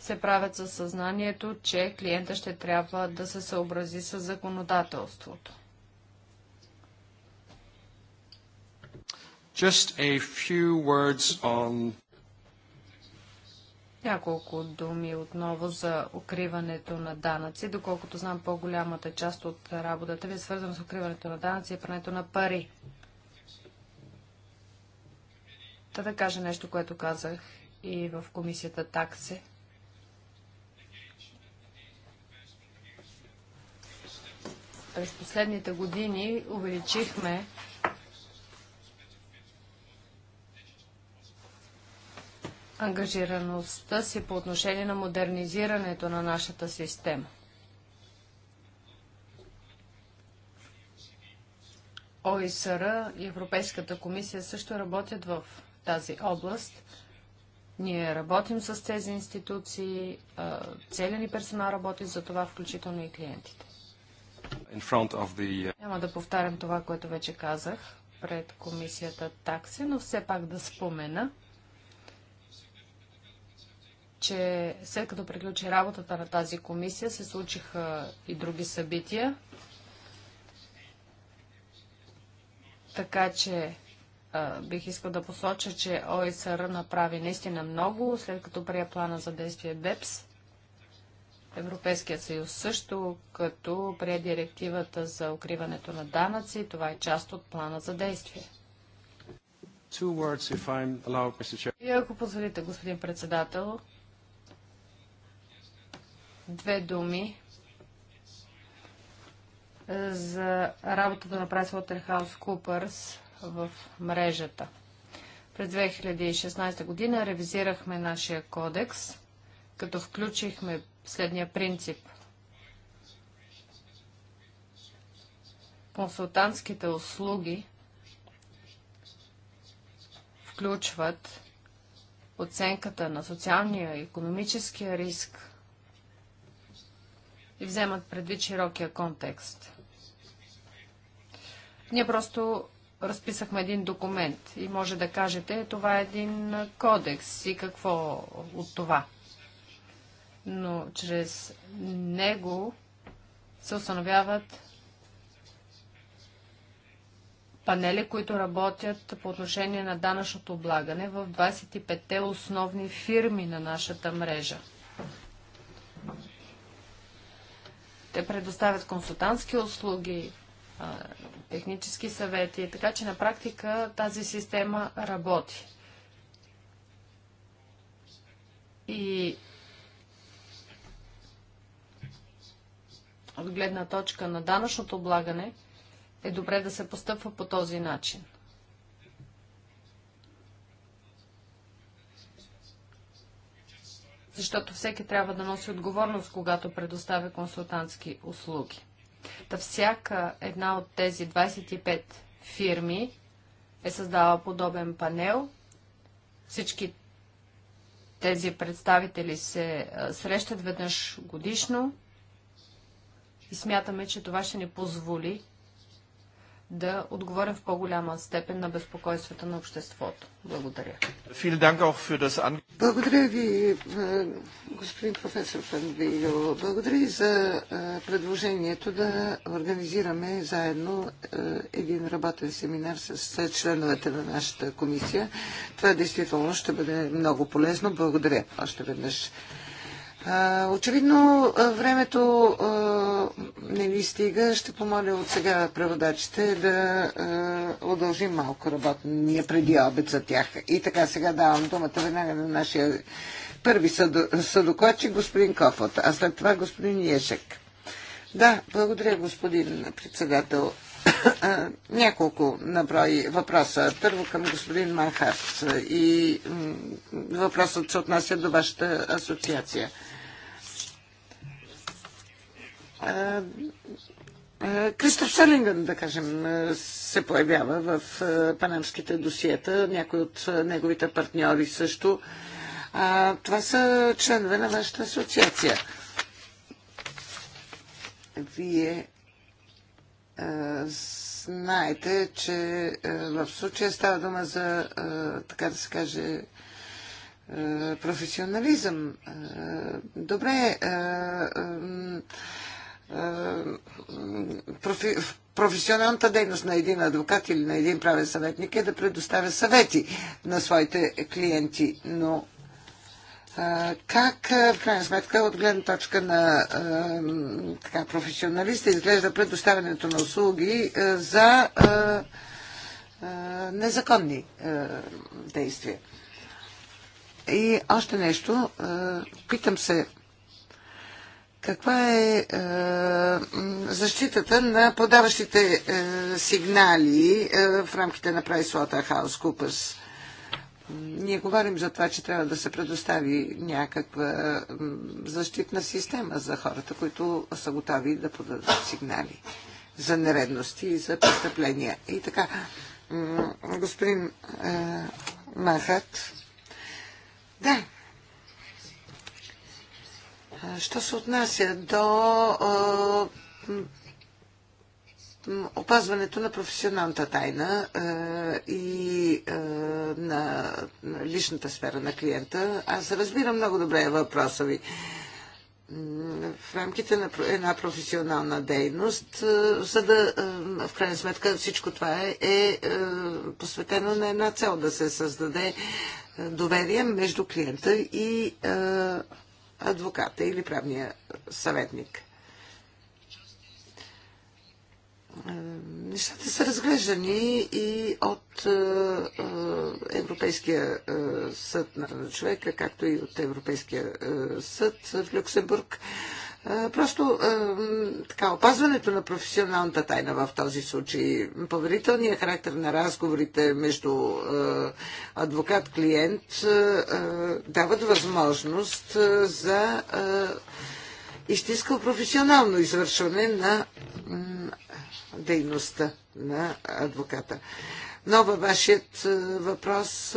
Speaker 2: се правят със съзнанието, че клиента ще трябва да се съобрази с законодателството. Just a few words on... Няколко думи отново за укриването на данъци. Доколкото знам, по-голямата част от работата ви е свързана с укриването на данъци и прането на пари. Та да кажа нещо, което казах и в комисията такси. През последните години увеличихме ангажираността си по отношение на модернизирането на нашата система. ОИСР и Европейската комисия също работят в тази област. Ние работим с тези институции, целият ни персонал работи за това, включително и клиентите
Speaker 3: in front of the... Uh,
Speaker 2: Няма да повтарям това, което вече казах пред комисията такси, но все пак да спомена, че след като приключи работата на тази комисия, се случиха и други събития. Така че бих искал да посоча, че ОСР направи наистина много, след като прия плана за действие БЕПС. Европейският съюз също, като прие директивата за укриването на данъци, това е част от плана за действие.
Speaker 3: Words,
Speaker 2: allowed, И ако позволите, господин председател, две думи е, за работата на PricewaterhouseCoopers в мрежата. През 2016 година ревизирахме нашия кодекс, като включихме следния принцип. Консултантските услуги включват оценката на социалния и економическия риск и вземат предвид широкия контекст. Ние просто разписахме един документ и може да кажете, това е един кодекс и какво от това – но чрез него се установяват панели, които работят по отношение на данъчното облагане в 25-те основни фирми на нашата мрежа. Те предоставят консултантски услуги, технически съвети, така че на практика тази система работи. И от гледна точка на данъчното облагане, е добре да се постъпва по този начин. Защото всеки трябва да носи отговорност, когато предоставя консултантски услуги. Та всяка една от тези 25 фирми е създала подобен панел. Всички тези представители се срещат веднъж годишно и смятаме, че това ще ни позволи да отговоря в по-голяма степен на безпокойствата на обществото. Благодаря.
Speaker 1: Благодаря ви,
Speaker 2: господин професор Фанвио.
Speaker 1: Благодаря ви за предложението да организираме заедно един работен семинар с членовете на нашата комисия. Това действително ще бъде много полезно. Благодаря още веднъж. Очевидно времето не ви стига. Ще помоля от сега преводачите да удължим малко работния преди обед за тях. И така сега давам думата веднага на нашия първи съдокладчик, господин Кофот, а след това господин Ешек. Да, благодаря, господин председател. Няколко наброи въпроса. Първо към господин Манхарт и въпросът се отнася до вашата асоциация. Кристоф Селингън, да кажем, се появява в панамските досиета, някои от неговите партньори също. А, това са членове на вашата асоциация. Вие а, знаете, че а, в случая става дума за, а, така да се каже, професионализъм. Добре, е, профи, професионалната дейност на един адвокат или на един правен съветник е да предоставя съвети на своите клиенти, но е, как е, в крайна сметка от гледна точка на така, професионалиста изглежда предоставянето на услуги за незаконни действия? И още нещо. Питам се, каква е, е защитата на подаващите е, сигнали е, в рамките на PricewaterhouseCoopers? Ние говорим за това, че трябва да се предостави някаква защитна система за хората, които са готови да подадат сигнали за нередности и за престъпления. И така, господин е, Махат, да, Що се отнася до опазването на професионалната тайна и на личната сфера на клиента, аз разбирам много добре въпроса ви в рамките на една професионална дейност, за да в крайна сметка всичко това е, е посветено на една цел да се създаде доверие между клиента и е, адвоката или правния съветник. Е, нещата са разглеждани и от е, е, Европейския съд на човека, както и от Европейския съд в Люксембург. Просто така, опазването на професионалната тайна в този случай, поверителният характер на разговорите между адвокат-клиент дават възможност за истинско професионално извършване на дейността на адвоката. Но във вашият въпрос,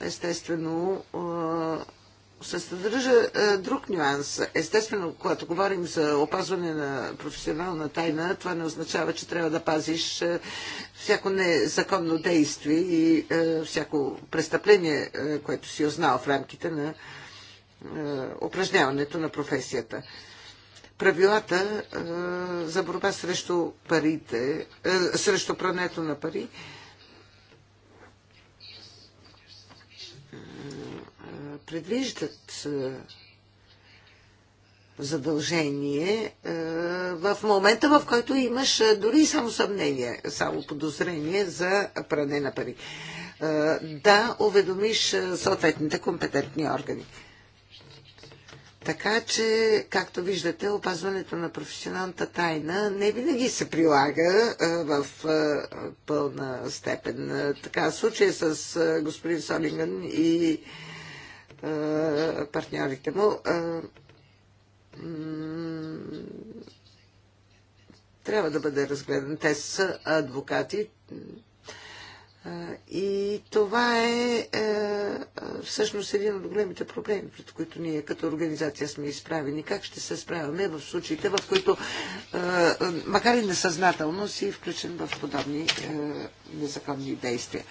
Speaker 1: естествено, се съдържа е, друг нюанс. Естествено, когато говорим за опазване на професионална тайна, това не означава, че трябва да пазиш е, всяко незаконно действие и е, всяко престъпление, което си узнал в рамките на упражняването на професията. Правилата за борба срещу парите, срещу прането на пари, предвиждат е, задължение е, в момента, в който имаш е, дори само съмнение, само подозрение за пране на пари. Да уведомиш съответните компетентни органи. Така че, както виждате, опазването на професионалната тайна не винаги се прилага в пълна степен. Така случая с господин Солинган и партньорите му. Трябва да бъде разгледан. Те са адвокати. И това е всъщност един от големите проблеми, пред които ние като организация сме изправени. Как ще се справяме в случаите, в които, макар и несъзнателно, си включен в подобни незаконни действия.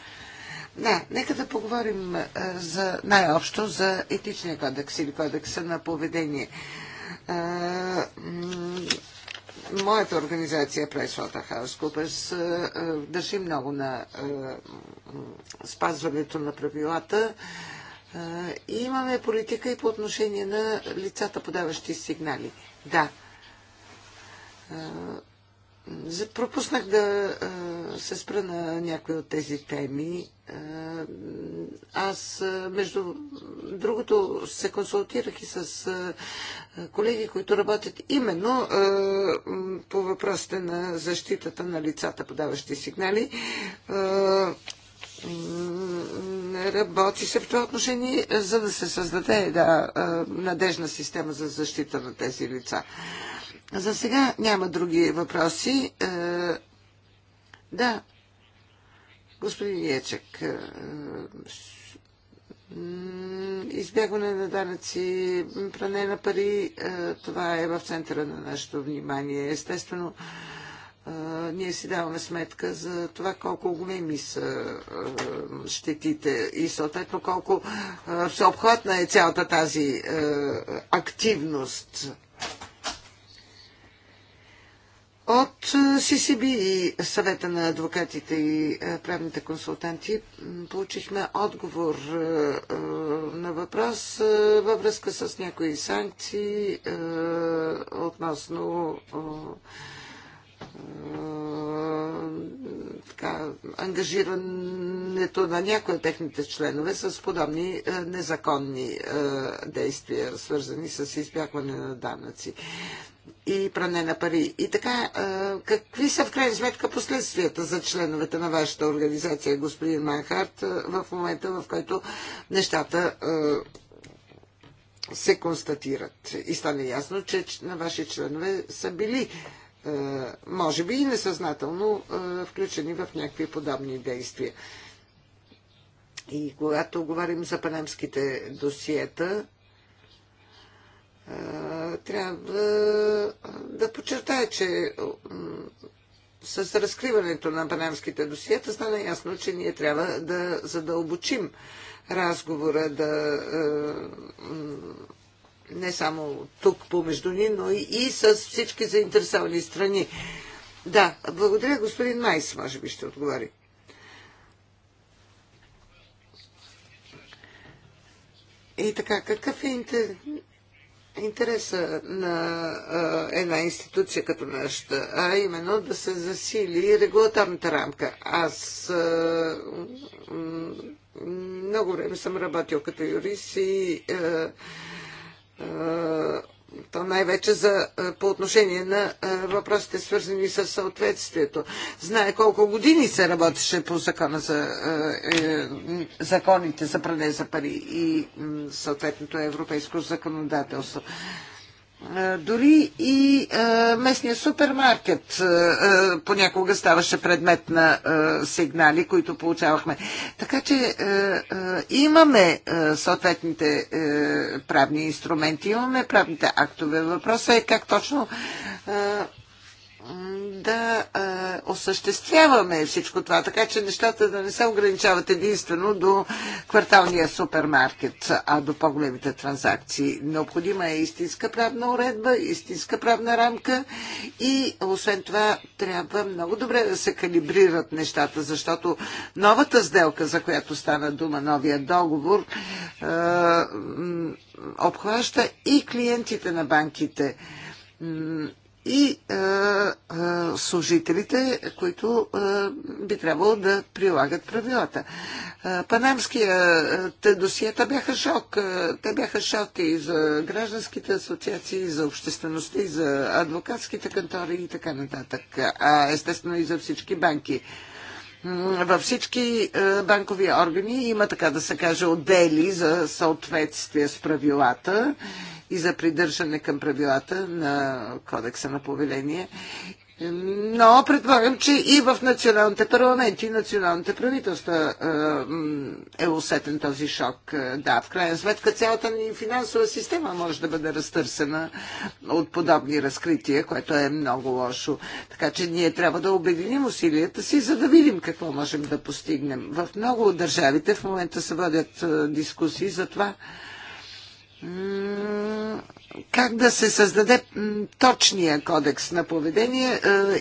Speaker 1: Да, нека да поговорим за, най-общо за етичния кодекс или кодекса на поведение. Моята организация PricewaterhouseCoopers държи много на спазването на правилата. И имаме политика и по отношение на лицата, подаващи сигнали. Да. Пропуснах да се спра на някои от тези теми. Аз, между другото, се консултирах и с колеги, които работят именно по въпросите на защитата на лицата, подаващи сигнали. Работи се в това отношение, за да се създаде да, надежна система за защита на тези лица. За сега няма други въпроси. Е, да, господин Ячек, е, избягване на данъци, пране на пари, е, това е в центъра на нашето внимание. Естествено, ние си даваме сметка за това колко големи са щетите и съответно колко всеобхватна е цялата тази активност от CCB е, и съвета на адвокатите и е, правните консултанти получихме отговор е, на въпрос във връзка с някои санкции относно така, ангажирането на някои от техните членове с подобни е, незаконни е, действия, свързани с избягване на данъци и пране на пари. И така, е, какви са в крайна сметка последствията за членовете на вашата организация, господин Майнхарт, в момента, в който нещата се констатират и стане ясно, че на ваши членове са били е, може би и несъзнателно е, включени в някакви подобни действия. И когато говорим за панамските досиета, е, трябва да подчертая, че с разкриването на панамските досиета стана ясно, че ние трябва да задълбочим разговора, да не само тук помежду ни, но и с всички заинтересовани страни. Да, благодаря господин Майс, може би ще отговори. И така, какъв е интер... интереса на а, една институция като нашата, а именно да се засили регулаторната рамка. Аз а, много време съм работил като юрист и а, е, то най-вече за, е, по отношение на е, въпросите свързани с съответствието. Знае колко години се работеше по закона за е, законите за пране за пари и съответното европейско законодателство. Дори и местния супермаркет понякога ставаше предмет на сигнали, които получавахме. Така че имаме съответните правни инструменти, имаме правните актове. Въпросът е как точно да а, осъществяваме всичко това, така че нещата да не се ограничават единствено до кварталния супермаркет, а до по-големите транзакции. Необходима е истинска правна уредба, истинска правна рамка и освен това трябва много добре да се калибрират нещата, защото новата сделка, за която стана дума, новия договор, а, обхваща и клиентите на банките и а, а, служителите, които а, би трябвало да прилагат правилата. А, панамските досиета бяха шок. те бяха шок и за гражданските асоциации, и за обществеността, и за адвокатските кантори и така нататък. А естествено и за всички банки. Във всички банкови органи има, така да се каже, отдели за съответствие с правилата и за придържане към правилата на кодекса на повеление. Но предполагам, че и в националните парламенти и националните правителства е усетен този шок. Да, в крайна сметка цялата ни финансова система може да бъде разтърсена от подобни разкрития, което е много лошо. Така че ние трябва да обединим усилията си, за да видим какво можем да постигнем. В много от държавите в момента се водят дискусии за това как да се създаде точния кодекс на поведение е,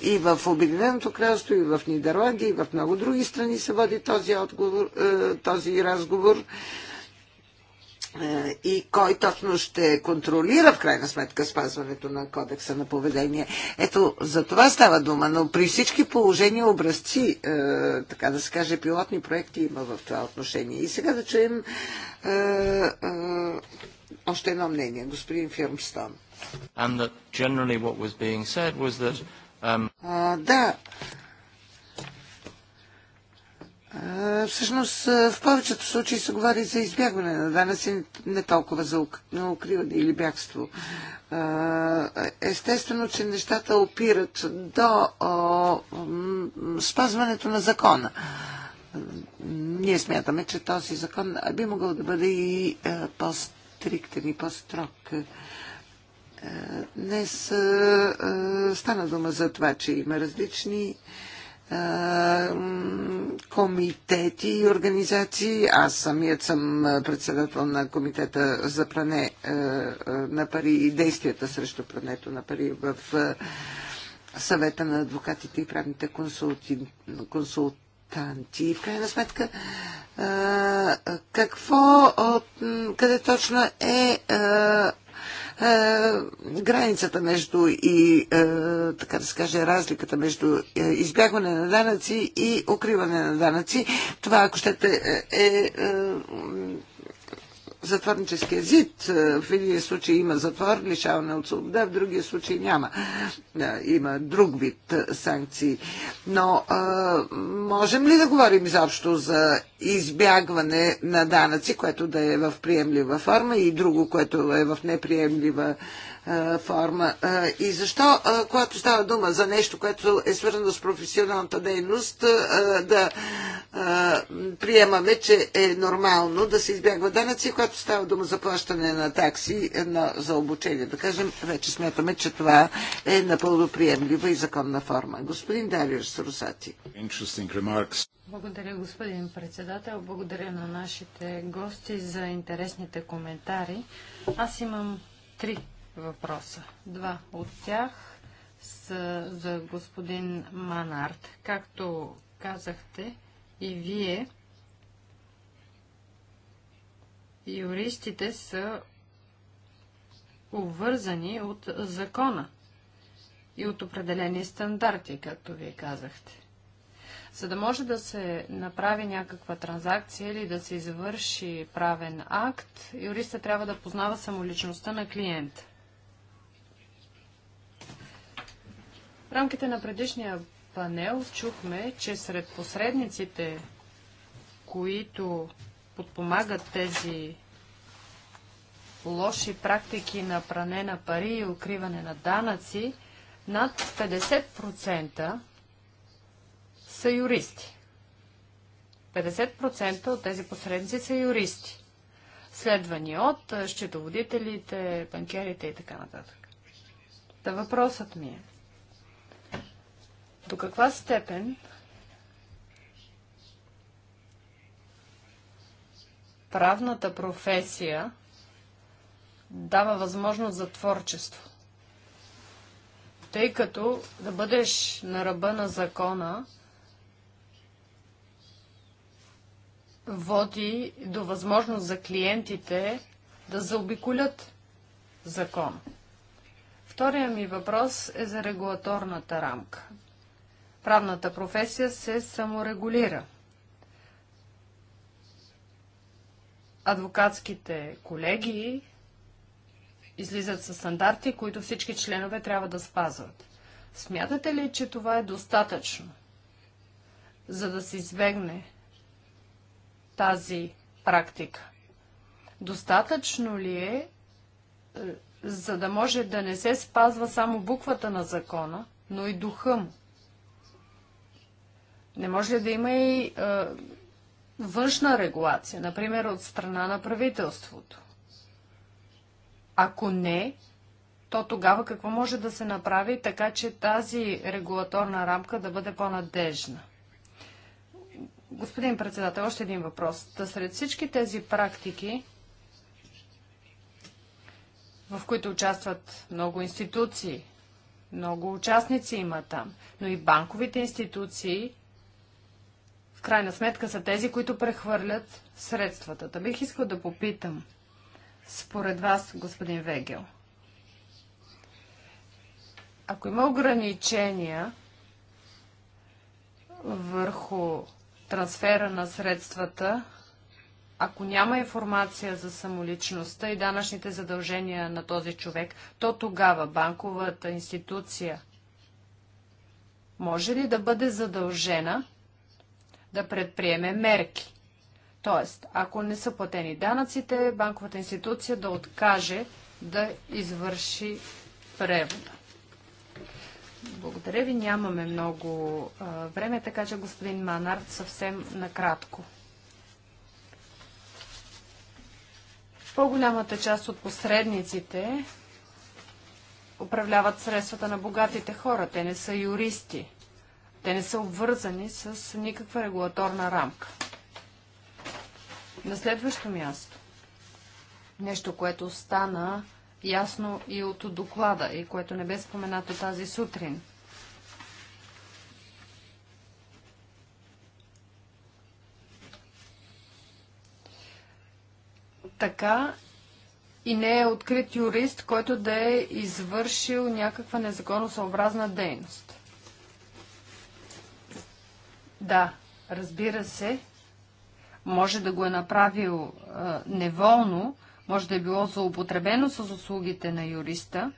Speaker 1: и в Обединеното кралство, и в Нидерландия, и в много други страни се води този, отговор, е, този разговор. Е, и кой точно ще контролира в крайна сметка спазването на кодекса на поведение. Ето, за това става дума, но при всички положения образци, така да се каже, пилотни проекти има в това отношение. И сега да чуем още едно мнение, господин Фирмстон. That, um... да. всъщност, в повечето случаи се говори за избягване на данъци, не толкова за укриване или бягство. естествено, че нещата опират до спазването на закона ние смятаме, че този закон би могъл да бъде и пост по-стриктен и по-строг. Е, днес е, е, стана дума за това, че има различни комитети и организации. Аз самият съм председател на комитета за пране на пари и действията срещу прането на пари в съвета на адвокатите и правните консулти, консулт, и В крайна сметка, какво, къде точно е границата между и, така да се каже, разликата между е, избягване на данъци и укриване на данъци. Това, ако щете, е, е затворнически зид. Е, в един случай има затвор, лишаване от свобода, в другия случай няма. Е, има друг вид е, санкции. Но а, можем ли да говорим изобщо за избягване на данъци, което да е в приемлива форма и друго, което е в неприемлива форма? форма. И защо, когато става дума за нещо, което е свързано с професионалната дейност, да приемаме, че е нормално да се избягва данъци, когато става дума за плащане на такси на, за обучение. Да кажем, вече смятаме, че това е напълно приемлива и законна форма. Господин Дариус Русати.
Speaker 2: Благодаря, господин председател. Благодаря на нашите гости за интересните коментари. Аз имам три въпроса. Два от тях са за господин Манарт. Както казахте и вие, юристите са увързани от закона и от определени стандарти, както вие казахте. За да може да се направи някаква транзакция или да се извърши правен акт, юриста трябва да познава самоличността на клиента. В рамките на предишния панел чухме, че сред посредниците, които подпомагат тези лоши практики на пране на пари и укриване на данъци, над 50% са юристи. 50% от тези посредници са юристи, следвани от счетоводителите, банкерите и така нататък. Та въпросът ми е, до каква степен правната професия дава възможност за творчество? Тъй като да бъдеш на ръба на закона води до възможност за клиентите да заобиколят закон. Втория ми въпрос е за регулаторната рамка правната професия се саморегулира. Адвокатските колеги излизат със стандарти, които всички членове трябва да спазват. Смятате ли, че това е достатъчно, за да се избегне тази практика? Достатъчно ли е, е за да може да не се спазва само буквата на закона, но и духа му? Не може ли да има и е, външна регулация, например от страна на правителството? Ако не, то тогава какво може да се направи така, че тази регулаторна рамка да бъде по-надежна? Господин председател, още един въпрос. Та сред всички тези практики, в които участват много институции, много участници има там, но и банковите институции крайна сметка са тези, които прехвърлят средствата. Та бих искал да попитам, според вас, господин Вегел, ако има ограничения върху трансфера на средствата, ако няма информация за самоличността и данъчните задължения на този човек, то тогава банковата институция може ли да бъде задължена да предприеме мерки. Тоест, ако не са платени данъците, банковата институция да откаже да извърши превода. Благодаря ви. Нямаме много а, време, така че господин Манард съвсем накратко. По-голямата част от посредниците управляват средствата на богатите хора. Те не са юристи. Те не са обвързани с никаква регулаторна рамка. На следващо място. Нещо, което стана ясно и от доклада и което не бе споменато тази сутрин. Така и не е открит юрист, който да е извършил някаква незаконосъобразна дейност. Да, разбира се, може да го е направил е, неволно, може да е било злоупотребено с услугите на юриста.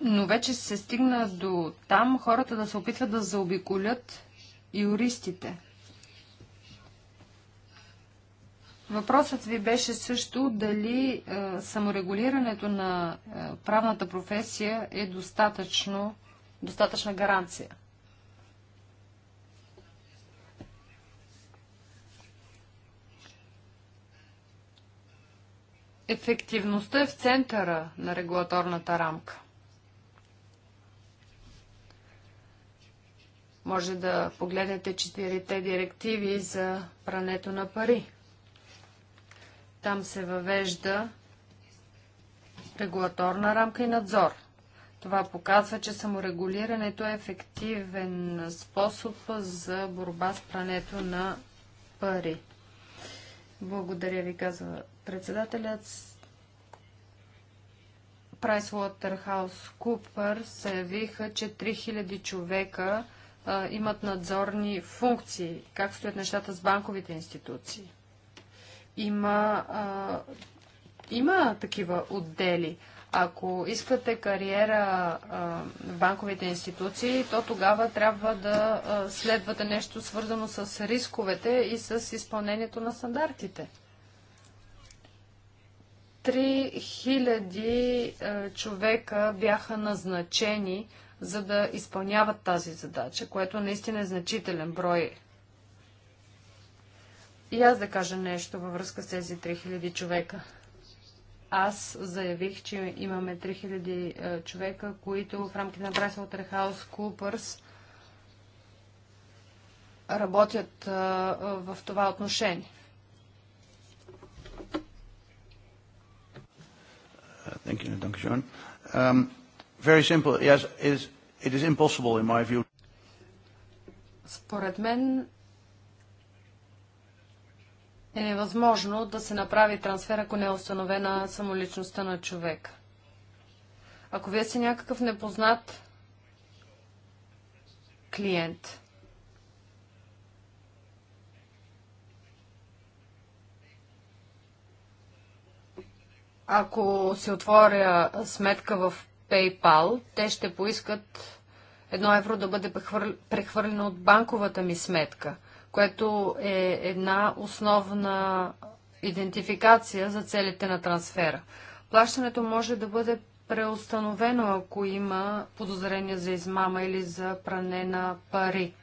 Speaker 2: но вече се стигна до там хората да се опитват да заобиколят юристите. Въпросът ви беше също дали е, саморегулирането на е, правната професия е достатъчно, достатъчна гаранция. Ефективността е в центъра на регулаторната рамка. Може да погледнете четирите директиви за прането на пари. Там се въвежда регулаторна рамка и надзор. Това показва, че саморегулирането е ефективен способ за борба с прането на пари. Благодаря ви, казва председателят. PricewaterhouseCoopers заявиха, че 3000 човека а, имат надзорни функции. Как стоят нещата с банковите институции? има, а, има такива отдели. Ако искате кариера а, в банковите институции, то тогава трябва да а, следвате нещо свързано с рисковете и с изпълнението на стандартите. 3000 човека бяха назначени, за да изпълняват тази задача, което наистина е значителен брой и аз да кажа нещо във връзка с тези 3000 човека. Аз заявих, че имаме 3000 е, човека, които в рамките на PricewaterhouseCoopers работят е, в това отношение. Според мен е невъзможно да се направи трансфер, ако не е установена самоличността на човек. Ако вие сте някакъв непознат клиент, ако си отворя сметка в PayPal, те ще поискат едно евро да бъде прехвърлено от банковата ми сметка – което е една основна идентификация за целите на трансфера. Плащането може да бъде преустановено, ако има подозрение за измама или за пране на пари.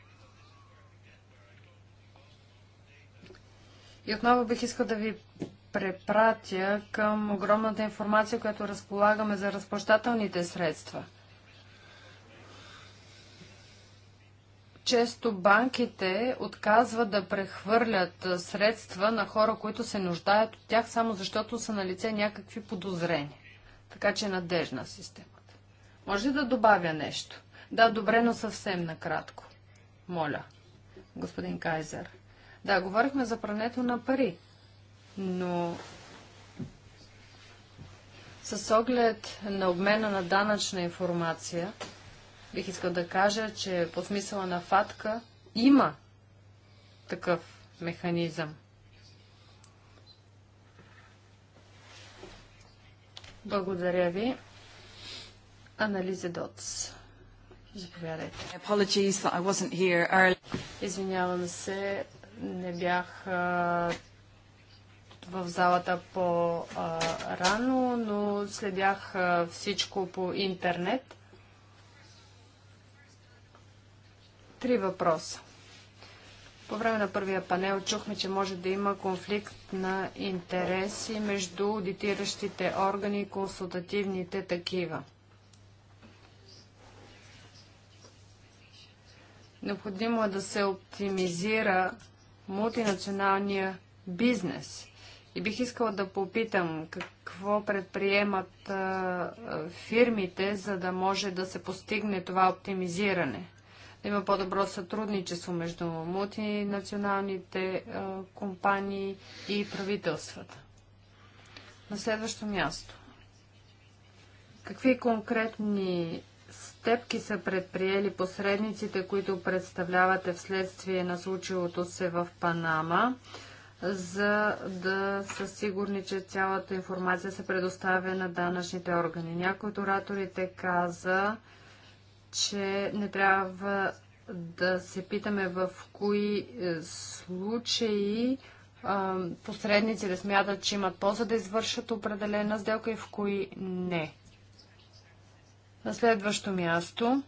Speaker 2: И отново бих искал да ви препратя към огромната информация, която разполагаме за разплащателните средства – често банките отказват да прехвърлят средства на хора, които се нуждаят от тях, само защото са на лице някакви подозрения. Така че е надежна системата. Може ли да добавя нещо? Да, добре, но съвсем накратко. Моля, господин Кайзер. Да, говорихме за прането на пари, но с оглед на обмена на данъчна информация, Бих искал да кажа, че по смисъла на ФАТКА има такъв механизъм. Благодаря ви. Анализа Доц. Заповядайте. Извинявам се, не бях а, в залата по-рано, но следях а, всичко по интернет. Три въпроса. По време на първия панел чухме, че може да има конфликт на интереси между аудитиращите органи и консултативните такива. Необходимо е да се оптимизира мултинационалния бизнес. И бих искала да попитам какво предприемат фирмите, за да може да се постигне това оптимизиране да има по-добро сътрудничество между мултинационалните а, е, компании и правителствата. На следващо място. Какви конкретни стъпки са предприели посредниците, които представлявате вследствие на случилото се в Панама, за да са сигурни, че цялата информация се предоставя на данъчните органи? Някои от ораторите каза, че не трябва да се питаме в кои е, случаи посредниците смятат, че имат полза да извършат определена сделка и в кои не. На следващо място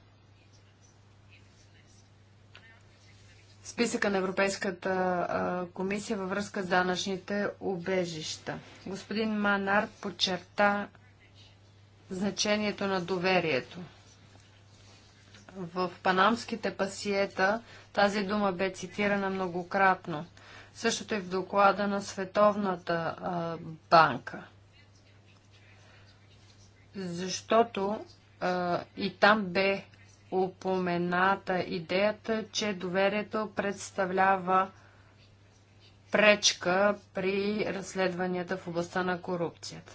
Speaker 2: списъка на Европейската комисия във връзка с данъчните убежища. Господин Манар подчерта значението на доверието в панамските пасиета тази дума бе цитирана многократно. Същото и е в доклада на Световната а, банка. Защото а, и там бе упомената идеята, че доверието представлява пречка при разследванията в областта на корупцията.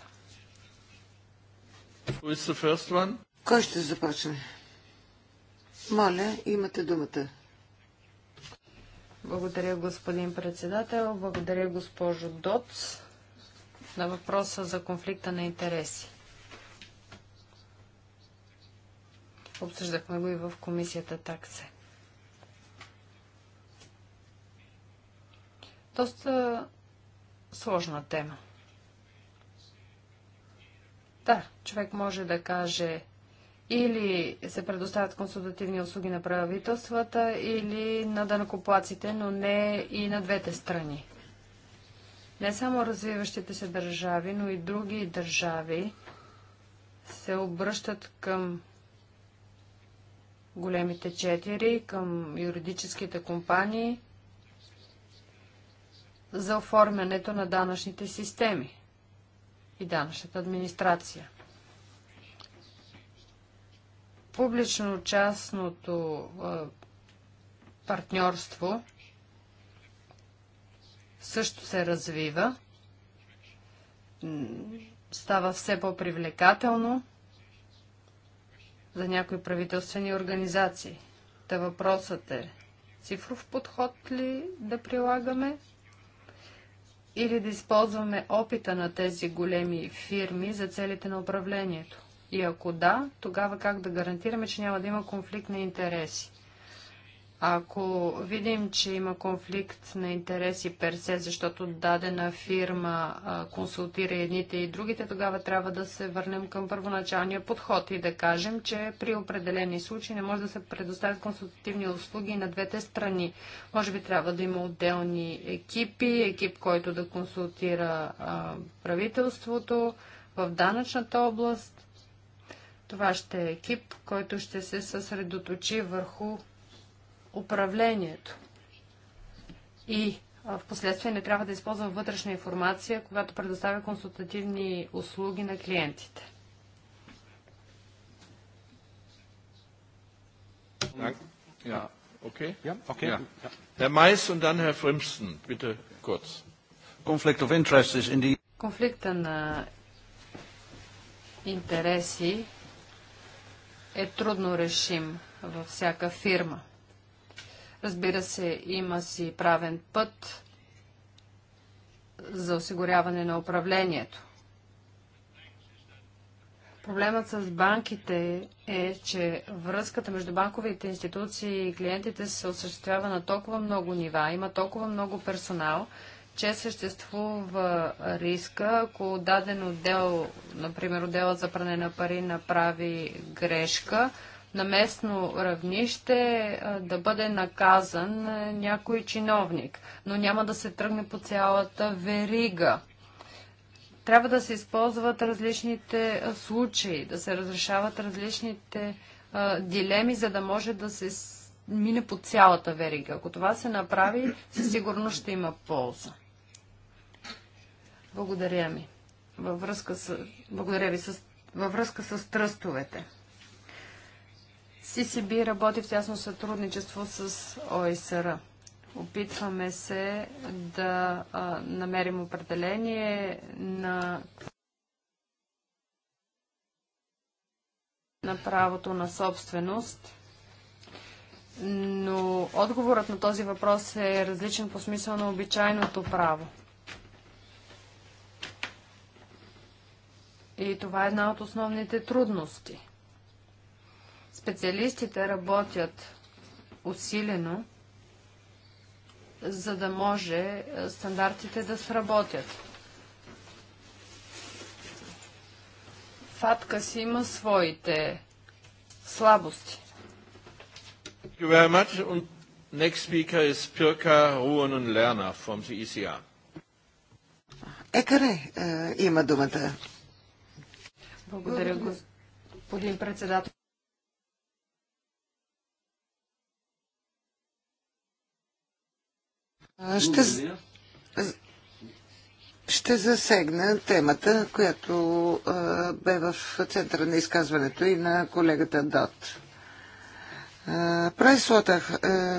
Speaker 1: Кой ще започне?
Speaker 2: Моля, имате думата. Благодаря, господин председател. Благодаря, госпожо Доц, на въпроса за конфликта на интереси. Обсъждахме го и в комисията такси. Доста сложна тема. Да, човек може да каже, или се предоставят консултативни услуги на правителствата или на дънакоплаците, но не и на двете страни. Не само развиващите се държави, но и други държави се обръщат към големите четири, към юридическите компании за оформянето на данъчните системи и данъчната администрация публично-частното партньорство също се развива, става все по-привлекателно за някои правителствени организации. Та въпросът е, цифров подход ли да прилагаме или да използваме опита на тези големи фирми за целите на управлението? И ако да, тогава как да гарантираме, че няма да има конфликт на интереси? Ако видим, че има конфликт на интереси персе, защото дадена фирма консултира едните и другите, тогава трябва да се върнем към първоначалния подход и да кажем, че при определени случаи не може да се предоставят консултативни услуги на двете страни. Може би трябва да има отделни екипи, екип, който да консултира правителството в данъчната област това ще е екип, който ще се съсредоточи върху управлението. И в последствие не трябва да използвам вътрешна информация, когато предоставя консултативни услуги на клиентите.
Speaker 3: Ja, okay. Ja, okay. Ja. Herr Mais und dann Herr Frimsten, bitte kurz. of interest is in
Speaker 2: Конфликта на интереси е трудно решим във всяка фирма. Разбира се, има си правен път за осигуряване на управлението. Проблемът с банките е, че връзката между банковите институции и клиентите се осъществява на толкова много нива, има толкова много персонал, че съществува риска, ако даден отдел, например отдела за пране на пари, направи грешка, на местно равнище да бъде наказан някой чиновник, но няма да се тръгне по цялата верига. Трябва да се използват различните случаи, да се разрешават различните дилеми, за да може да се мине по цялата верига. Ако това се направи, със сигурност ще има полза. Благодаря ми. Във връзка с... Благодаря ви с... във връзка с тръстовете. CCB работи в тясно сътрудничество с ОСР. Опитваме се да а, намерим определение на на правото на собственост. Но отговорът на този въпрос е различен по смисъл на обичайното право. И това е една от основните трудности. Специалистите работят усилено, за да може е, стандартите да сработят. Фатка си има своите слабости.
Speaker 3: Thank you very much. And next speaker is Pirka Lerner from the ECR.
Speaker 1: Екаре, е, има думата.
Speaker 2: Благодаря, господин председател.
Speaker 1: Ще, ще засегна темата, която а, бе в центъра на изказването и на колегата Дот. Прайслота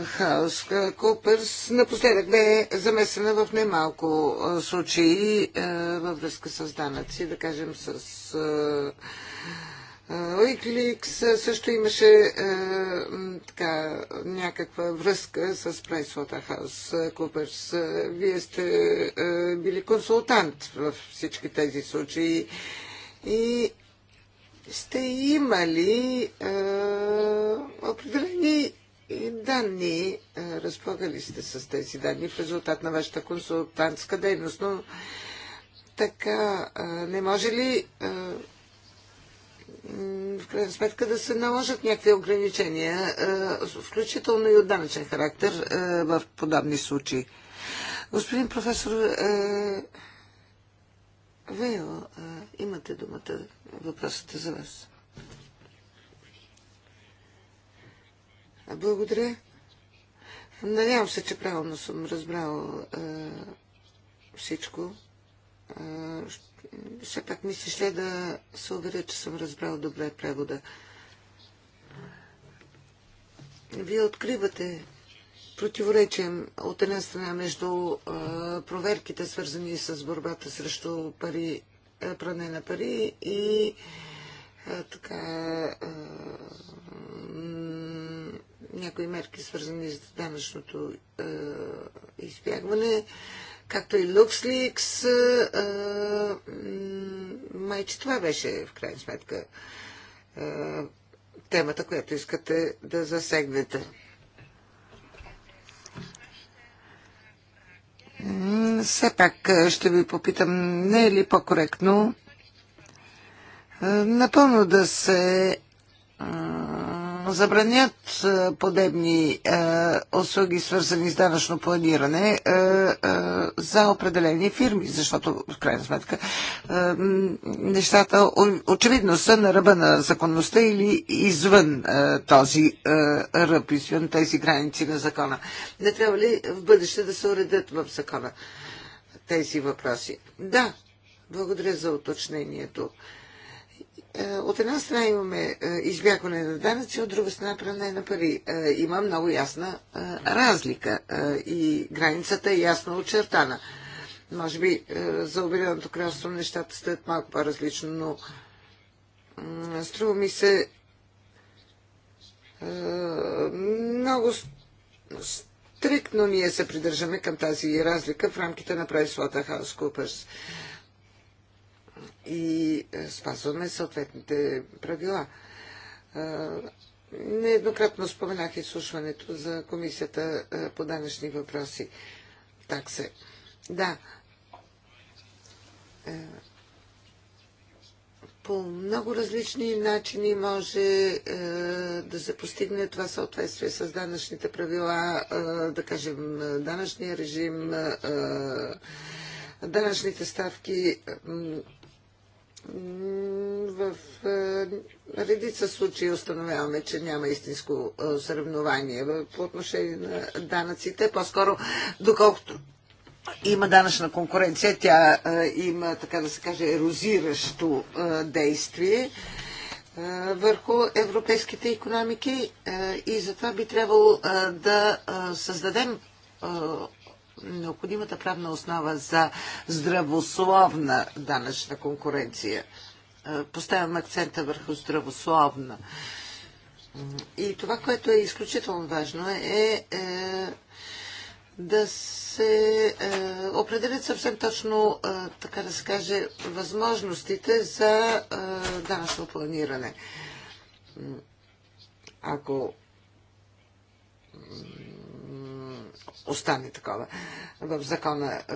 Speaker 1: Хаус Куперс. напоследък бе замесена в немалко случаи във връзка с данъци, да кажем с Wikileaks също имаше така, някаква връзка с PricewaterhouseCoopers. Coopers. Вие сте били консултант в всички тези случаи и сте имали определени данни, разполагали сте с тези данни в резултат на вашата консултантска дейност, но така, не може ли в крайна сметка да се наложат някакви ограничения, включително и от данъчен характер в подобни случаи? Господин професор Вейл, имате думата. Въпросът е за вас. Благодаря. Надявам се, че правилно съм разбрал всичко все пак ми се ще да се уверя, че съм разбрал добре превода. Вие откривате противоречие от една страна между проверките, свързани с борбата срещу пари, пране на пари и така някои мерки, свързани с данъчното избягване както и LuxLeaks. Май, че това беше в крайна сметка темата, която искате да засегнете. Все пак ще ви попитам, не е ли по-коректно напълно да се евентуално забранят е, подебни е, услуги, свързани с данъчно планиране е, за определени фирми, защото в крайна сметка нещата очевидно са на ръба на законността или извън този ръб, извън тези граници на закона. Не трябва ли в бъдеще да се уредят в закона тези въпроси? Да, благодаря за уточнението. Е, от една страна имаме е, избягване на данъци, от друга страна пране на пари. Е, има много ясна разлика и границата е ясно очертана. Може би за Обединеното кралство нещата стоят малко по-различно, но струва ми се много стриктно ние се придържаме към тази разлика в рамките на Хаус Купърс и е, спазваме съответните правила. Нееднократно споменах изслушването за комисията е, по данъчни въпроси. Так се. Да. Е, по много различни начини може да се постигне това съответствие с данъчните правила, да кажем, данъчния режим, данъчните ставки в е, редица случаи установяваме, че няма истинско е, съревнование по отношение на данъците. По-скоро, доколкото има данъчна конкуренция, тя е, има, така да се каже, ерозиращо действие върху европейските економики и затова би трябвало да създадем необходимата правна основа за здравословна данъчна конкуренция. Поставям акцента върху здравословна. И това, което е изключително важно е, е, е да се е, определят съвсем точно, е, така да се каже, възможностите за е, данъчно планиране. Ако остане такова в закона. Е,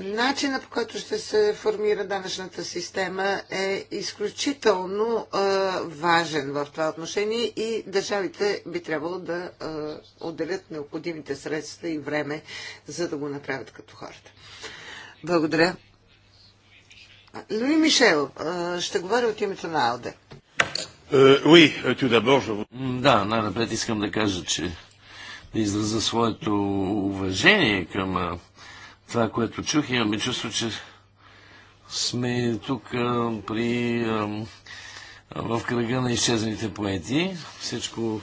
Speaker 1: начина по който ще се формира данъчната система е изключително е, важен в това отношение и държавите би трябвало да е, отделят необходимите средства и време, за да го направят като хората. Благодаря. Луи Мишел ще говоря от името на Алде.
Speaker 3: Да, най-напред искам да кажа, че да израза своето уважение към това, което чух. Имаме чувство, че сме тук при в кръга на изчезните поети. Всичко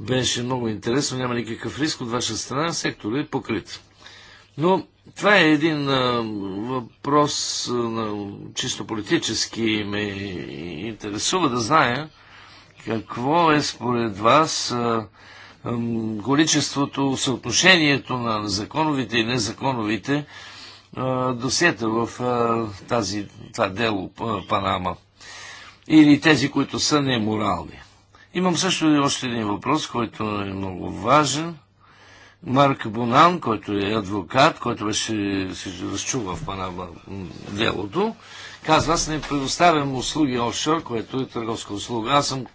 Speaker 3: беше много интересно, няма никакъв риск от ваша страна, секторът е покрит. Но това е един а, въпрос а, на, чисто политически ме интересува да зная какво е според вас а, количеството, съотношението на законовите и незаконовите досета в тази, това дело Панама. Или тези, които са неморални. Имам също и още един въпрос, който е много важен. Марк Бонан, който е адвокат, който беше се разчува в Панама делото, казва, аз не предоставям услуги офшор, което е търговска услуга. Аз съм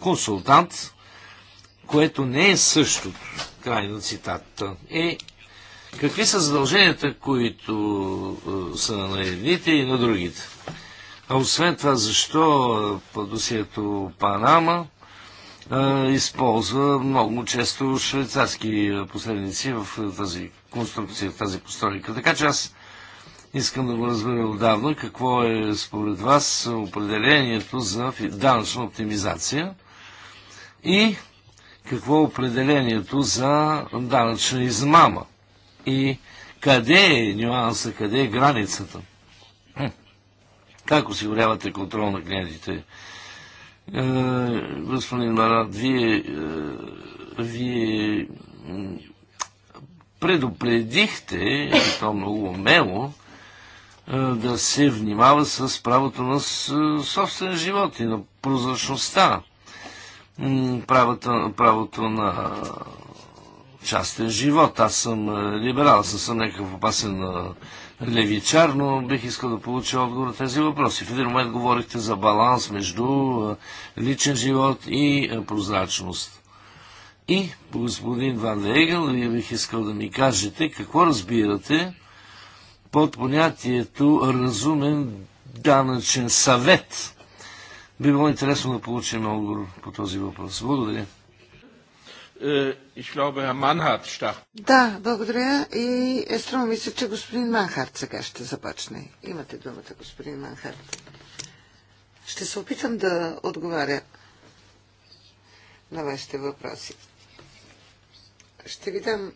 Speaker 3: консултант, което не е същото, край на цитата, е какви са задълженията, които е, са на едните и на другите. А освен това, защо е, по досието Панама е, използва много често швейцарски посредници в тази конструкция, в тази постройка. Така че аз искам да го разбера отдавна, какво е според вас определението за данъчна оптимизация и какво е определението за данъчна измама и къде е нюанса, къде е границата. Как осигурявате контрол на клиентите? Е, господин Марат, вие, е, вие предупредихте, и то много умело, е, да се внимава с правото на собствен живот и на прозрачността правото, правото на частен живот. Аз съм е, либерал, аз съм някакъв опасен е, левичар, но бих искал да получа отговор на тези въпроси. В един момент говорихте за баланс между е, личен живот и прозрачност. И по господин Ван Егел, вие бих искал да ми кажете какво разбирате под понятието разумен данъчен съвет. Би било интересно да получим отговор по този въпрос. Благодаря. Е,
Speaker 1: да, благодаря. И е струва мисля, че господин Манхарт сега ще започне. Имате думата, господин Манхарт. Ще се опитам да отговаря на вашите въпроси. Ще ви дам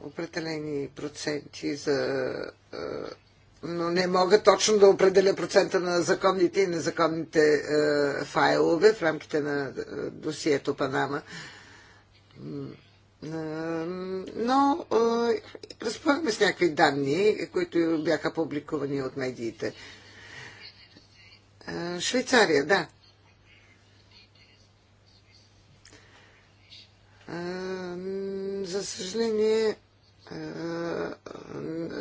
Speaker 1: определени проценти за е, но не мога точно да определя процента на законните и незаконните е, файлове в рамките на е, досието Панама. Е, но е, разполагаме с някакви данни, които бяха публикувани от медиите. Е, Швейцария, да. Е, за съжаление, е,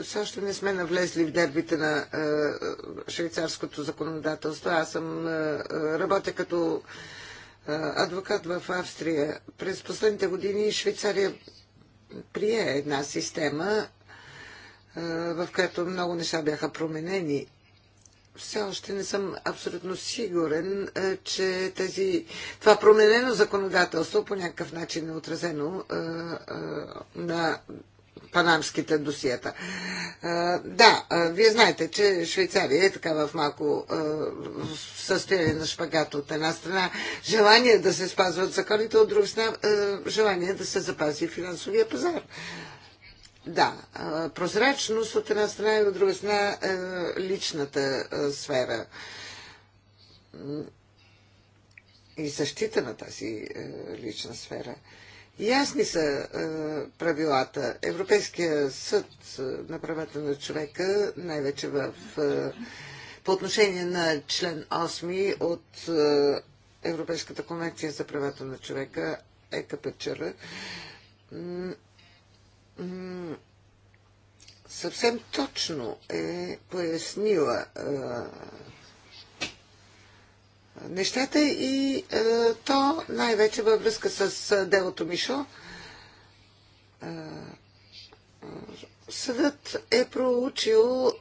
Speaker 1: все още не сме навлезли в дербите на е, швейцарското законодателство. Аз съм е, работя като адвокат в Австрия. През последните години Швейцария прие една система, в която много неща бяха променени. Все още не съм абсолютно сигурен, че тези, това променено законодателство по някакъв начин е отразено на панамските досиета. Да, вие знаете, че Швейцария е така в малко в състояние на шпагат от една страна. Желание да се спазват законите, от друга страна желание да се запази финансовия пазар. Да, прозрачност от една страна и от друга страна личната сфера и защита на тази лична сфера. Ясни са е, правилата. Европейския съд на правата на човека, най-вече в, е, по отношение на член 8 от е, Европейската конвенция за правата на човека, ЕКПЧР, съвсем точно е пояснила е, нещата и е, то най-вече във връзка с е, делото Мишо. Е, съдът е проучил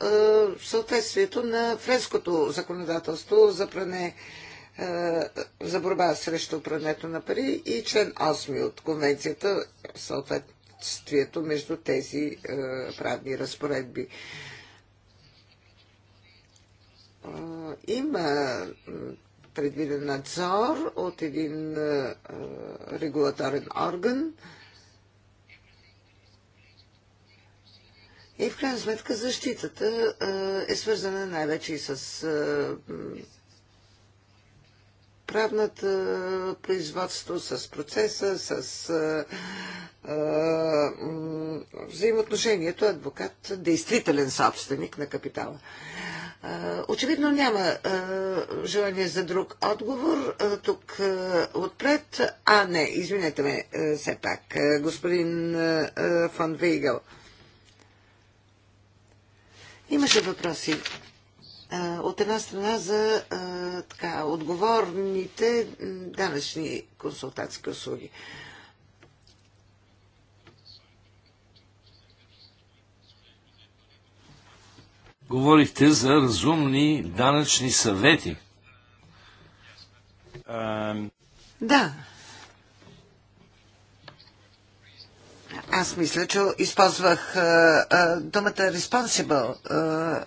Speaker 1: съответствието на френското законодателство за пране за борба срещу прането на пари и член 8 от конвенцията, съответствието между тези правни разпоредби. Има предвиден надзор от един регулаторен орган. И в крайна сметка защитата е свързана най-вече и с правната производство, с процеса, с взаимоотношението адвокат, действителен собственик на капитала. Очевидно няма желание за друг отговор тук отпред. А, не, извинете ме все пак, господин фон Вейгъл. Имаше въпроси. От една страна за така, отговорните данъчни консултантски услуги.
Speaker 3: Говорихте за разумни данъчни съвети.
Speaker 1: Да. Аз мисля, че използвах а, а, думата responsible. А,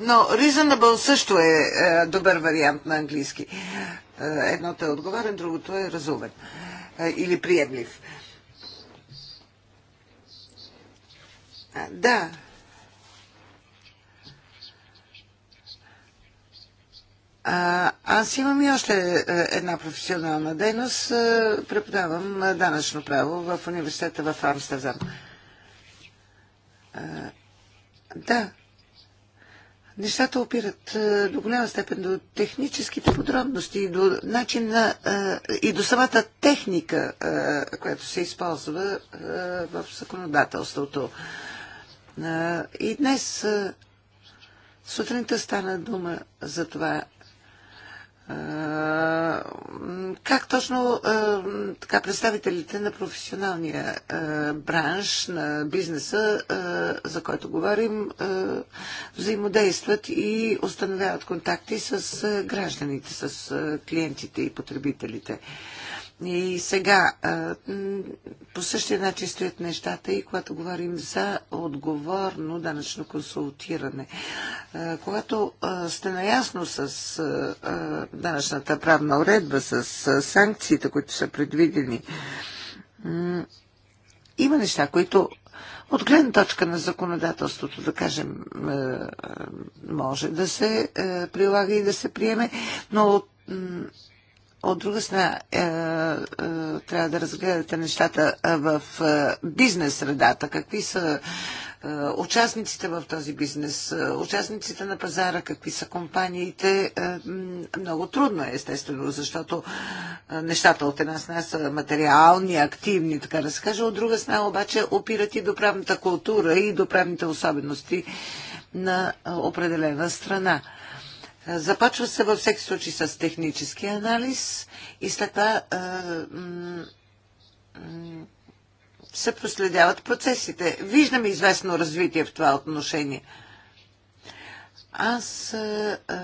Speaker 1: но reasonable също е а, добър вариант на английски. А, едното е отговорен, другото е разумен. А, или приемлив. А, да. Аз имам и още е, една професионална дейност. Е, преподавам е, данъчно право в университета в Амстердам. Да, нещата опират до голяма степен до техническите подробности и до начин на, и до самата техника, която се използва в законодателството. И днес сутринта стана дума за това. Е, как точно е, така представителите на професионалния е, бранш, на бизнеса, за който говорим, взаимодействат и установяват контакти с гражданите, с клиентите и потребителите? И сега по същия начин стоят нещата и когато говорим за отговорно данъчно консултиране. Когато сте наясно с данъчната правна уредба, с санкциите, които са предвидени, има неща, които от гледна точка на законодателството, да кажем, може да се прилага и да се приеме, но от от друга страна е, е, трябва да разгледате нещата е, в е, бизнес средата. Какви са е, участниците в този бизнес, е, участниците на пазара, какви са компаниите. Е, много трудно е, естествено, защото е, нещата от една страна са материални, активни, така да се каже. От друга страна обаче опират и до правната култура и до правните особености на е, определена страна. Започва се във всеки случай с технически анализ и след това се проследяват процесите. Виждаме известно развитие в това отношение. Аз а, а,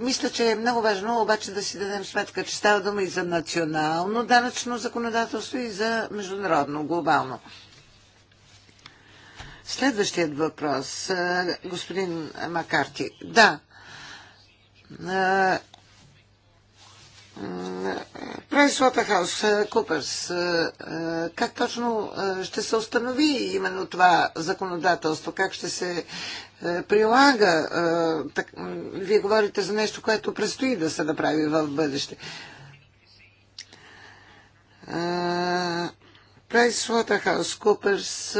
Speaker 1: мисля, че е много важно обаче да си дадем сметка, че става дума и за национално данъчно законодателство и за международно, глобално. Следващият въпрос, а, господин Макарти. Да, Прайс Лотахаус, Купърс, как точно ще се установи именно това законодателство? Как ще се прилага? Вие говорите за нещо, което предстои да се направи в бъдеще. Прайс Лотахаус, Купърс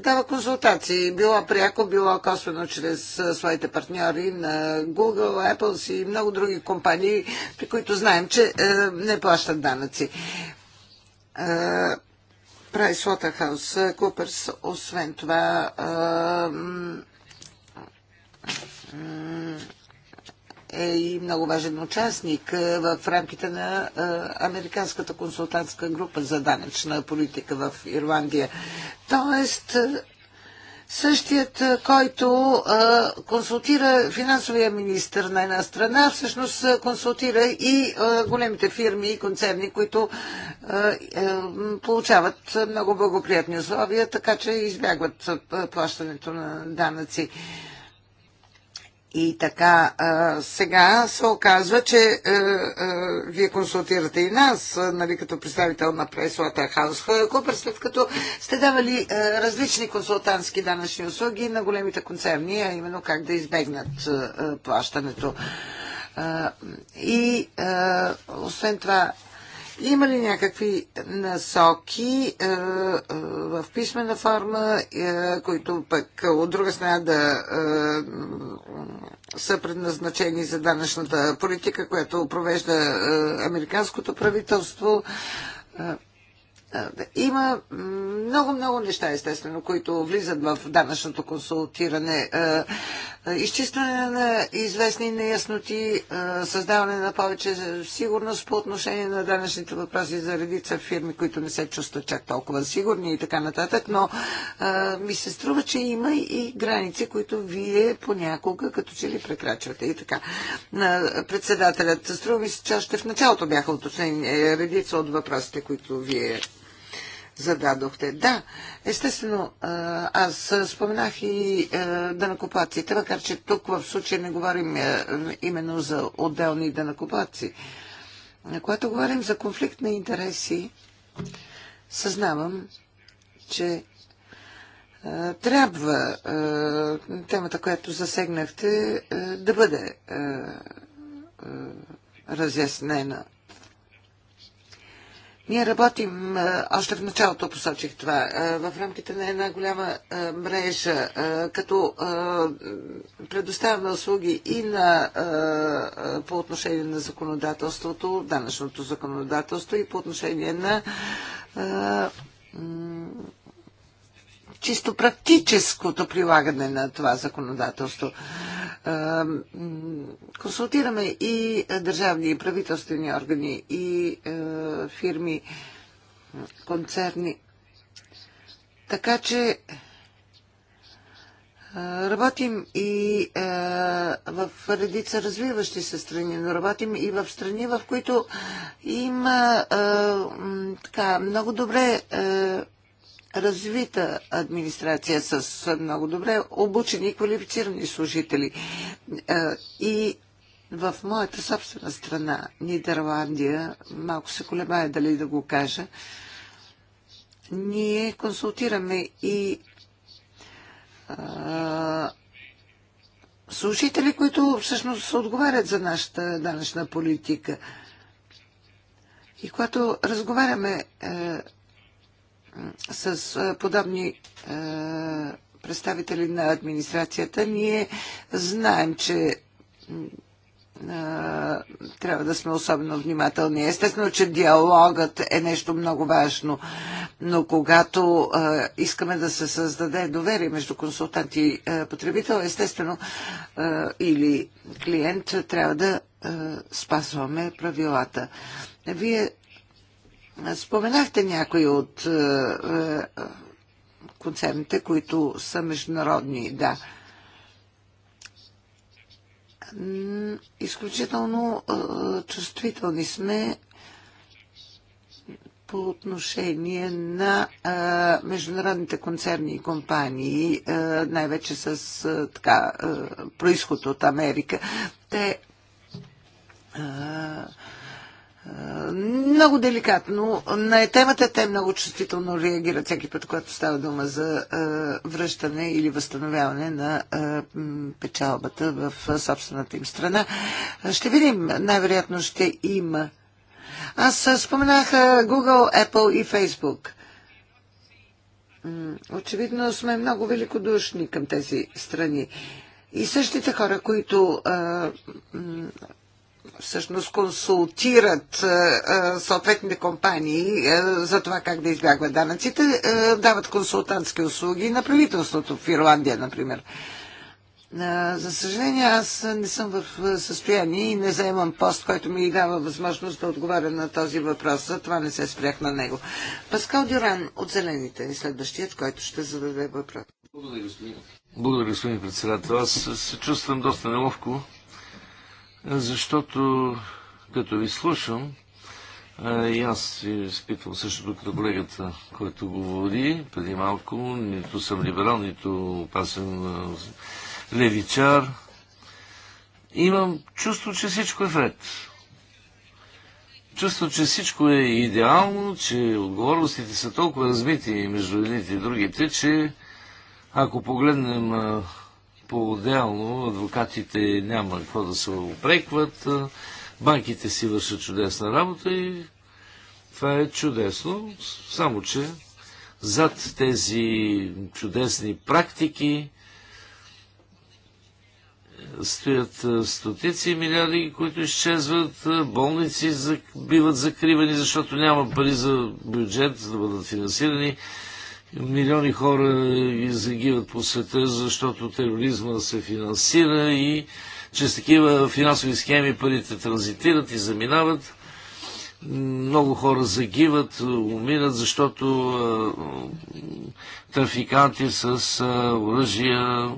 Speaker 1: дава консултации, било пряко, било косвено чрез своите партньори на Google, Apple и много други компании, при които знаем, че не плащат данъци. Pricewaterhouse Coopers, освен това, е и много важен участник е, в рамките на е, Американската консултантска група за данъчна политика в Ирландия. Тоест, е, същият, който консултира финансовия министр на една страна, всъщност консултира и големите фирми и концерни, които получават много благоприятни условия, така че избягват плащането на данъци. И така, а, сега се оказва, че а, а, вие консултирате и нас, а, нали, като представител на пресовата Хаус Купер, след като сте давали а, различни консултантски данъчни услуги на големите концерни, а именно как да избегнат а, плащането. А, и а, освен това, има ли някакви насоки е, е, в писмена форма, е, които пък от друга страна да е, са предназначени за данъчната политика, която провежда е, американското правителство? Е, има много-много неща, естествено, които влизат в данъчното консултиране. Изчистване на известни неясноти, създаване на повече сигурност по отношение на данъчните въпроси за редица фирми, които не се чувстват чак толкова сигурни и така нататък, но ми се струва, че има и граници, които вие понякога като че ли прекрачвате и така. Председателят, струва ми се, че още в началото бяха уточнени е, редица от въпросите, които вие зададохте. Да, естествено, аз споменах и дънакоплаците, макар че тук в случая не говорим именно за отделни дънакоплаци. Когато говорим за конфликт на интереси, съзнавам, че трябва темата, която засегнахте, да бъде разяснена ние работим, още в началото посочих това, в рамките на една голяма мрежа, като предоставяме услуги и на, по отношение на законодателството, данъчното законодателство и по отношение на чисто практическото прилагане на това законодателство. Е, консултираме и държавни и правителствени органи, и е, фирми, концерни. Така че е, Работим и в редица развиващи се страни, но работим и в страни, в които има така, много добре развита администрация с много добре обучени и квалифицирани служители. Е, и в моята собствена страна, Нидерландия, малко се колебая дали да го кажа, ние консултираме и а, служители, които всъщност отговарят за нашата данъчна политика. И когато разговаряме а, е, с подобни представители на администрацията, ние знаем, че трябва да сме особено внимателни. Естествено, че диалогът е нещо много важно, но когато искаме да се създаде доверие между консултант и потребител, естествено или клиент, трябва да спазваме правилата. Вие Споменахте някои от е, е, концерните, които са международни, да. Изключително е, чувствителни сме по отношение на а, международните концерни и компании, най-вече с а, така, а, происход от Америка. Те а, много деликатно. На темата те много чувствително реагират всеки път, когато става дума за връщане или възстановяване на печалбата в собствената им страна. Ще видим, най-вероятно ще има. Аз споменах Google, Apple и Facebook. Очевидно сме много великодушни към тези страни. И същите хора, които а, всъщност консултират е, е, съответните компании е, за това как да избягват данъците, дават консултантски услуги на правителството в Ирландия, например. За съжаление, аз не съм в състояние и не заемам пост, който ми дава възможност да отговаря на този въпрос. Затова не се спрях на него. Паскал Дюран от Зелените е следващият, който ще зададе въпрос. Благодаря, господин.
Speaker 3: Благодаря, господин председател. Аз се чувствам доста неловко, защото като ви слушам, и аз изпитвам същото като колегата, който говори преди малко. Нито съм либерал, нито опасен левичар. Имам чувство, че всичко е вред. Чувство, че всичко е идеално, че отговорностите са толкова размити между едните и другите, че ако погледнем по-отделно адвокатите няма какво да се опрекват, банките си вършат чудесна работа и това е чудесно, само че зад тези чудесни практики стоят стотици милиарди, които изчезват, болници биват закривани, защото няма пари за бюджет да бъдат финансирани, Милиони хора загиват по света, защото тероризма се финансира и чрез такива финансови схеми парите транзитират и заминават. Много хора загиват, умират, защото трафиканти с оръжия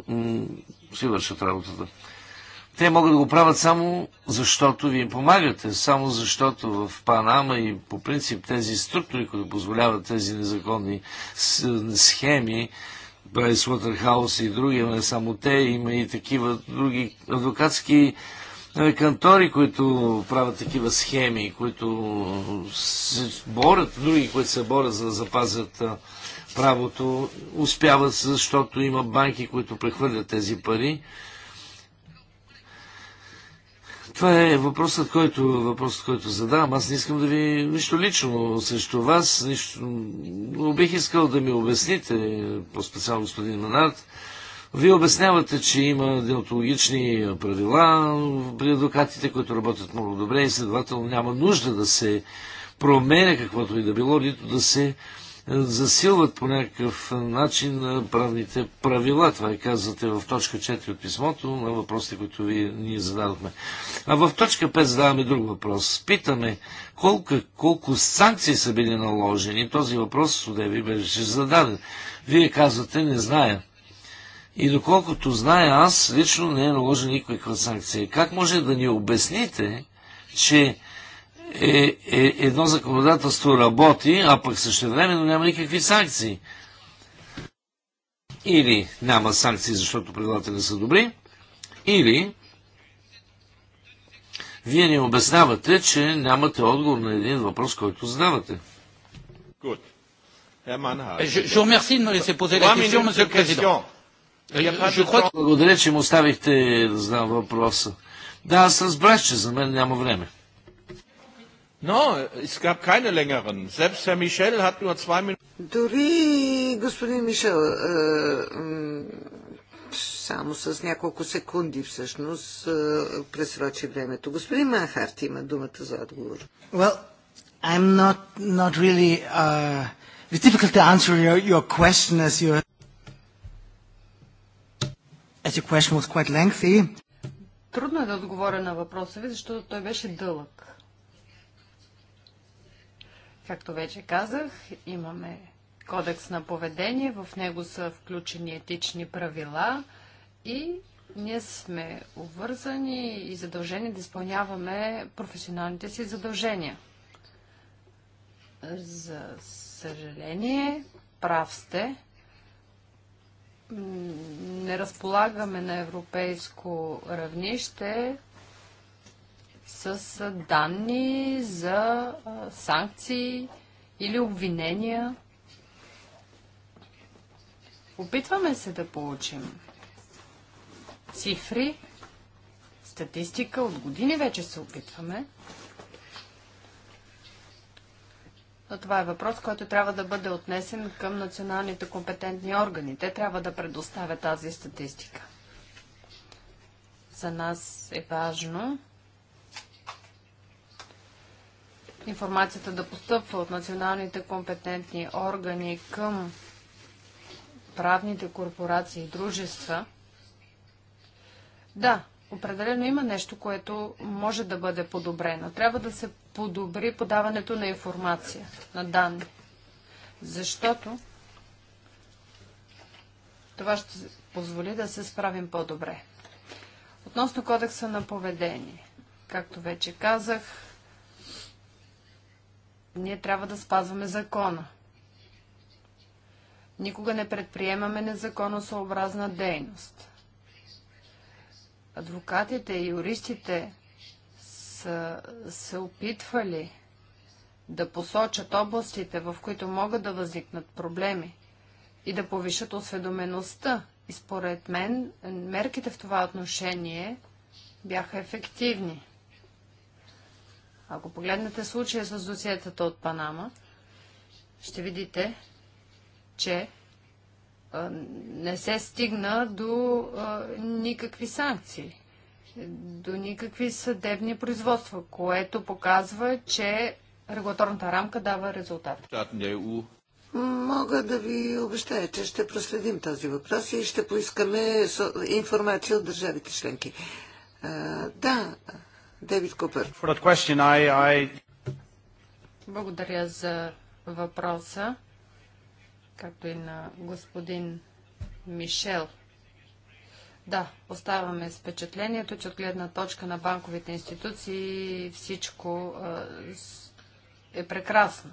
Speaker 3: си вършат работата. Те могат да го правят само защото ви им помагате, само защото в Панама и по принцип тези структури, които позволяват тези незаконни схеми, Брайс Уотерхаус и други, но не само те, има и такива други адвокатски е, кантори, които правят такива схеми, които се борят, други, които се борят за да запазят е, правото, успяват, защото има банки, които прехвърлят тези пари това е въпросът, който, въпросът, който задавам. Аз не искам да ви нищо лично срещу вас, нищо, но бих искал да ми обясните, по-специално господин Манат. Вие обяснявате, че има деонтологични правила при адвокатите, които работят много добре и следователно няма нужда да се променя каквото и да било, нито да се засилват по някакъв начин правните правила. Това е казвате в точка 4 от писмото на въпросите, които ви, ние зададохме. А в точка 5 задаваме друг въпрос. Питаме колко, колко санкции са били наложени. Този въпрос суде ви беше зададен. Вие казвате, не зная. И доколкото зная, аз лично не е наложена никаква санкция. Как може да ни обясните, че е, е, едно законодателство работи, а пък същевременно няма никакви санкции. Или няма санкции, защото правилата не са добри, или вие ни обяснявате, че нямате отговор на един въпрос, който задавате. Euh, Благодаря, че му оставихте да знам въпроса. Да, аз разбрах, че за мен няма време. No, es gab keine längeren. Selbst Herr Michel hat
Speaker 1: nur zwei Minuten. Дори господин Мишел само с няколко секунди всъщност пресрочи времето. Господин Манхарт има думата за отговор. Well, I'm not, not really, uh, it's difficult to answer your, your question as your, as your question was quite lengthy.
Speaker 2: Трудно е да отговоря на въпроса ви, защото той беше дълъг. Както вече казах, имаме кодекс на поведение, в него са включени етични правила и ние сме обвързани и задължени да изпълняваме професионалните си задължения. За съжаление, прав сте. Не разполагаме на европейско равнище с данни за санкции или обвинения. Опитваме се да получим цифри, статистика, от години вече се опитваме. Но това е въпрос, който трябва да бъде отнесен към националните компетентни органи. Те трябва да предоставят тази статистика. За нас е важно информацията да постъпва от националните компетентни органи към правните корпорации и дружества, да, определено има нещо, което може да бъде подобрено. Трябва да се подобри подаването на информация, на данни. Защото това ще позволи да се справим по-добре. Относно кодекса на поведение, както вече казах, ние трябва да спазваме закона. Никога не предприемаме незаконосъобразна дейност. Адвокатите и юристите са се опитвали да посочат областите, в които могат да възникнат проблеми и да повишат осведомеността. И според мен мерките в това отношение бяха ефективни. Ако погледнете случая с досиетата от Панама, ще видите, че не се стигна до никакви санкции, до никакви съдебни производства, което показва, че регулаторната рамка дава резултат.
Speaker 1: Мога да ви обещая, че ще проследим този въпрос и ще поискаме информация от държавите членки. да, Дейвид Купер.
Speaker 2: Благодаря за въпроса, както и на господин Мишел. Да, оставаме с впечатлението, че от гледна точка на банковите институции всичко е, прекрасно.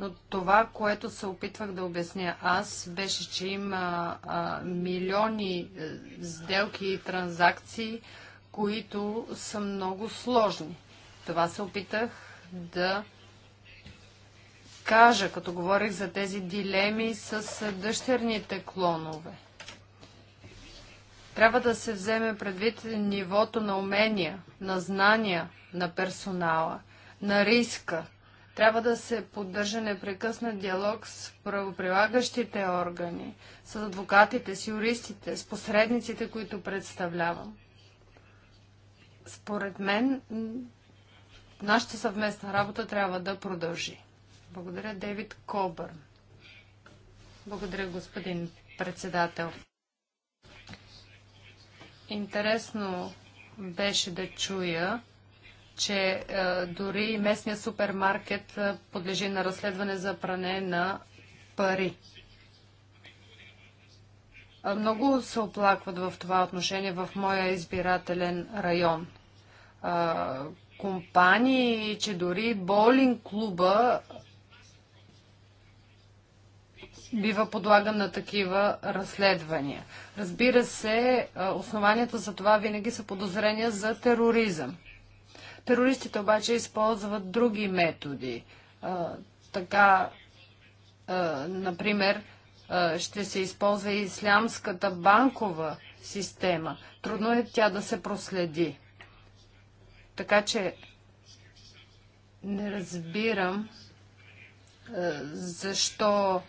Speaker 2: Но това, което се опитвах да обясня аз, беше, че има а, милиони сделки и транзакции, които са много сложни. Това се опитах да кажа, като говорих за тези дилеми с дъщерните клонове. Трябва да се вземе предвид нивото на умения, на знания на персонала, на риска. Трябва да се поддържа непрекъснат диалог с правоприлагащите органи, с адвокатите, с юристите, с посредниците, които представлявам според мен, нашата съвместна работа трябва да продължи. Благодаря, Дейвид Кобърн. Благодаря, господин председател. Интересно беше да чуя, че е, дори местния супермаркет е, подлежи на разследване за пране на пари. Е, много се оплакват в това отношение в моя избирателен район а, компании, че дори боулинг клуба бива подлаган на такива разследвания. Разбира се, основанията за това винаги са подозрения за тероризъм. Терористите обаче използват други методи. А, така, а, например, а, ще се използва и ислямската банкова система. Трудно е тя да се проследи. Така че не разбирам е, защо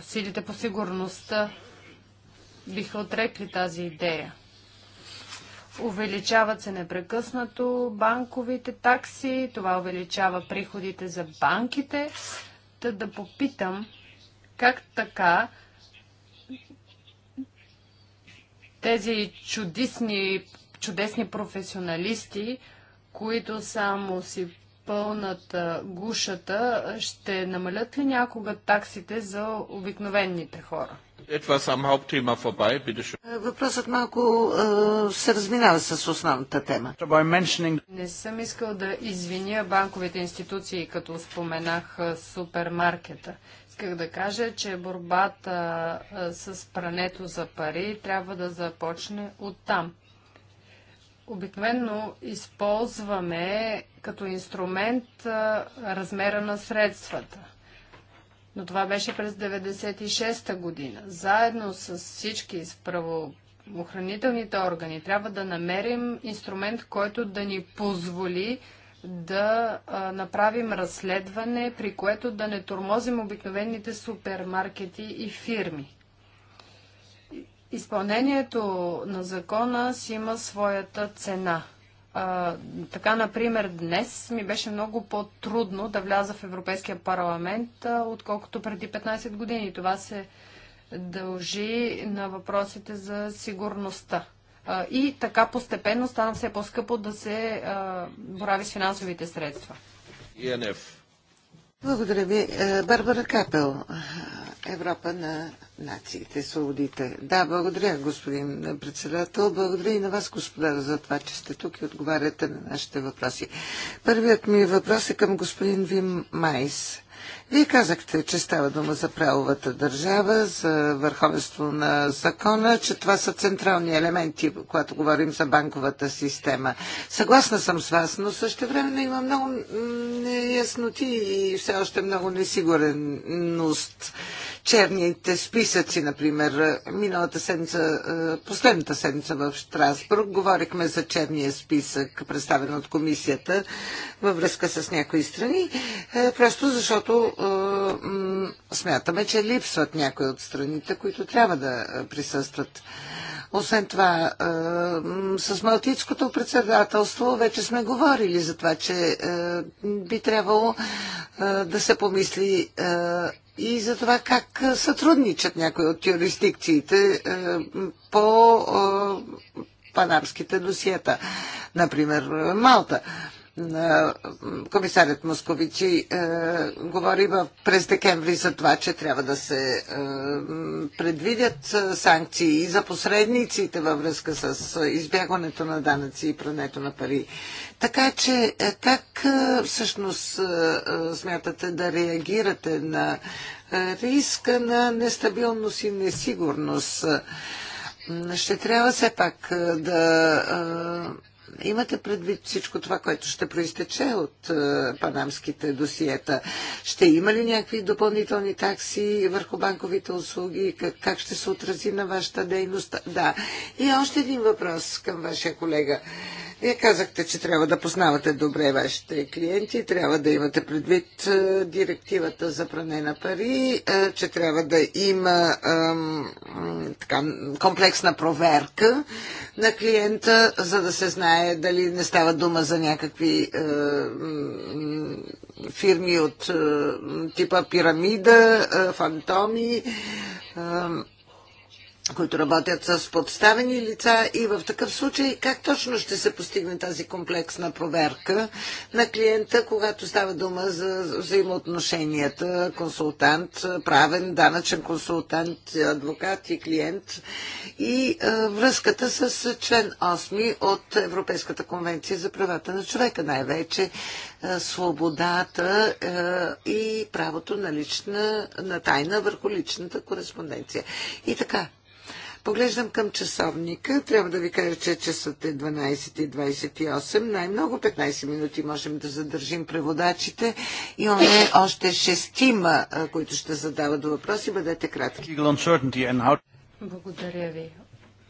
Speaker 2: силите по сигурността биха отрекли тази идея. Увеличават се непрекъснато банковите такси, това увеличава приходите за банките. Та да попитам как така тези чудесни чудесни професионалисти, които само си пълнат гушата, ще намалят ли някога таксите за обикновените хора?
Speaker 3: Е,
Speaker 1: въпросът
Speaker 2: малко е, се разминава с основната тема. Не съм искал да извиня банковите институции, като споменах е, супермаркета. Исках да кажа, че борбата е, с прането за пари трябва да започне от там обикновено използваме като инструмент размера на средствата. Но това беше през 1996 година. Заедно с всички с правоохранителните органи трябва да намерим инструмент, който да ни позволи да а, направим разследване, при което да не тормозим обикновените супермаркети и фирми. Изпълнението на закона си има своята цена. А, така, например, днес ми беше много по-трудно да вляза в Европейския парламент, а, отколкото преди 15 години. Това се дължи на въпросите за сигурността. А, и така постепенно стана все по-скъпо да се а, борави с финансовите средства. ИНФ.
Speaker 1: Благодаря ви. Е, Барбара Капел
Speaker 2: Европа на
Speaker 1: нациите, свободите. Да, благодаря, господин председател. Благодаря и на вас, господа, за това, че сте тук и отговаряте на нашите въпроси. Първият ми въпрос е към господин Вим Майс. Вие казахте, че става дума за правовата държава, за върховенство на закона, че това са централни елементи, когато говорим за банковата система. Съгласна съм с вас, но също време има много неясноти и все още много несигуреност черните списъци, например. Миналата седмица, е, последната седмица в Штрасбург, говорихме за черния списък, представен от комисията във връзка с някои страни, е, просто защото е, смятаме, че липсват някои от страните, които трябва да присъстват. Освен това, с Малтийското председателство вече сме говорили за това, че би трябвало да се помисли и за това как сътрудничат някои от юрисдикциите е, по е, панамските досиета. Например, Малта комисарят Московичи е, говори през декември за това, че трябва да се е, предвидят е, санкции и за посредниците във връзка с избягването на данъци и прането на пари. Така че как всъщност смятате да реагирате на риска на нестабилност и несигурност? Ще трябва все пак да имате предвид всичко това, което ще проистече от е, панамските досиета? Ще има ли някакви допълнителни такси върху банковите услуги? Как, как ще се отрази на вашата дейност? Да. И още един въпрос към вашия колега. Вие казахте, че трябва да познавате добре вашите клиенти, трябва да имате предвид е, директивата за пране на пари, е, че трябва да има така, комплексна проверка на клиента, за да се знае дали не става дума за някакви е, фирми от типа пирамида, фантоми които работят с подставени лица и в такъв случай как точно ще се постигне тази комплексна проверка на клиента, когато става дума за взаимоотношенията консултант, правен, данъчен консултант, адвокат и клиент и а, е, връзката с член 8 от Европейската конвенция за правата на човека, най-вече е, свободата а, е, и правото на, лична, на тайна върху личната кореспонденция. И така, Поглеждам към часовника. Трябва да ви кажа, че часът е 12.28. Най-много 15 минути можем да задържим преводачите. Имаме още шестима, които ще задават въпроси. Бъдете кратки.
Speaker 2: Благодаря ви.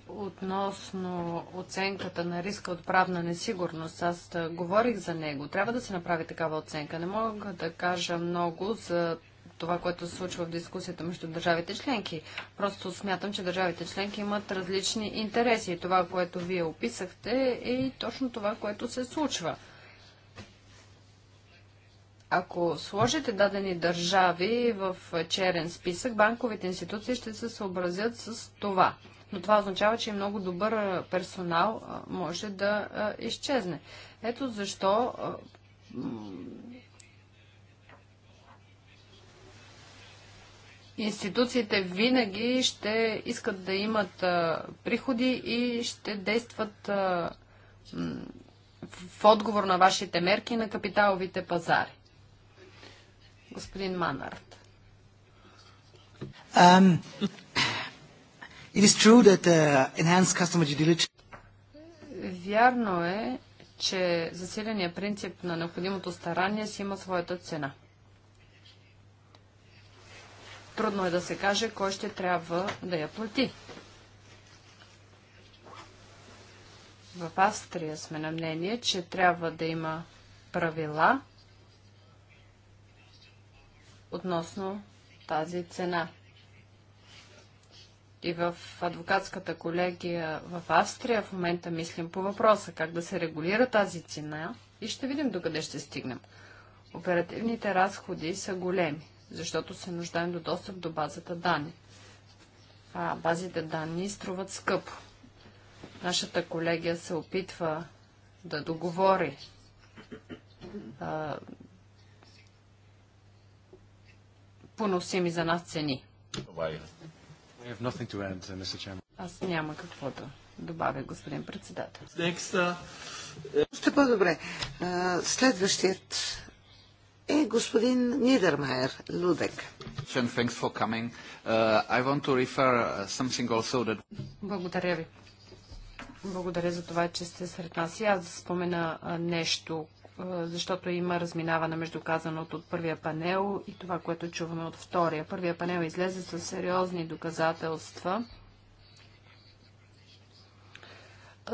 Speaker 2: Относно оценката на риска от правна несигурност, аз говорих за него. Трябва да се направи такава оценка. Не мога да кажа много за това, което се случва в дискусията между държавите членки. Просто смятам, че държавите членки имат различни интереси. това, което вие описахте, е и точно това, което се случва. Ако сложите дадени държави в черен списък, банковите институции ще се съобразят с това. Но това означава, че и много добър персонал може да изчезне. Ето защо институциите винаги ще искат да имат а, приходи и ще действат а, в отговор на вашите мерки на капиталовите пазари. Господин Манарт.
Speaker 1: Um, it is true that uh, enhanced customer due diligence...
Speaker 2: Вярно е, че засиления принцип на необходимото старание си има своята цена – Трудно е да се каже кой ще трябва да я плати. В Австрия сме на мнение, че трябва да има правила относно тази цена. И в адвокатската колегия в Австрия в момента мислим по въпроса как да се регулира тази цена и ще видим докъде ще стигнем. Оперативните разходи са големи защото се нуждаем до достъп до базата данни. А базите данни струват скъпо. Нашата колегия се опитва да договори а, поносими за нас цени.
Speaker 3: Uh,
Speaker 2: Аз няма какво да добавя, господин председател. Uh, Ще по-добре.
Speaker 1: Следващият е господин Нидермайер Лудек. Uh, uh,
Speaker 2: Благодаря ви. Благодаря за това, че сте сред нас. И аз да спомена нещо, защото има разминаване между казаното от първия панел и това, което чуваме от втория. Първия панел излезе с сериозни доказателства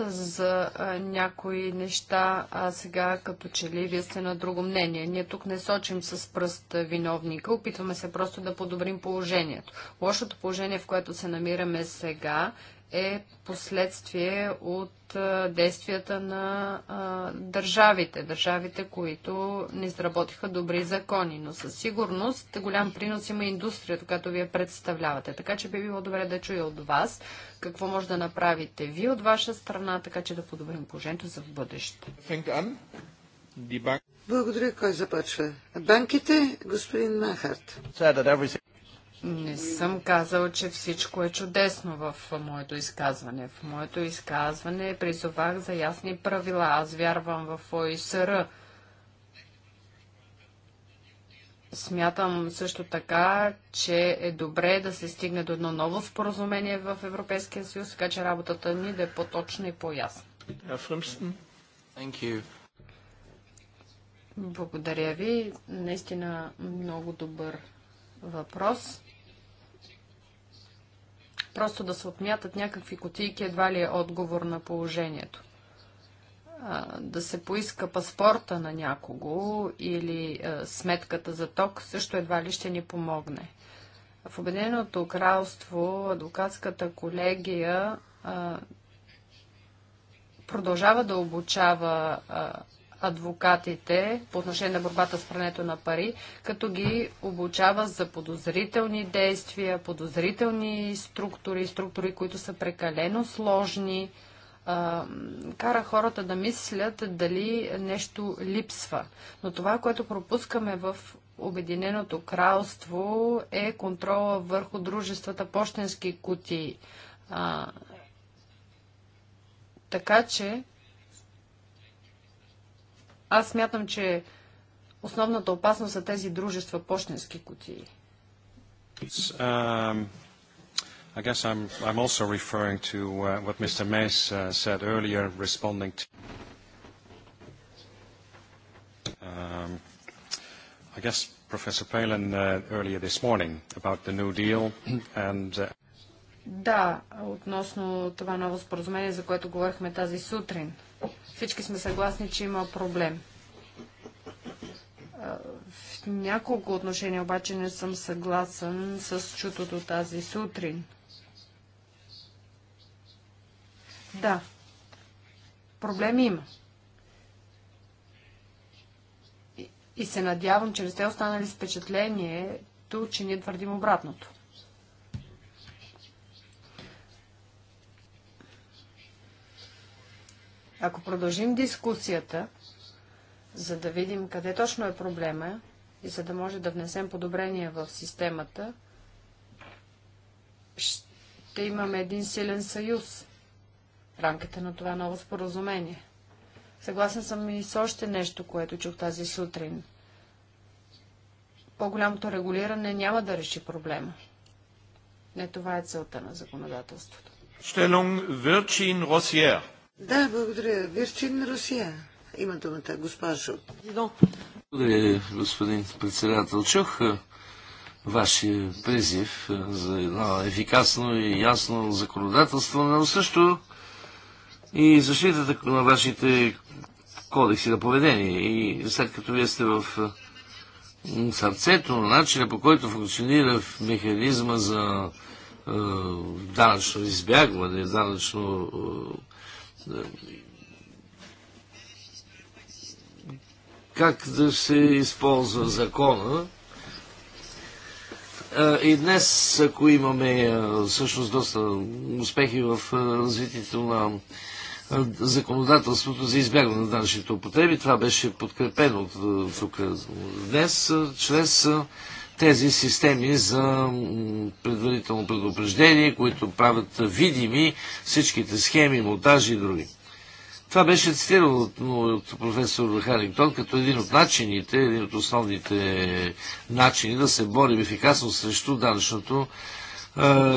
Speaker 2: за а, някои неща, а сега като че ли вие сте на друго мнение. Ние тук не сочим с пръст виновника, опитваме се просто да подобрим положението. Лошото положение, в което се намираме сега, е последствие от действията на държавите, държавите, които не изработиха добри закони. Но със сигурност голям принос има индустрията, която вие представлявате. Така че би било добре да чуя от вас какво може да направите вие от ваша страна, така че да подобрим положението за в бъдеще.
Speaker 1: Благодаря. Кой започва? Банките, господин Махарт.
Speaker 2: Не съм казал, че всичко е чудесно в моето изказване. В моето изказване призовах за ясни правила. Аз вярвам в ОИСР. Смятам също така, че е добре да се стигне до едно ново споразумение в Европейския съюз, така че работата ни да е по-точна и по-ясна. Благодаря ви. Наистина много добър въпрос. Просто да се отмятат някакви котийки едва ли е отговор на положението да се поиска паспорта на някого или сметката за ток, също едва ли ще ни помогне. В Обединеното кралство адвокатската колегия продължава да обучава а, адвокатите по отношение на борбата с прането на пари, като ги обучава за подозрителни действия, подозрителни структури, структури, които са прекалено сложни, кара хората да мислят дали нещо липсва. Но това, което пропускаме в Обединеното кралство е контрола върху дружествата почтенски кутии. А, така че аз смятам, че основната опасност са тези дружества почтенски кутии. Um, I guess I'm, I'm also referring to uh, what Mr. Mays uh, said earlier, responding to. Um, I guess Professor Palin uh, earlier this morning about the New Deal and. Uh... Да, относно това ново споразумение, за което говорихме тази сутрин. Всички сме съгласни, че има проблем. В няколко отношения обаче не съм съгласен с чутото тази сутрин. Да, проблем има. И, и се надявам, че не сте останали с впечатлението, че ние твърдим обратното. Ако продължим дискусията, за да видим къде точно е проблема и за да може да внесем подобрения в системата, ще имаме един силен съюз в рамките на това ново споразумение. Съгласен съм и с още нещо, което чух тази сутрин. По-голямото регулиране няма да реши проблема. Не това е целта на законодателството.
Speaker 3: Stellung Вирчин Росиер.
Speaker 1: Да, благодаря. Вирчин Русия. Има думата госпожо.
Speaker 3: Благодаря, господин председател. Чух вашия призив за едно ефикасно и ясно законодателство, но също и защитата на вашите кодекси на поведение. И след като вие сте в сърцето на начина по който функционира механизма за е, данъчно избягване, данъчно как да се използва закона. И днес, ако имаме всъщност доста успехи в развитието на законодателството за избягване на данъчните употреби, това беше подкрепено тук днес чрез тези системи за предварително предупреждение, които правят видими всичките схеми, монтажи и други. Това беше цитирано от, от професор Харингтон като един от начините, един от основните начини да се борим ефикасно срещу данъчното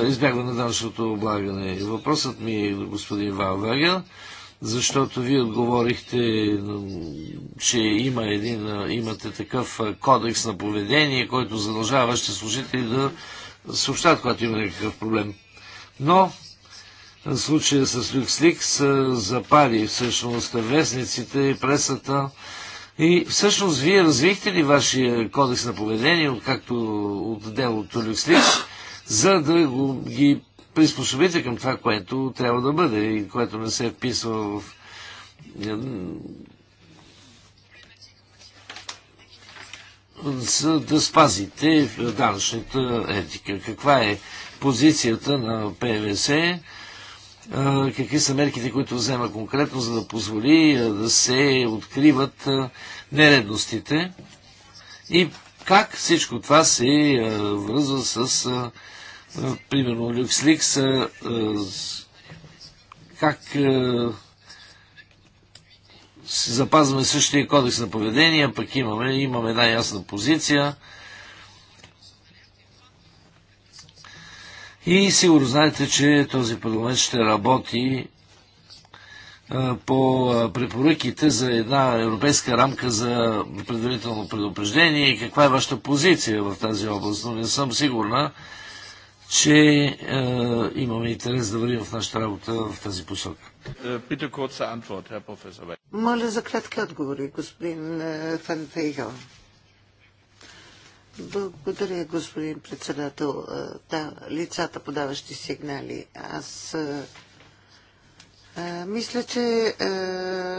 Speaker 3: е, избягване на данъчното облагане. Въпросът ми, е господин Валвагел, защото вие отговорихте, че има един, имате такъв кодекс на поведение, който задължава вашите служители да съобщават, когато има някакъв проблем. Но случая с Люксликс запали всъщност вестниците и пресата. И всъщност вие развихте ли вашия кодекс на поведение, както от делото Люксликс, за да го ги приспособите към това, което трябва да бъде и което не се вписва в за да спазите данъчната етика. Каква е позицията на ПВС? Какви са мерките, които взема конкретно, за да позволи да се откриват нередностите? И как всичко това се връзва с примерно LuxLeaks, как запазваме същия кодекс на поведение, пък имаме, имаме една ясна позиция. И сигурно знаете, че този парламент ще работи по препоръките за една европейска рамка за предварително предупреждение и каква е вашата позиция в тази област, но не съм сигурна че е, имаме интерес да вървим в нашата работа в тази посока. Е,
Speaker 1: Моля за кратки отговори, господин е, Фан Фейхел. Благодаря, господин председател. Е, да, лицата, подаващи сигнали. Аз е, мисля, че е,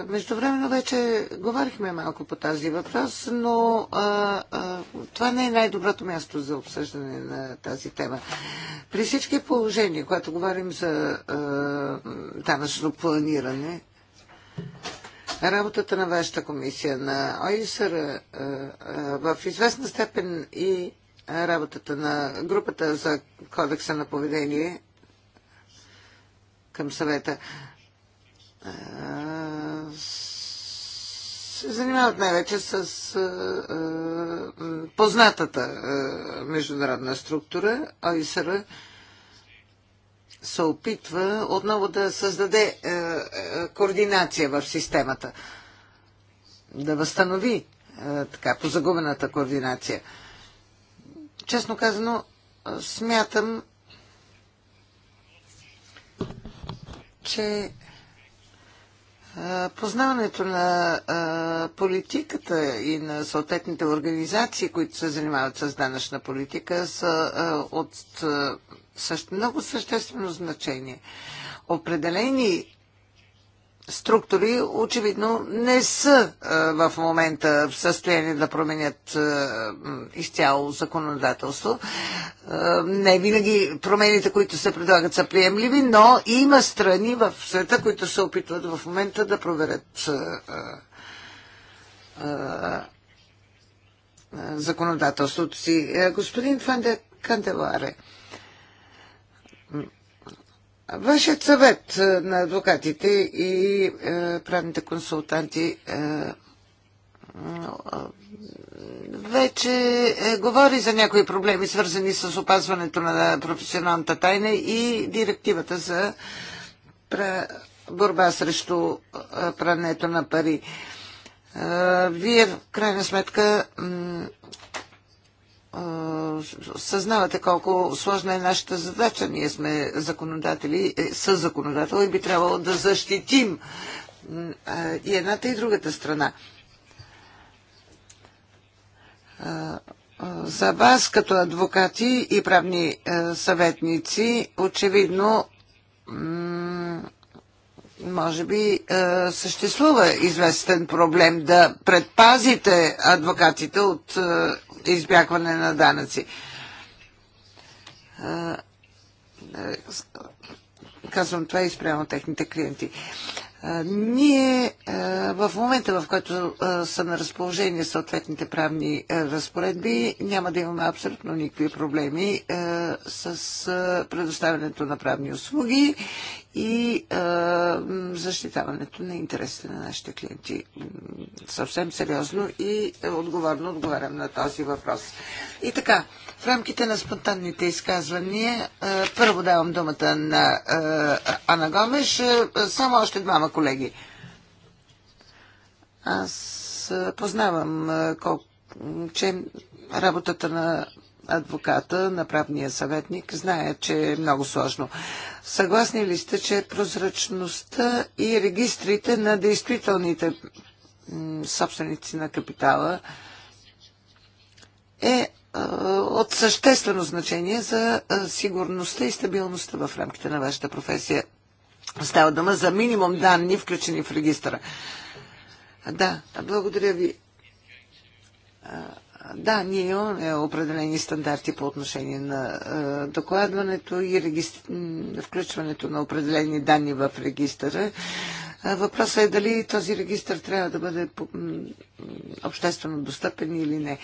Speaker 1: междувременно вече говорихме малко по тази въпрос, но е, това не е най-доброто място за обсъждане на тази тема. При всички положения, когато говорим за данъчно планиране, работата на вашата комисия, на ОИСР, в известна степен и работата на групата за кодекса на поведение към съвета, се занимават най-вече с а, а, познатата а, международна структура, ОИСР се опитва отново да създаде а, а, координация в системата, да възстанови а, така позагубената координация. Честно казано, смятам, че Познаването на политиката и на съответните организации, които се занимават с данъчна политика, са от също, много съществено значение. Определени структури очевидно не са в момента в състояние да променят изцяло законодателство. Не винаги промените, които се предлагат, са приемливи, но има страни в света, които се опитват в момента да проверят законодателството си. Е, господин Фанде Кантеларе, Вашият съвет е, на адвокатите и е, правните консултанти е, вече говори за някои проблеми, свързани с опазването на професионалната тайна и директивата за борба срещу прането на пари. Вие, в крайна сметка, съзнавате колко сложна е нашата задача. Ние сме законодатели, е, със законодател и би трябвало да защитим и едната и другата страна. За вас като адвокати и правни съветници очевидно може би е, съществува известен проблем да предпазите адвокатите от е, избягване на данъци. Е, казвам това и спрямо техните клиенти. Ние в момента, в който са на разположение съответните правни разпоредби, няма да имаме абсолютно никакви проблеми с предоставянето на правни услуги и а, защитаването на интересите на нашите клиенти. Съвсем сериозно и е, отговорно отговарям на този въпрос. И така, в рамките на спонтанните изказвания, а, е, първо давам думата на а, е, Ана Гомеш, а, само още двама колеги. Аз познавам колко че работата на адвоката, на правния съветник, знае, че е много сложно. Съгласни ли сте, че прозрачността и регистрите на действителните собственици на капитала е, е от съществено значение за е, сигурността и стабилността в рамките на вашата професия. Става дума за минимум данни, включени в регистъра. Да, благодаря ви. Да, ние имаме определени стандарти по отношение на е, докладването и включването на определени данни в регистъра. Въпросът е дали този регистр трябва да бъде обществено достъпен или не.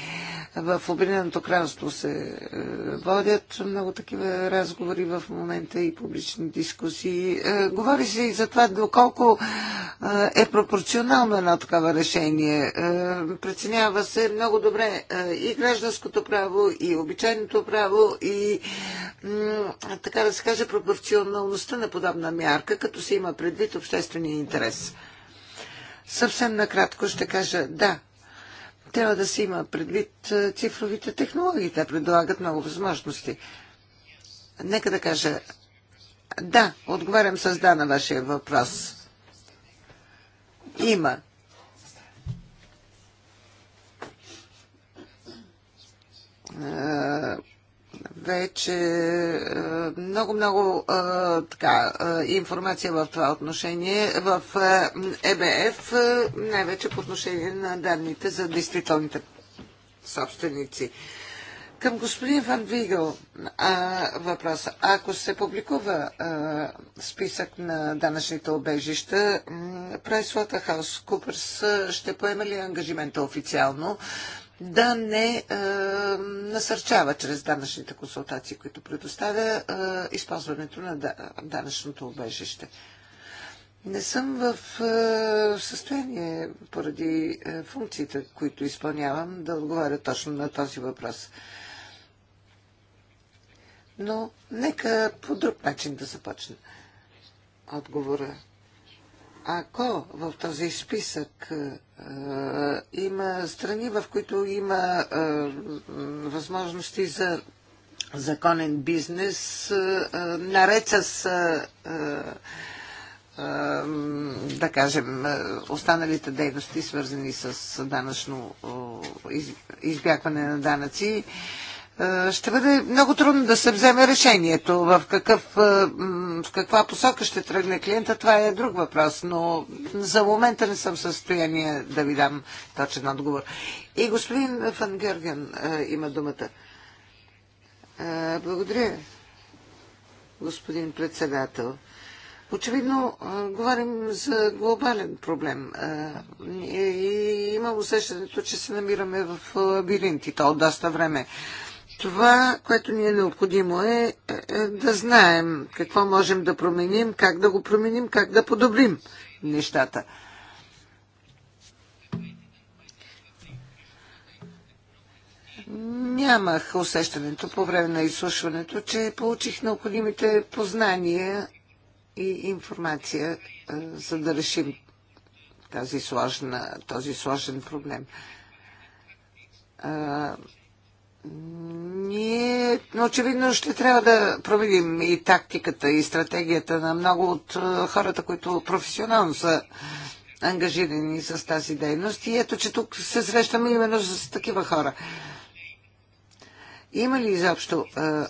Speaker 1: В Обединеното кралство се е, водят много такива разговори в момента и публични дискусии. Е, говори се и за това доколко е, е пропорционално едно такова решение. Преценява се много добре и гражданското право, и обичайното право, и така да се каже пропорционалността на подобна мярка, като се има предвид обществения интерес. Съвсем накратко ще кажа да. Трябва да се има предвид е, цифровите технологии. Те предлагат много възможности. Нека да кажа да, отговарям с да на вашия въпрос. Има е, вече е, много-много е, така е, информация в това отношение в ЕБФ, най-вече по отношение на данните за действителните собственици. Към господин Ван Вигъл въпрос. Ако се публикува а, списък на данъчните обежища, Прайс Хаус Куперс ще поеме ли ангажимента официално да не е, насърчава чрез данъчните консултации, които предоставя е, използването на данъчното убежище. Не съм в е, състояние, поради е, функциите, които изпълнявам, да отговаря точно на този въпрос. Но нека по друг начин да започна отговора. Ако в този списък е, е, има страни, в които има е, възможности за законен бизнес, е, е наред с, е, да кажем, останалите дейности, свързани с данъчно избягване на данъци, е, ще бъде много трудно да се вземе решението. В, какъв, е, в каква посока ще тръгне клиента, това е друг въпрос, но за момента не съм в състояние да ви дам точен отговор. И господин Фан Георген е, има думата. Благодаря, господин председател. Очевидно, говорим за глобален проблем. И имам усещането, че се намираме в лабиринти, то от доста време. Това, което ни е необходимо е, е, е да знаем какво можем да променим, как да го променим, как да подобрим нещата. Нямах усещането по време на изслушването, че получих необходимите познания и информация, е, за да решим тази сложна, този сложен проблем. Е, ние очевидно ще трябва да проведим и тактиката, и стратегията на много от е, хората, които професионално са ангажирани с тази дейност. И ето, че тук се срещаме именно с такива хора. Има ли изобщо а, е,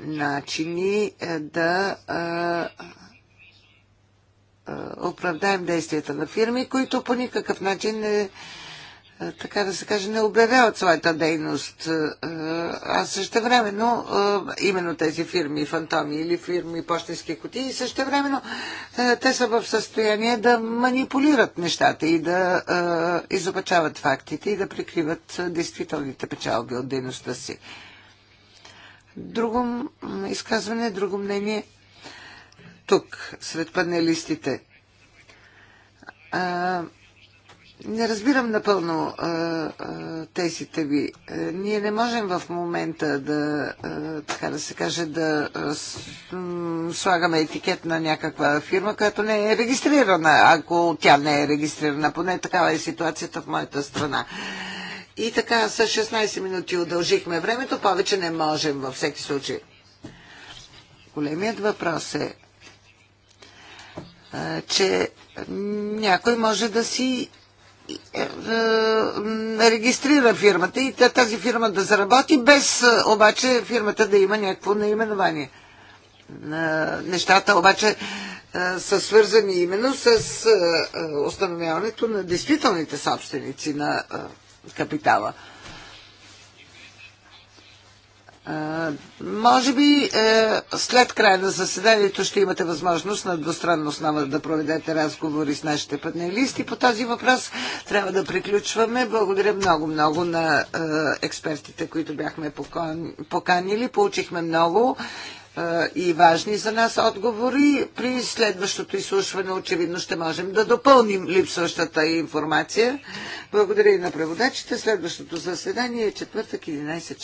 Speaker 1: начини е, да а, а, оправдаем действията на фирми, които по никакъв начин не така да се каже, не обявяват своята дейност. А също времено, именно тези фирми фантоми или фирми почтенски кутии, също времено те са в състояние да манипулират нещата и да изобачават фактите и да прикриват действителните печалби от дейността си. Друго изказване, друго мнение тук, сред панелистите. Не разбирам напълно а, а, тезите ви. А, е, ние не можем в момента да, а, така да се каже, да с, м, слагаме етикет на някаква фирма, която не е регистрирана, ако тя не е регистрирана. Поне такава е ситуацията в моята страна. И така, с 16 минути удължихме времето, повече не можем във всеки случай. Големият въпрос е, а, че някой може да си е, е, регистрира фирмата и тази фирма да заработи, без е, обаче фирмата да има някакво наименование. Нещата обаче са свързани именно с установяването на действителните собственици на капитала. Може би е, след края на заседанието ще имате възможност на двустранна основа да проведете разговори с нашите панелисти по този въпрос. Трябва да приключваме. Благодаря много-много на е, експертите, които бяхме поканили. Получихме много е, и важни за нас отговори. При следващото изслушване очевидно ще можем да допълним липсващата информация. Благодаря и на преводачите. Следващото заседание е четвъртък 11 часа.